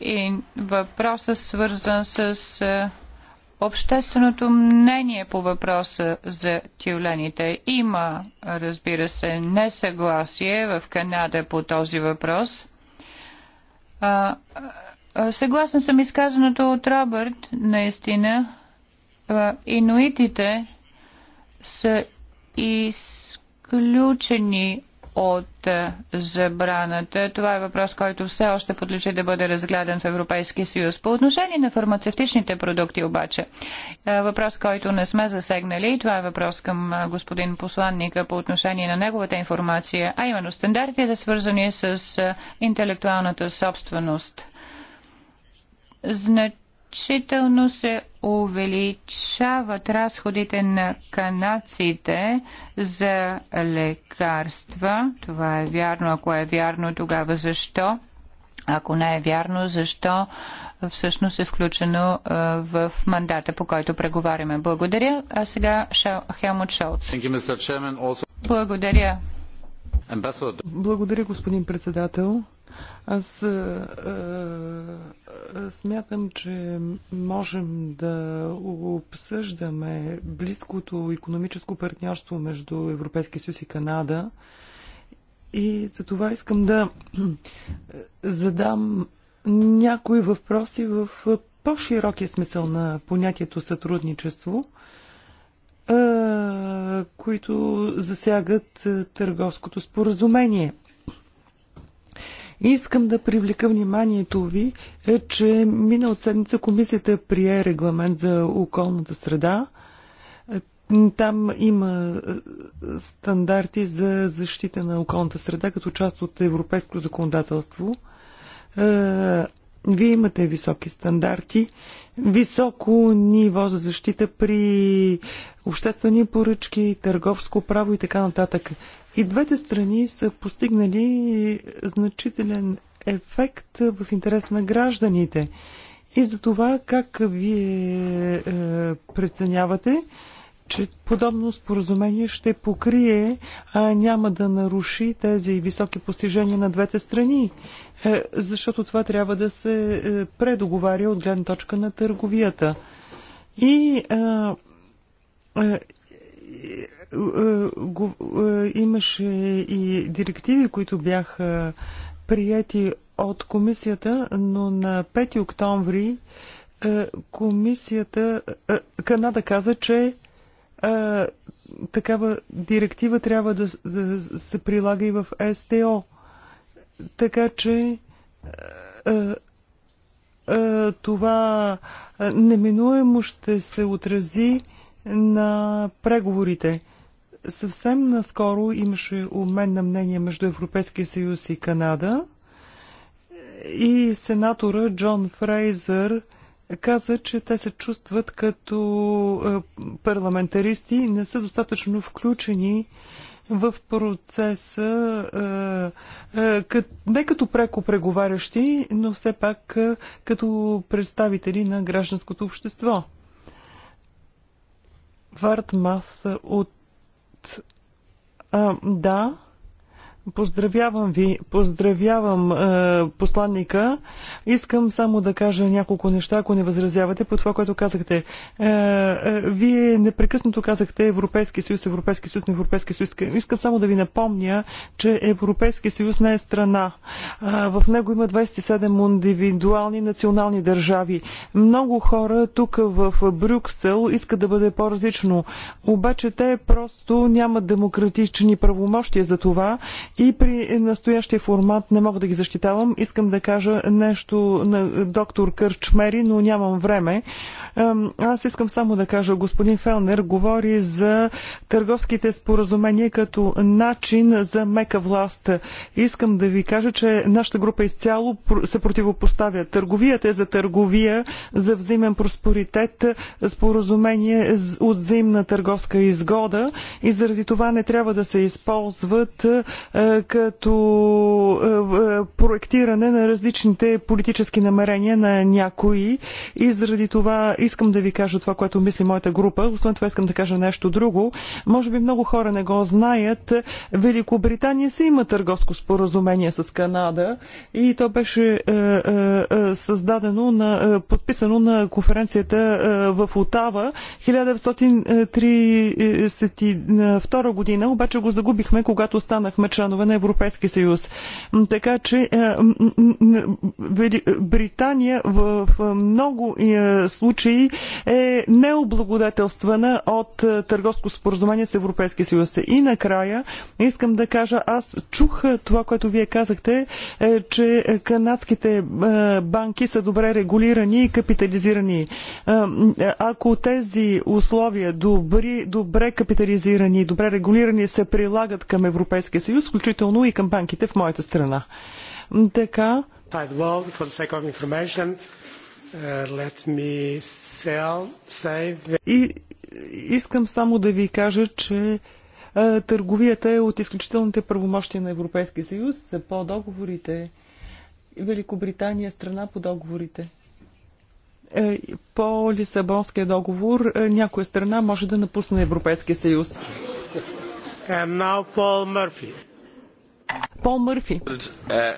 и въпроса свързан с общественото мнение по въпроса за тюлените. Има, разбира се, несъгласие в Канада по този въпрос – а, съгласна съм изказаното от Робърт, наистина. А, инуитите са изключени от е, забраната. Това е въпрос, който все още подлежи да бъде разгледан в Европейския съюз. По отношение на фармацевтичните продукти обаче, е, въпрос, който не сме засегнали, и това е въпрос към е, господин посланника по отношение на неговата информация, а именно стандартите, свързани с интелектуалната собственост. Значително се увеличават разходите на канадците за лекарства. Това е вярно. Ако е вярно, тогава защо? Ако не е вярно, защо всъщност е включено в мандата, по който преговаряме. Благодаря. А сега Хелмут Шолц. Благодаря. Благодаря, господин председател. Аз а, а, смятам, че можем да обсъждаме близкото економическо партньорство между Европейския съюз и Канада. И за това искам да задам някои въпроси в по-широкия смисъл на понятието сътрудничество, които засягат търговското споразумение. Искам да привлека вниманието ви, е, че минал седмица комисията прие регламент за околната среда. Там има е, стандарти за защита на околната среда като част от европейско законодателство. Е, вие имате високи стандарти, високо ниво за защита при обществени поръчки, търговско право и така нататък. И двете страни са постигнали значителен ефект в интерес на гражданите. И за това как вие е, преценявате, че подобно споразумение ще покрие, а няма да наруши тези високи постижения на двете страни, е, защото това трябва да се е, предоговаря от гледна точка на търговията. И е, е, е, е, е, имаше и директиви, които бяха прияти от комисията, но на 5 октомври комисията Канада каза, че такава директива трябва да, да се прилага и в СТО. Така че това неминуемо ще се отрази на преговорите. Съвсем наскоро имаше обмен на мнение между Европейския съюз и Канада и сенатора Джон Фрейзър каза, че те се чувстват като е, парламентаристи, не са достатъчно включени в процеса е, е, не като преко преговарящи, но все пак като представители на гражданското общество. Вартмас от е, да, Поздравявам ви, поздравявам е, посланника. Искам само да кажа няколко неща, ако не възразявате по това, което казахте. Е, е, вие непрекъснато казахте Европейски съюз, Европейски съюз, Европейски съюз. Искам само да ви напомня, че Европейски съюз не е страна. Е, в него има 27 индивидуални национални държави. Много хора тук в Брюксел искат да бъде по-различно. Обаче те просто нямат демократични правомощия за това и при настоящия формат не мога да ги защитавам. Искам да кажа нещо на доктор Кърчмери, но нямам време. Аз искам само да кажа, господин Фелнер говори за търговските споразумения като начин за мека власт. Искам да ви кажа, че нашата група изцяло се противопоставя. Търговията е за търговия, за взаимен проспоритет, споразумение от взаимна търговска изгода и заради това не трябва да се използват е, като е, е, проектиране на различните политически намерения на някои и заради това искам да ви кажа това, което мисли моята група. Освен това искам да кажа нещо друго. Може би много хора не го знаят. Великобритания си има търговско споразумение с Канада и то беше е, е, е създадено, на, е, подписано на конференцията е, в Отава 1932 година, обаче го загубихме, когато станахме членове на Европейски съюз. Така че е, Британия в, в много е, случаи случай е необлагодателствана от е, търговско споразумение с Европейския съюз. И накрая искам да кажа, аз чух е, това, което вие казахте, е, че канадските банки са добре регулирани и капитализирани. Ако тези условия, добри, добре капитализирани и добре регулирани, се прилагат към Европейския съюз, включително и към банките в моята страна. Така. Uh, И искам само да ви кажа, че търговията е от изключителните правомощия на Европейския съюз по договорите. Великобритания е страна по договорите. Е, по Лисабонския договор е, някоя страна може да напусне Европейския съюз. Пол Мърфи. Uh,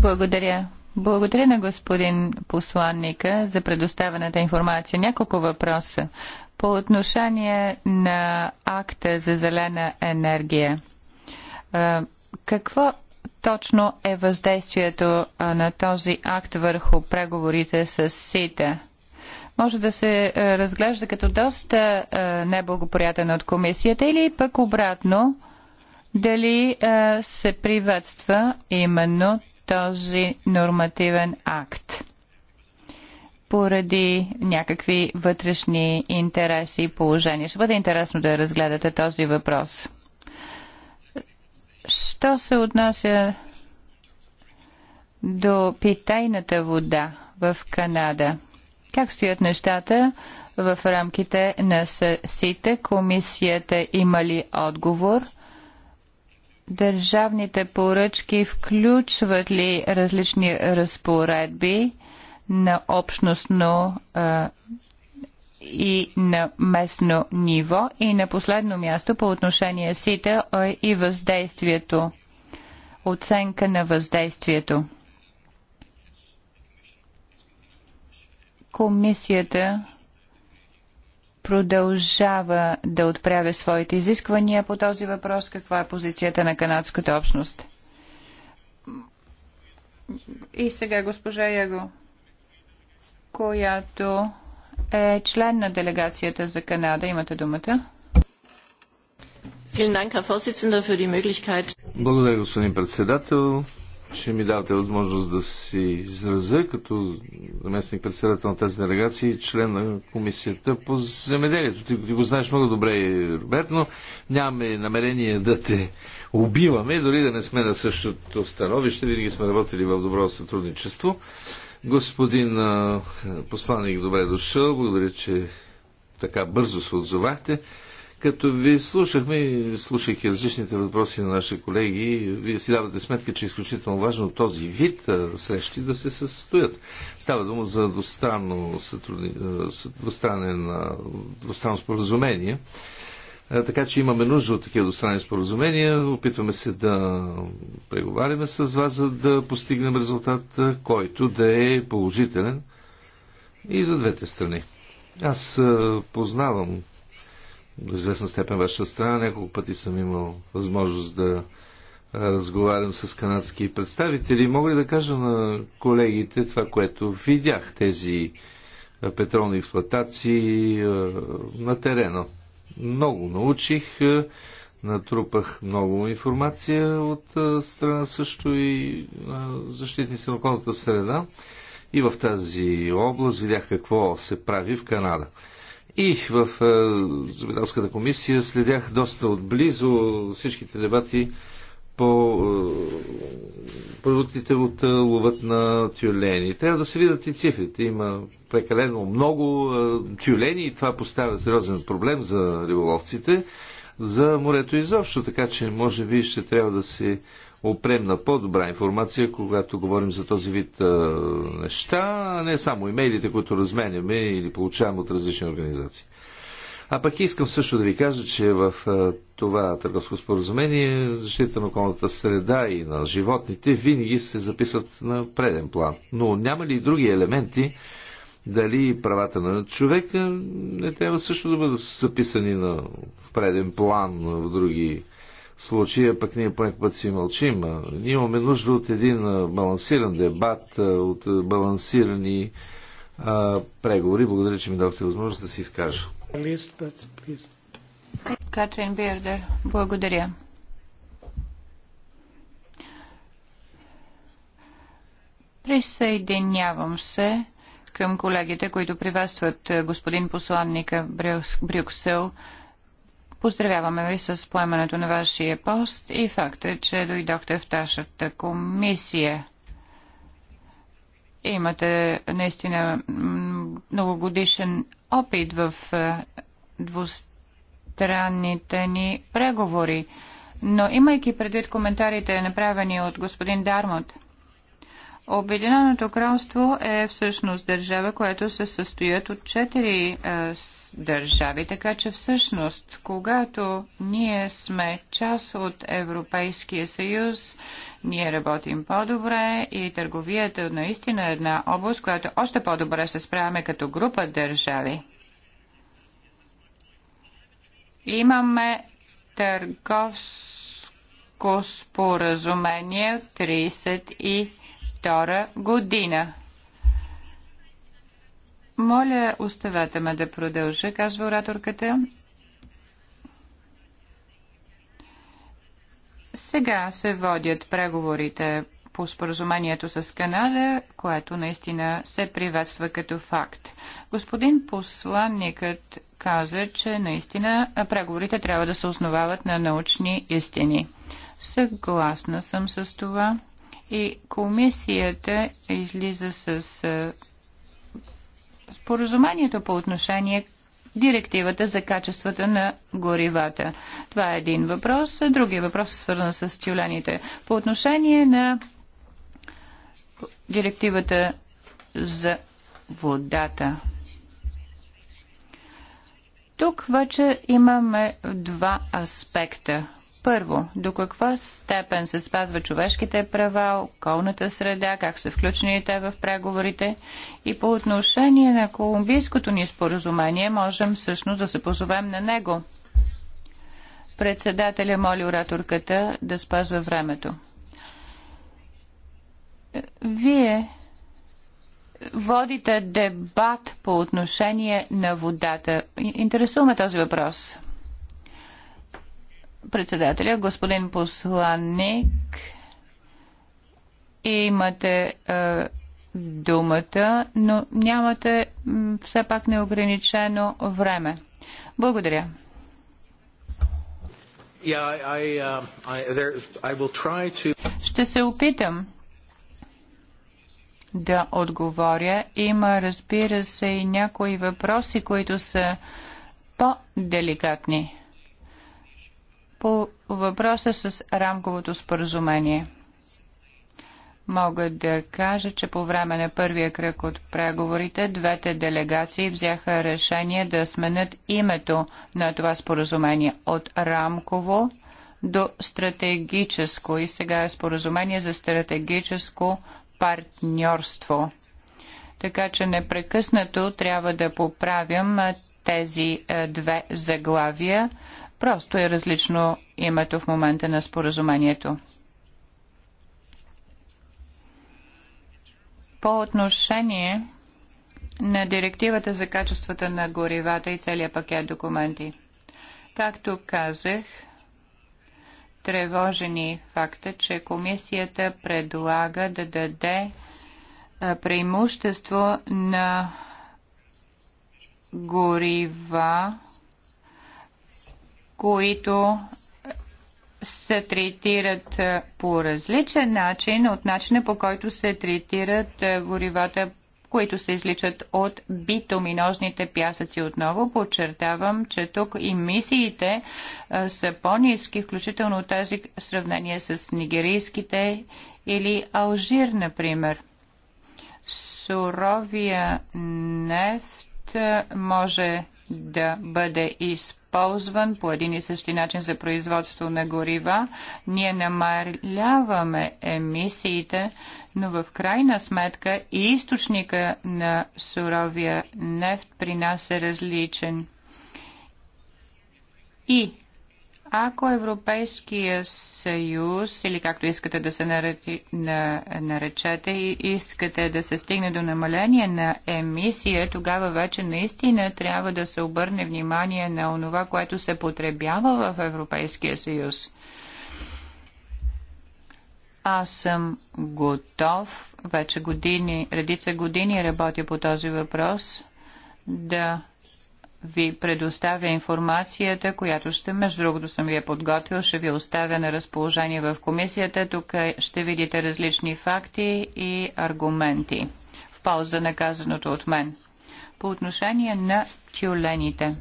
Благодаря. Благодаря на господин посланника за предоставената информация. Няколко въпроса по отношение на акта за зелена енергия. Какво точно е въздействието на този акт върху преговорите с СИТА? може да се разглежда като доста неблагоприятен от комисията или пък обратно, дали се приветства именно този нормативен акт поради някакви вътрешни интереси и положения. Ще бъде интересно да разгледате този въпрос. Що се отнася до питайната вода в Канада? Как стоят нещата в рамките на СИТЕ? Комисията има ли отговор – държавните поръчки включват ли различни разпоредби на общностно а, и на местно ниво? И на последно място по отношение СИТЕ и въздействието, оценка на въздействието. Комисията продължава да отправя своите изисквания по този въпрос? Каква е позицията на канадската общност? И сега госпожа Яго, която е член на делегацията за Канада. Имате думата. Благодаря, господин председател че ми давате възможност да си изразя като заместник председател на тази делегация и член на комисията по земеделието. Ти, ти го знаеш много добре, Роберт, но нямаме намерение да те убиваме, дори да не сме на същото становище. Винаги сме работили в добро сътрудничество. Господин посланник, добре дошъл. Благодаря, че така бързо се отзовахте. Като ви слушахме слушайки различните въпроси на наши колеги, вие си давате сметка, че е изключително важно този вид срещи да се състоят. Става дума за двустранно, сътруд... двустранно споразумение. Така че имаме нужда от такива двустранни споразумения. Опитваме се да преговаряме с вас, за да постигнем резултат, който да е положителен и за двете страни. Аз познавам до известна степен вашата страна. Няколко пъти съм имал възможност да разговарям с канадски представители. Мога ли да кажа на колегите това, което видях, тези петролни експлуатации на терена? Много научих, натрупах много информация от страна също и защитници на околната среда. И в тази област видях какво се прави в Канада. И в е, Земеделската комисия следях доста отблизо всичките дебати по е, продуктите от е, ловът на тюлени. Трябва да се видят и цифрите. Има прекалено много тюлени и това поставя сериозен проблем за риболовците, за морето изобщо. Така че може би ще трябва да се опрем на по-добра информация, когато говорим за този вид а, неща, не само имейлите, които разменяме или получаваме от различни организации. А пък искам също да ви кажа, че в а, това търговско споразумение защита на околната среда и на животните винаги се записват на преден план. Но няма ли и други елементи, дали правата на човека не трябва също да бъдат записани на преден план в други случая, пък ние понякога път си мълчим. Ние имаме нужда от един балансиран дебат, от балансирани а, преговори. Благодаря, че ми дадохте възможност да се изкажа. Катрин Бердер, благодаря. Присъединявам се към колегите, които приветстват господин посланника Брюксел. Брюксел Поздравяваме ви с поемането на вашия пост и факта, е, че дойдохте в нашата комисия. Имате наистина многогодишен опит в е, двустранните ни преговори. Но имайки предвид коментарите, направени от господин Дармот, Обединеното кралство е всъщност държава, която се състоят от четири е, държави, така че всъщност, когато ние сме част от Европейския съюз, ние работим по-добре и търговията наистина е една област, която още по-добре се справяме като група държави. Имаме търговско споразумение 30 и 2002 година. Моля, оставете ме да продължа, казва ораторката. Сега се водят преговорите по споразумението с Канада, което наистина се приветства като факт. Господин посланникът каза, че наистина преговорите трябва да се основават на научни истини. Съгласна съм с това и комисията излиза с споразумението по отношение директивата за качествата на горивата. Това е един въпрос. Другия въпрос е свързан с тюлените. По отношение на директивата за водата. Тук вече имаме два аспекта първо, до каква степен се спазва човешките права, околната среда, как са включени те в преговорите и по отношение на колумбийското ни споразумение можем всъщност да се позовем на него. Председателя моли ораторката да спазва времето. Вие водите дебат по отношение на водата. Интересуваме този въпрос председателя, господин посланник, имате е, думата, но нямате все пак неограничено време. Благодаря. Yeah, I, uh, I, there, I to... Ще се опитам да отговоря. Има, разбира се, и някои въпроси, които са по-деликатни. По въпроса с рамковото споразумение. Мога да кажа, че по време на първия кръг от преговорите двете делегации взеха решение да сменят името на това споразумение от рамково до стратегическо и сега е споразумение за стратегическо партньорство. Така че непрекъснато трябва да поправим тези е, две заглавия, Просто е различно името в момента на споразумението. По отношение на директивата за качествата на горивата и целият пакет документи. Както казах, тревожени е факта, че комисията предлага да даде преимущество на горива, които се третират е, по различен начин от начина по който се третират е, горивата, които се изличат от битоминозните пясъци. Отново подчертавам, че тук емисиите е, са по-низки, включително тази сравнение с нигерийските или Алжир, например. Суровия нефт може да бъде използван използван по един и същи начин за производство на горива, ние намаляваме емисиите, но в крайна сметка и източника на суровия нефт при нас е различен. И ако Европейския съюз, или както искате да се на, наречете, искате да се стигне до намаление на емисия, тогава вече наистина трябва да се обърне внимание на онова, което се потребява в Европейския съюз. Аз съм готов, вече години, редица години работя по този въпрос, да ви предоставя информацията, която ще, между другото съм ви е подготвил, ще ви оставя на разположение в комисията. Тук е, ще видите различни факти и аргументи в полза на казаното от мен. По отношение на тюлените.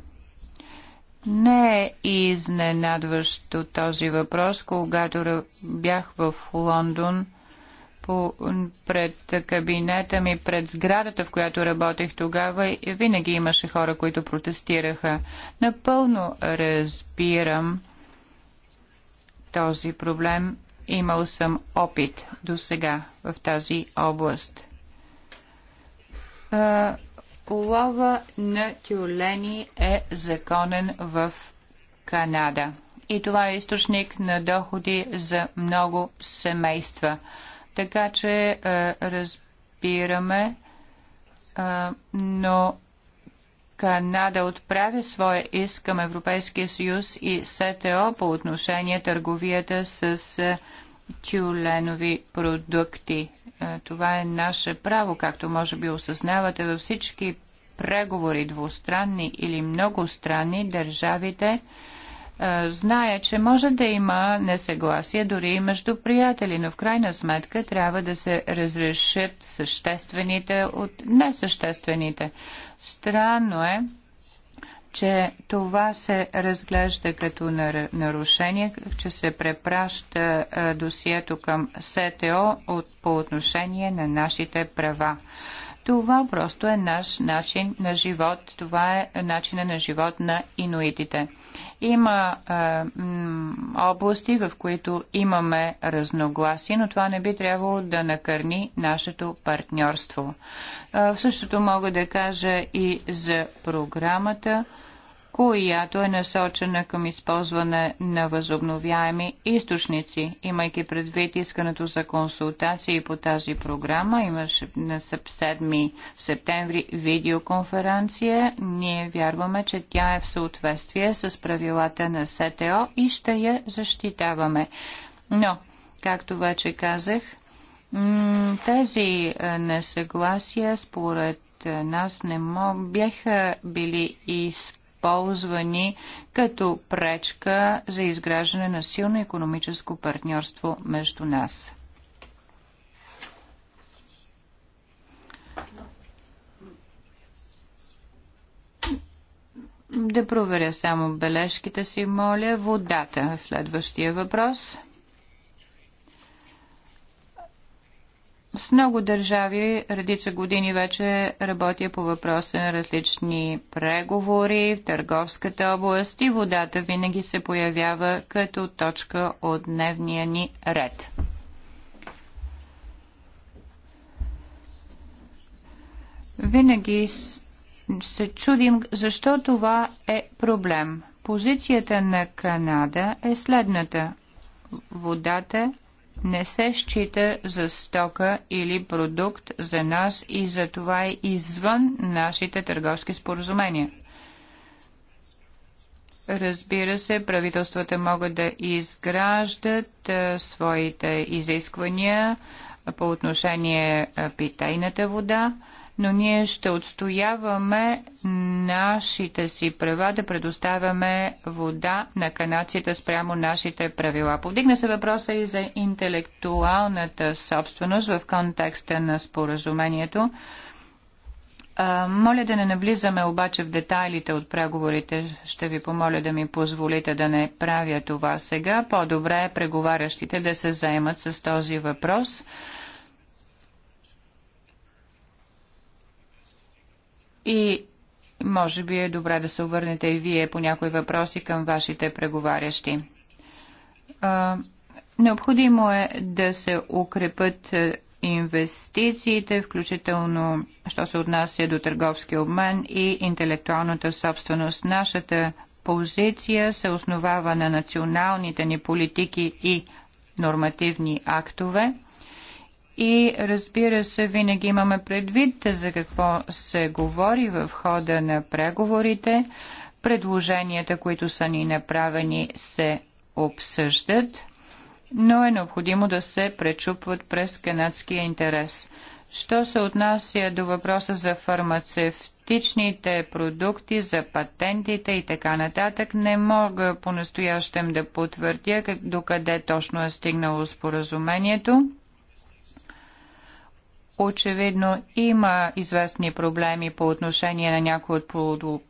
Не е изненадващо този въпрос, когато бях в Лондон – по, пред кабинета ми, пред сградата, в която работех тогава, винаги имаше хора, които протестираха. Напълно разбирам този проблем. Имал съм опит до сега в тази област. Лова на тюлени е законен в Канада. И това е източник на доходи за много семейства. Така че е, разбираме, е, но Канада отправи своя иск към Европейския съюз и СТО по отношение търговията с е, тюленови продукти. Това е наше право, както може би осъзнавате във всички преговори двустранни или многостранни държавите зная, че може да има несъгласие дори и между приятели, но в крайна сметка трябва да се разрешат съществените от несъществените. Странно е, че това се разглежда като нарушение, че се препраща досието към СТО от, по отношение на нашите права. Това просто е наш начин на живот. Това е начина на живот на инуитите. Има е, области, в които имаме разногласи, но това не би трябвало да накърни нашето партньорство. Е, същото мога да кажа и за програмата. Е, която е насочена към използване на възобновяеми източници, имайки предвид искането за консултации по тази програма. Имаше на 7 септември видеоконференция. Ние вярваме, че тя е в съответствие с правилата на СТО и ще я защитаваме. Но, както вече казах, тези е, несъгласия според е, нас не мог, бяха били изпълнени използвани като пречка за изграждане на силно економическо партньорство между нас. Да проверя само бележките си, моля. Водата е следващия въпрос. С много държави редица години вече работя по въпроса на различни преговори в търговската област и водата винаги се появява като точка от дневния ни ред. Винаги се чудим защо това е проблем. Позицията на Канада е следната. Водата не се счита за стока или продукт за нас и за това е извън нашите търговски споразумения. Разбира се, правителствата могат да изграждат а, своите изисквания по отношение питейната вода, но ние ще отстояваме нашите си права да предоставяме вода на канаците спрямо нашите правила. Повдигна се въпроса и за интелектуалната собственост в контекста на споразумението. Моля да не навлизаме обаче в детайлите от преговорите. Ще ви помоля да ми позволите да не правя това сега. По-добре е преговарящите да се заемат с този въпрос. И може би е добре да се обърнете и вие по някои въпроси към вашите преговарящи. Необходимо е да се укрепят е, инвестициите, включително, що се отнася до търговски обмен и интелектуалната собственост. Нашата позиция се основава на националните ни политики и нормативни актове и разбира се, винаги имаме предвид за какво се говори в хода на преговорите. Предложенията, които са ни направени, се обсъждат, но е необходимо да се пречупват през канадския интерес. Що се отнася до въпроса за фармацевтичните продукти, за патентите и така нататък, не мога по-настоящем да потвърдя докъде точно е стигнало споразумението. Очевидно има известни проблеми по отношение на някои от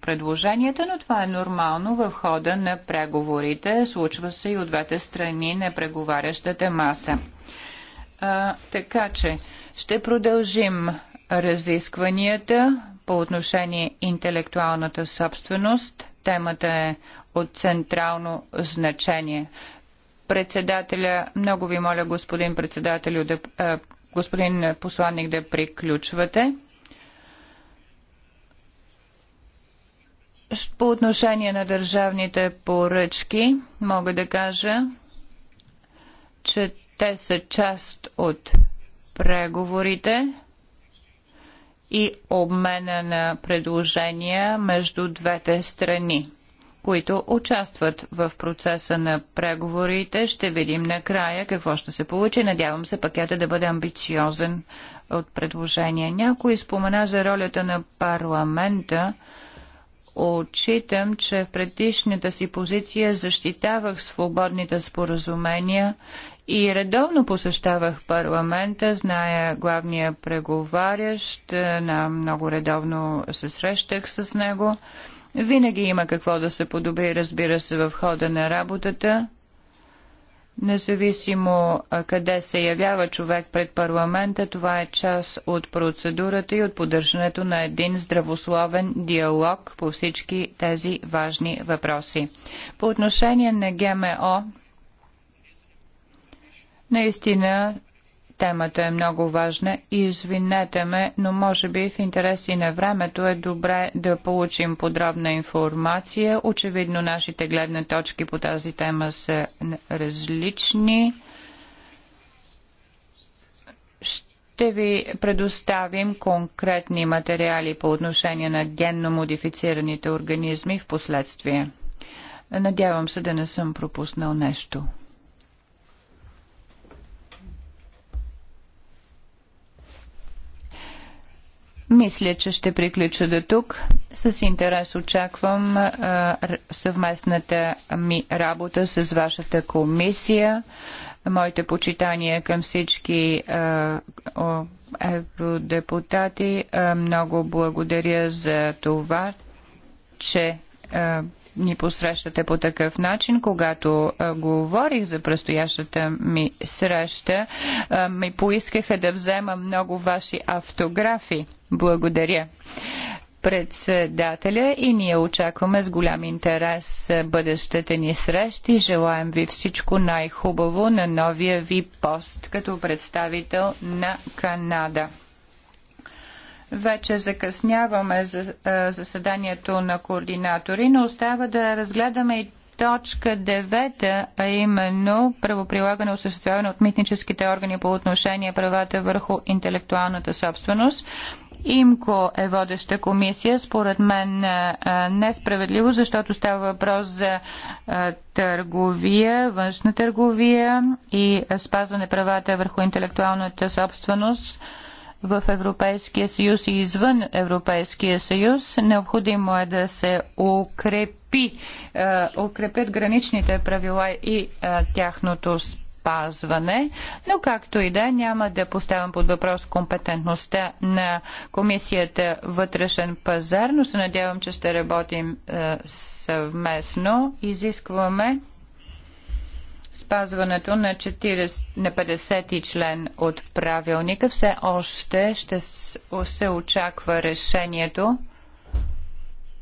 предложенията, но това е нормално в хода на преговорите. Случва се и от двете страни на преговарящата маса. А, така че ще продължим разискванията по отношение интелектуалната собственост. Темата е от централно значение председателя. Много ви моля, господин председателю, да господин посланник, да приключвате. По отношение на държавните поръчки, мога да кажа, че те са част от преговорите и обмена на предложения между двете страни които участват в процеса на преговорите. Ще видим накрая какво ще се получи. Надявам се пакета да бъде амбициозен от предложения. Някой спомена за ролята на парламента. Отчитам, че в предишната си позиция защитавах свободните споразумения и редовно посещавах парламента, зная главния преговарящ, на много редовно се срещах с него. Винаги има какво да се подобри, разбира се, в хода на работата. Независимо къде се явява човек пред парламента, това е част от процедурата и от поддържането на един здравословен диалог по всички тези важни въпроси. По отношение на ГМО, наистина Темата е много важна и извинете ме, но може би в интерес и на времето е добре да получим подробна информация. Очевидно нашите гледни точки по тази тема са различни. Ще ви предоставим конкретни материали по отношение на генно модифицираните организми в последствие. Надявам се да не съм пропуснал нещо. Мисля, че ще приключа до тук. С интерес очаквам а, съвместната ми работа с вашата комисия. Моите почитания към всички а, о, евродепутати. А, много благодаря за това, че ни посрещате по такъв начин. Когато а, говорих за предстоящата ми среща, а, ми поискаха да взема много ваши автографи. Благодаря председателя и ние очакваме с голям интерес бъдещите ни срещи. Желаем ви всичко най-хубаво на новия ви пост като представител на Канада. Вече закъсняваме за заседанието на координатори, но остава да разгледаме и точка 9, а именно правоприлагане осъществяване от митническите органи по отношение правата върху интелектуалната собственост. ИМКО е водеща комисия. Според мен е, е, несправедливо, защото става въпрос за е, търговия, външна търговия и спазване правата върху интелектуалната собственост в Европейския съюз и извън Европейския съюз. Необходимо е да се укрепи, укрепят граничните правила и тяхното спазване спазване, но както и да, няма да поставям под въпрос компетентността на Комисията вътрешен пазар, но се надявам, че ще работим е, съвместно. Изискваме спазването на, 40, на 50 член от правилника. Все още ще се очаква решението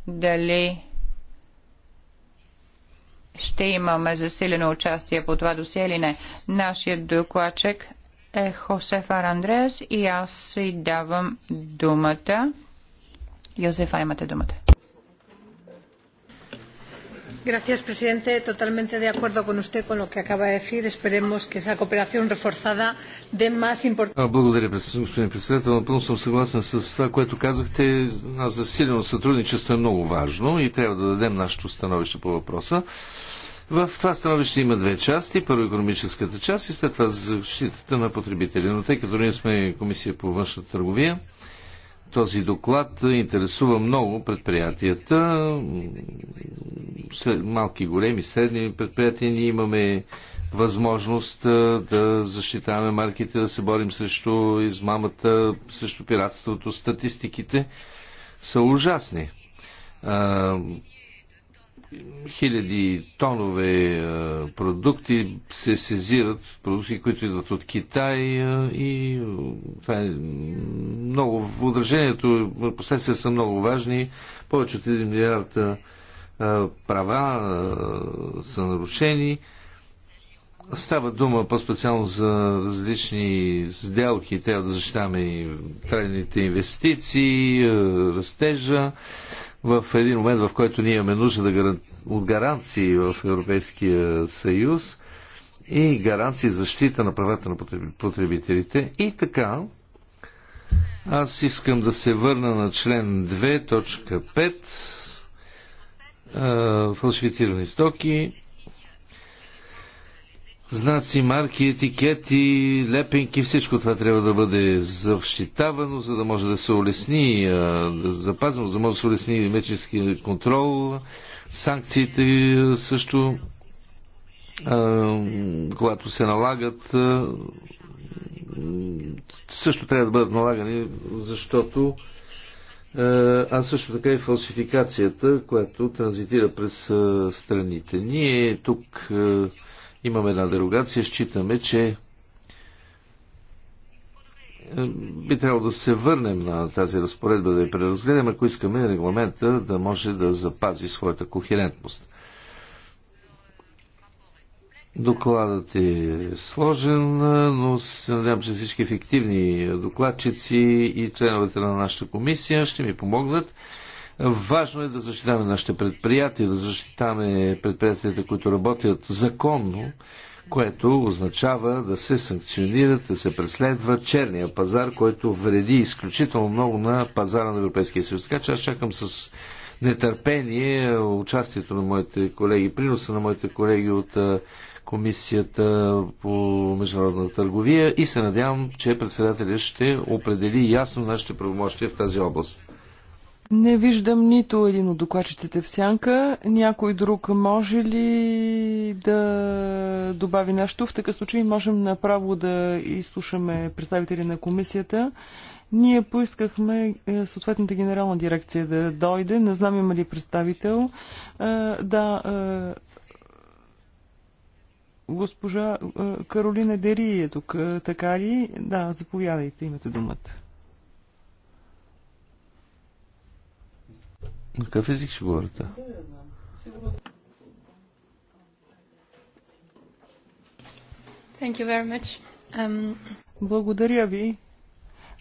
дали ще имаме засилено участие по това досие или не. Нашият докладчик е Хосеф Андреас и аз си давам думата. Йозефа, имате думата. Señor presidente. Totalmente de acuerdo con usted con lo que acaba de decir. Esperemos que esa cooperación reforzada dé más importancia. Ah, благодаря, господин председател. Напълно съм съгласен с това, което казахте. Аз засилено сътрудничество е много важно и трябва да дадем нашето становище по въпроса. В това становище има две части. Първо економическата част и след това защитата на потребители. Но тъй като ние сме комисия по външна търговия, този доклад интересува много предприятията, малки, големи, средни предприятия. Ние имаме възможност да защитаваме марките, да се борим срещу измамата, срещу пиратството. Статистиките са ужасни хиляди тонове е, продукти се сезират, продукти, които идват от Китай е, и е, това е много. Удържението, последствия са много важни. Повече от 1 милиард права са нарушени. Става дума по-специално за различни сделки. Трябва да защитаваме и трайните инвестиции, растежа в един момент, в който ние имаме нужда да гаран... от гаранции в Европейския съюз и гаранции защита на правата на потребителите. И така, аз искам да се върна на член 2.5 фалшифицирани стоки знаци, марки, етикети, лепенки, всичко това трябва да бъде защитавано, за да може да се улесни, да запазено, за да може да се улесни мечески контрол, санкциите също, когато се налагат, също трябва да бъдат налагани, защото а също така и фалшификацията, която транзитира през страните. Ние тук имаме една дерогация, считаме, че е, би трябвало да се върнем на тази разпоредба, да я преразгледаме, ако искаме регламента да може да запази своята кохерентност. Докладът е сложен, но се надявам, че всички ефективни докладчици и членовете на нашата комисия ще ми помогнат Важно е да защитаваме нашите предприятия, да защитаваме предприятията, които работят законно, което означава да се санкционират, да се преследва черния пазар, който вреди изключително много на пазара на Европейския съюз. Така че аз чакам с нетърпение участието на моите колеги, приноса на моите колеги от Комисията по международна търговия и се надявам, че председателят ще определи ясно нашите правомощия в тази област. Не виждам нито един от докладчиците в сянка. Някой друг може ли да добави нещо? В такъв случай можем направо да изслушаме представители на комисията. Ние поискахме е, съответната генерална дирекция да дойде. Не знам има ли представител. Е, да, е, госпожа Каролина Дери е тук. Така ли? Да, заповядайте, имате думата. На какъв език ще говорите? Thank you very much. Um... Благодаря ви.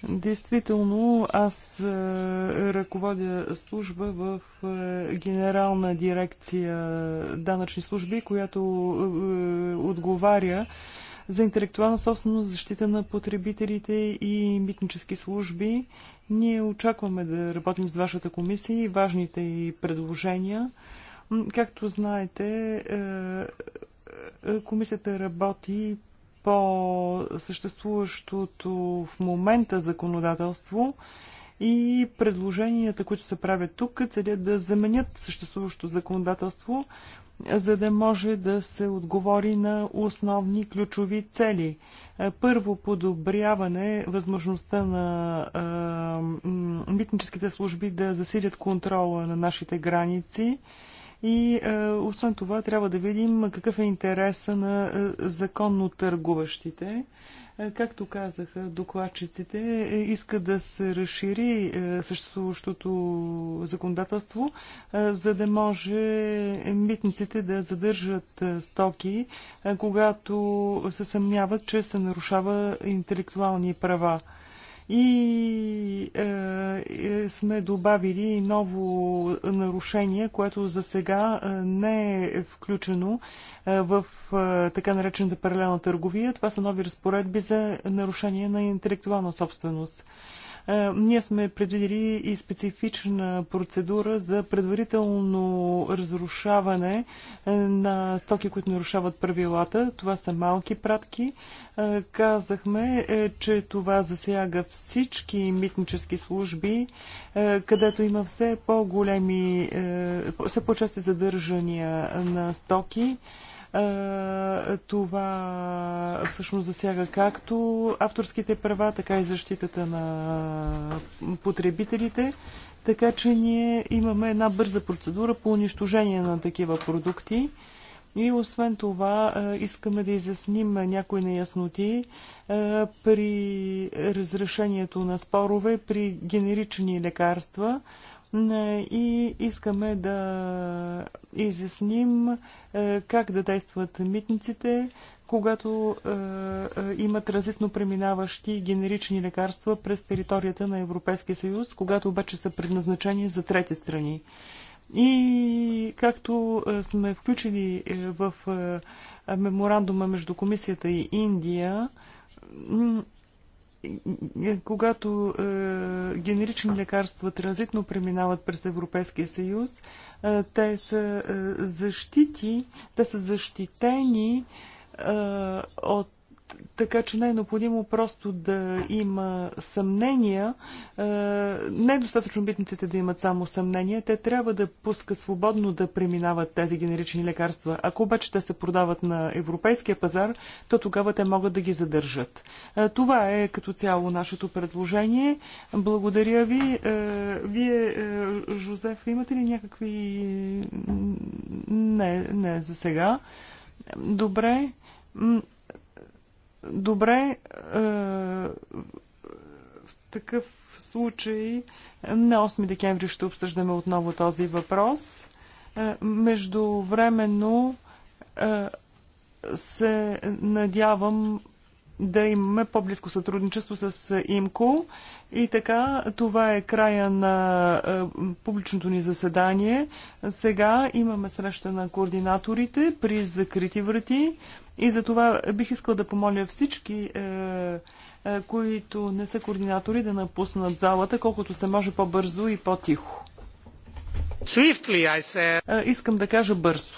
Действително, аз е, ръководя служба в е, Генерална дирекция данъчни служби, която е, отговаря за интелектуална собственост, защита на потребителите и митнически служби. Ние очакваме да работим с вашата комисия и важните и предложения. Както знаете, е, е, комисията работи по съществуващото в момента законодателство и предложенията, които се правят тук, целят да заменят съществуващото законодателство, за да може да се отговори на основни ключови цели. Е, първо, подобряване възможността на е, митническите служби да засилят контрола на нашите граници. И е, освен това трябва да видим какъв е интереса на законно търгуващите. Е, както казаха докладчиците, е, иска да се разшири е, съществуващото законодателство, за да може митниците да задържат стоки, когато се съмняват, че се нарушава интелектуални права и е, е, сме добавили ново нарушение, което за сега е, не е включено е, в така наречената паралелна търговия. Това са нови разпоредби за нарушение на интелектуална собственост. Е, ние сме предвидели и специфична процедура за предварително разрушаване е, на стоки, които нарушават правилата. Това са малки пратки. Е, казахме, че това засяга всички митнически служби, където има все по-големи, все по-чести задържания на стоки. Това всъщност засяга както авторските права, така и защитата на потребителите. Така че ние имаме една бърза процедура по унищожение на такива продукти. И освен това искаме да изясним някои неясноти при разрешението на спорове при генерични лекарства, и искаме да изясним е, как да действат митниците, когато е, е, има транзитно преминаващи генерични лекарства през територията на Европейския съюз, когато обаче са предназначени за трети страни. И както е, сме включили е, в е, меморандума между комисията и Индия, когато е, генерични лекарства транзитно преминават през Европейския съюз, е, те са е, защити, те са защитени е, от така че не е необходимо просто да има съмнения. Е, не е достатъчно битниците да имат само съмнения. Те трябва да пускат свободно да преминават тези генерични лекарства. Ако обаче те се продават на европейския пазар, то тогава те могат да ги задържат. Е, това е като цяло нашето предложение. Благодаря ви. Е, вие, Жозеф, имате ли някакви... Не, не за сега. Добре. Добре, е, в такъв случай на 8 декември ще обсъждаме отново този въпрос. Е, междувременно е, се надявам да имаме по-близко сътрудничество с ИМКО. И така, това е края на публичното ни заседание. Сега имаме среща на координаторите при закрити врати. И за това бих искал да помоля всички, е, е, които не са координатори, да напуснат залата колкото се може по-бързо и по-тихо. Е, искам да кажа бързо.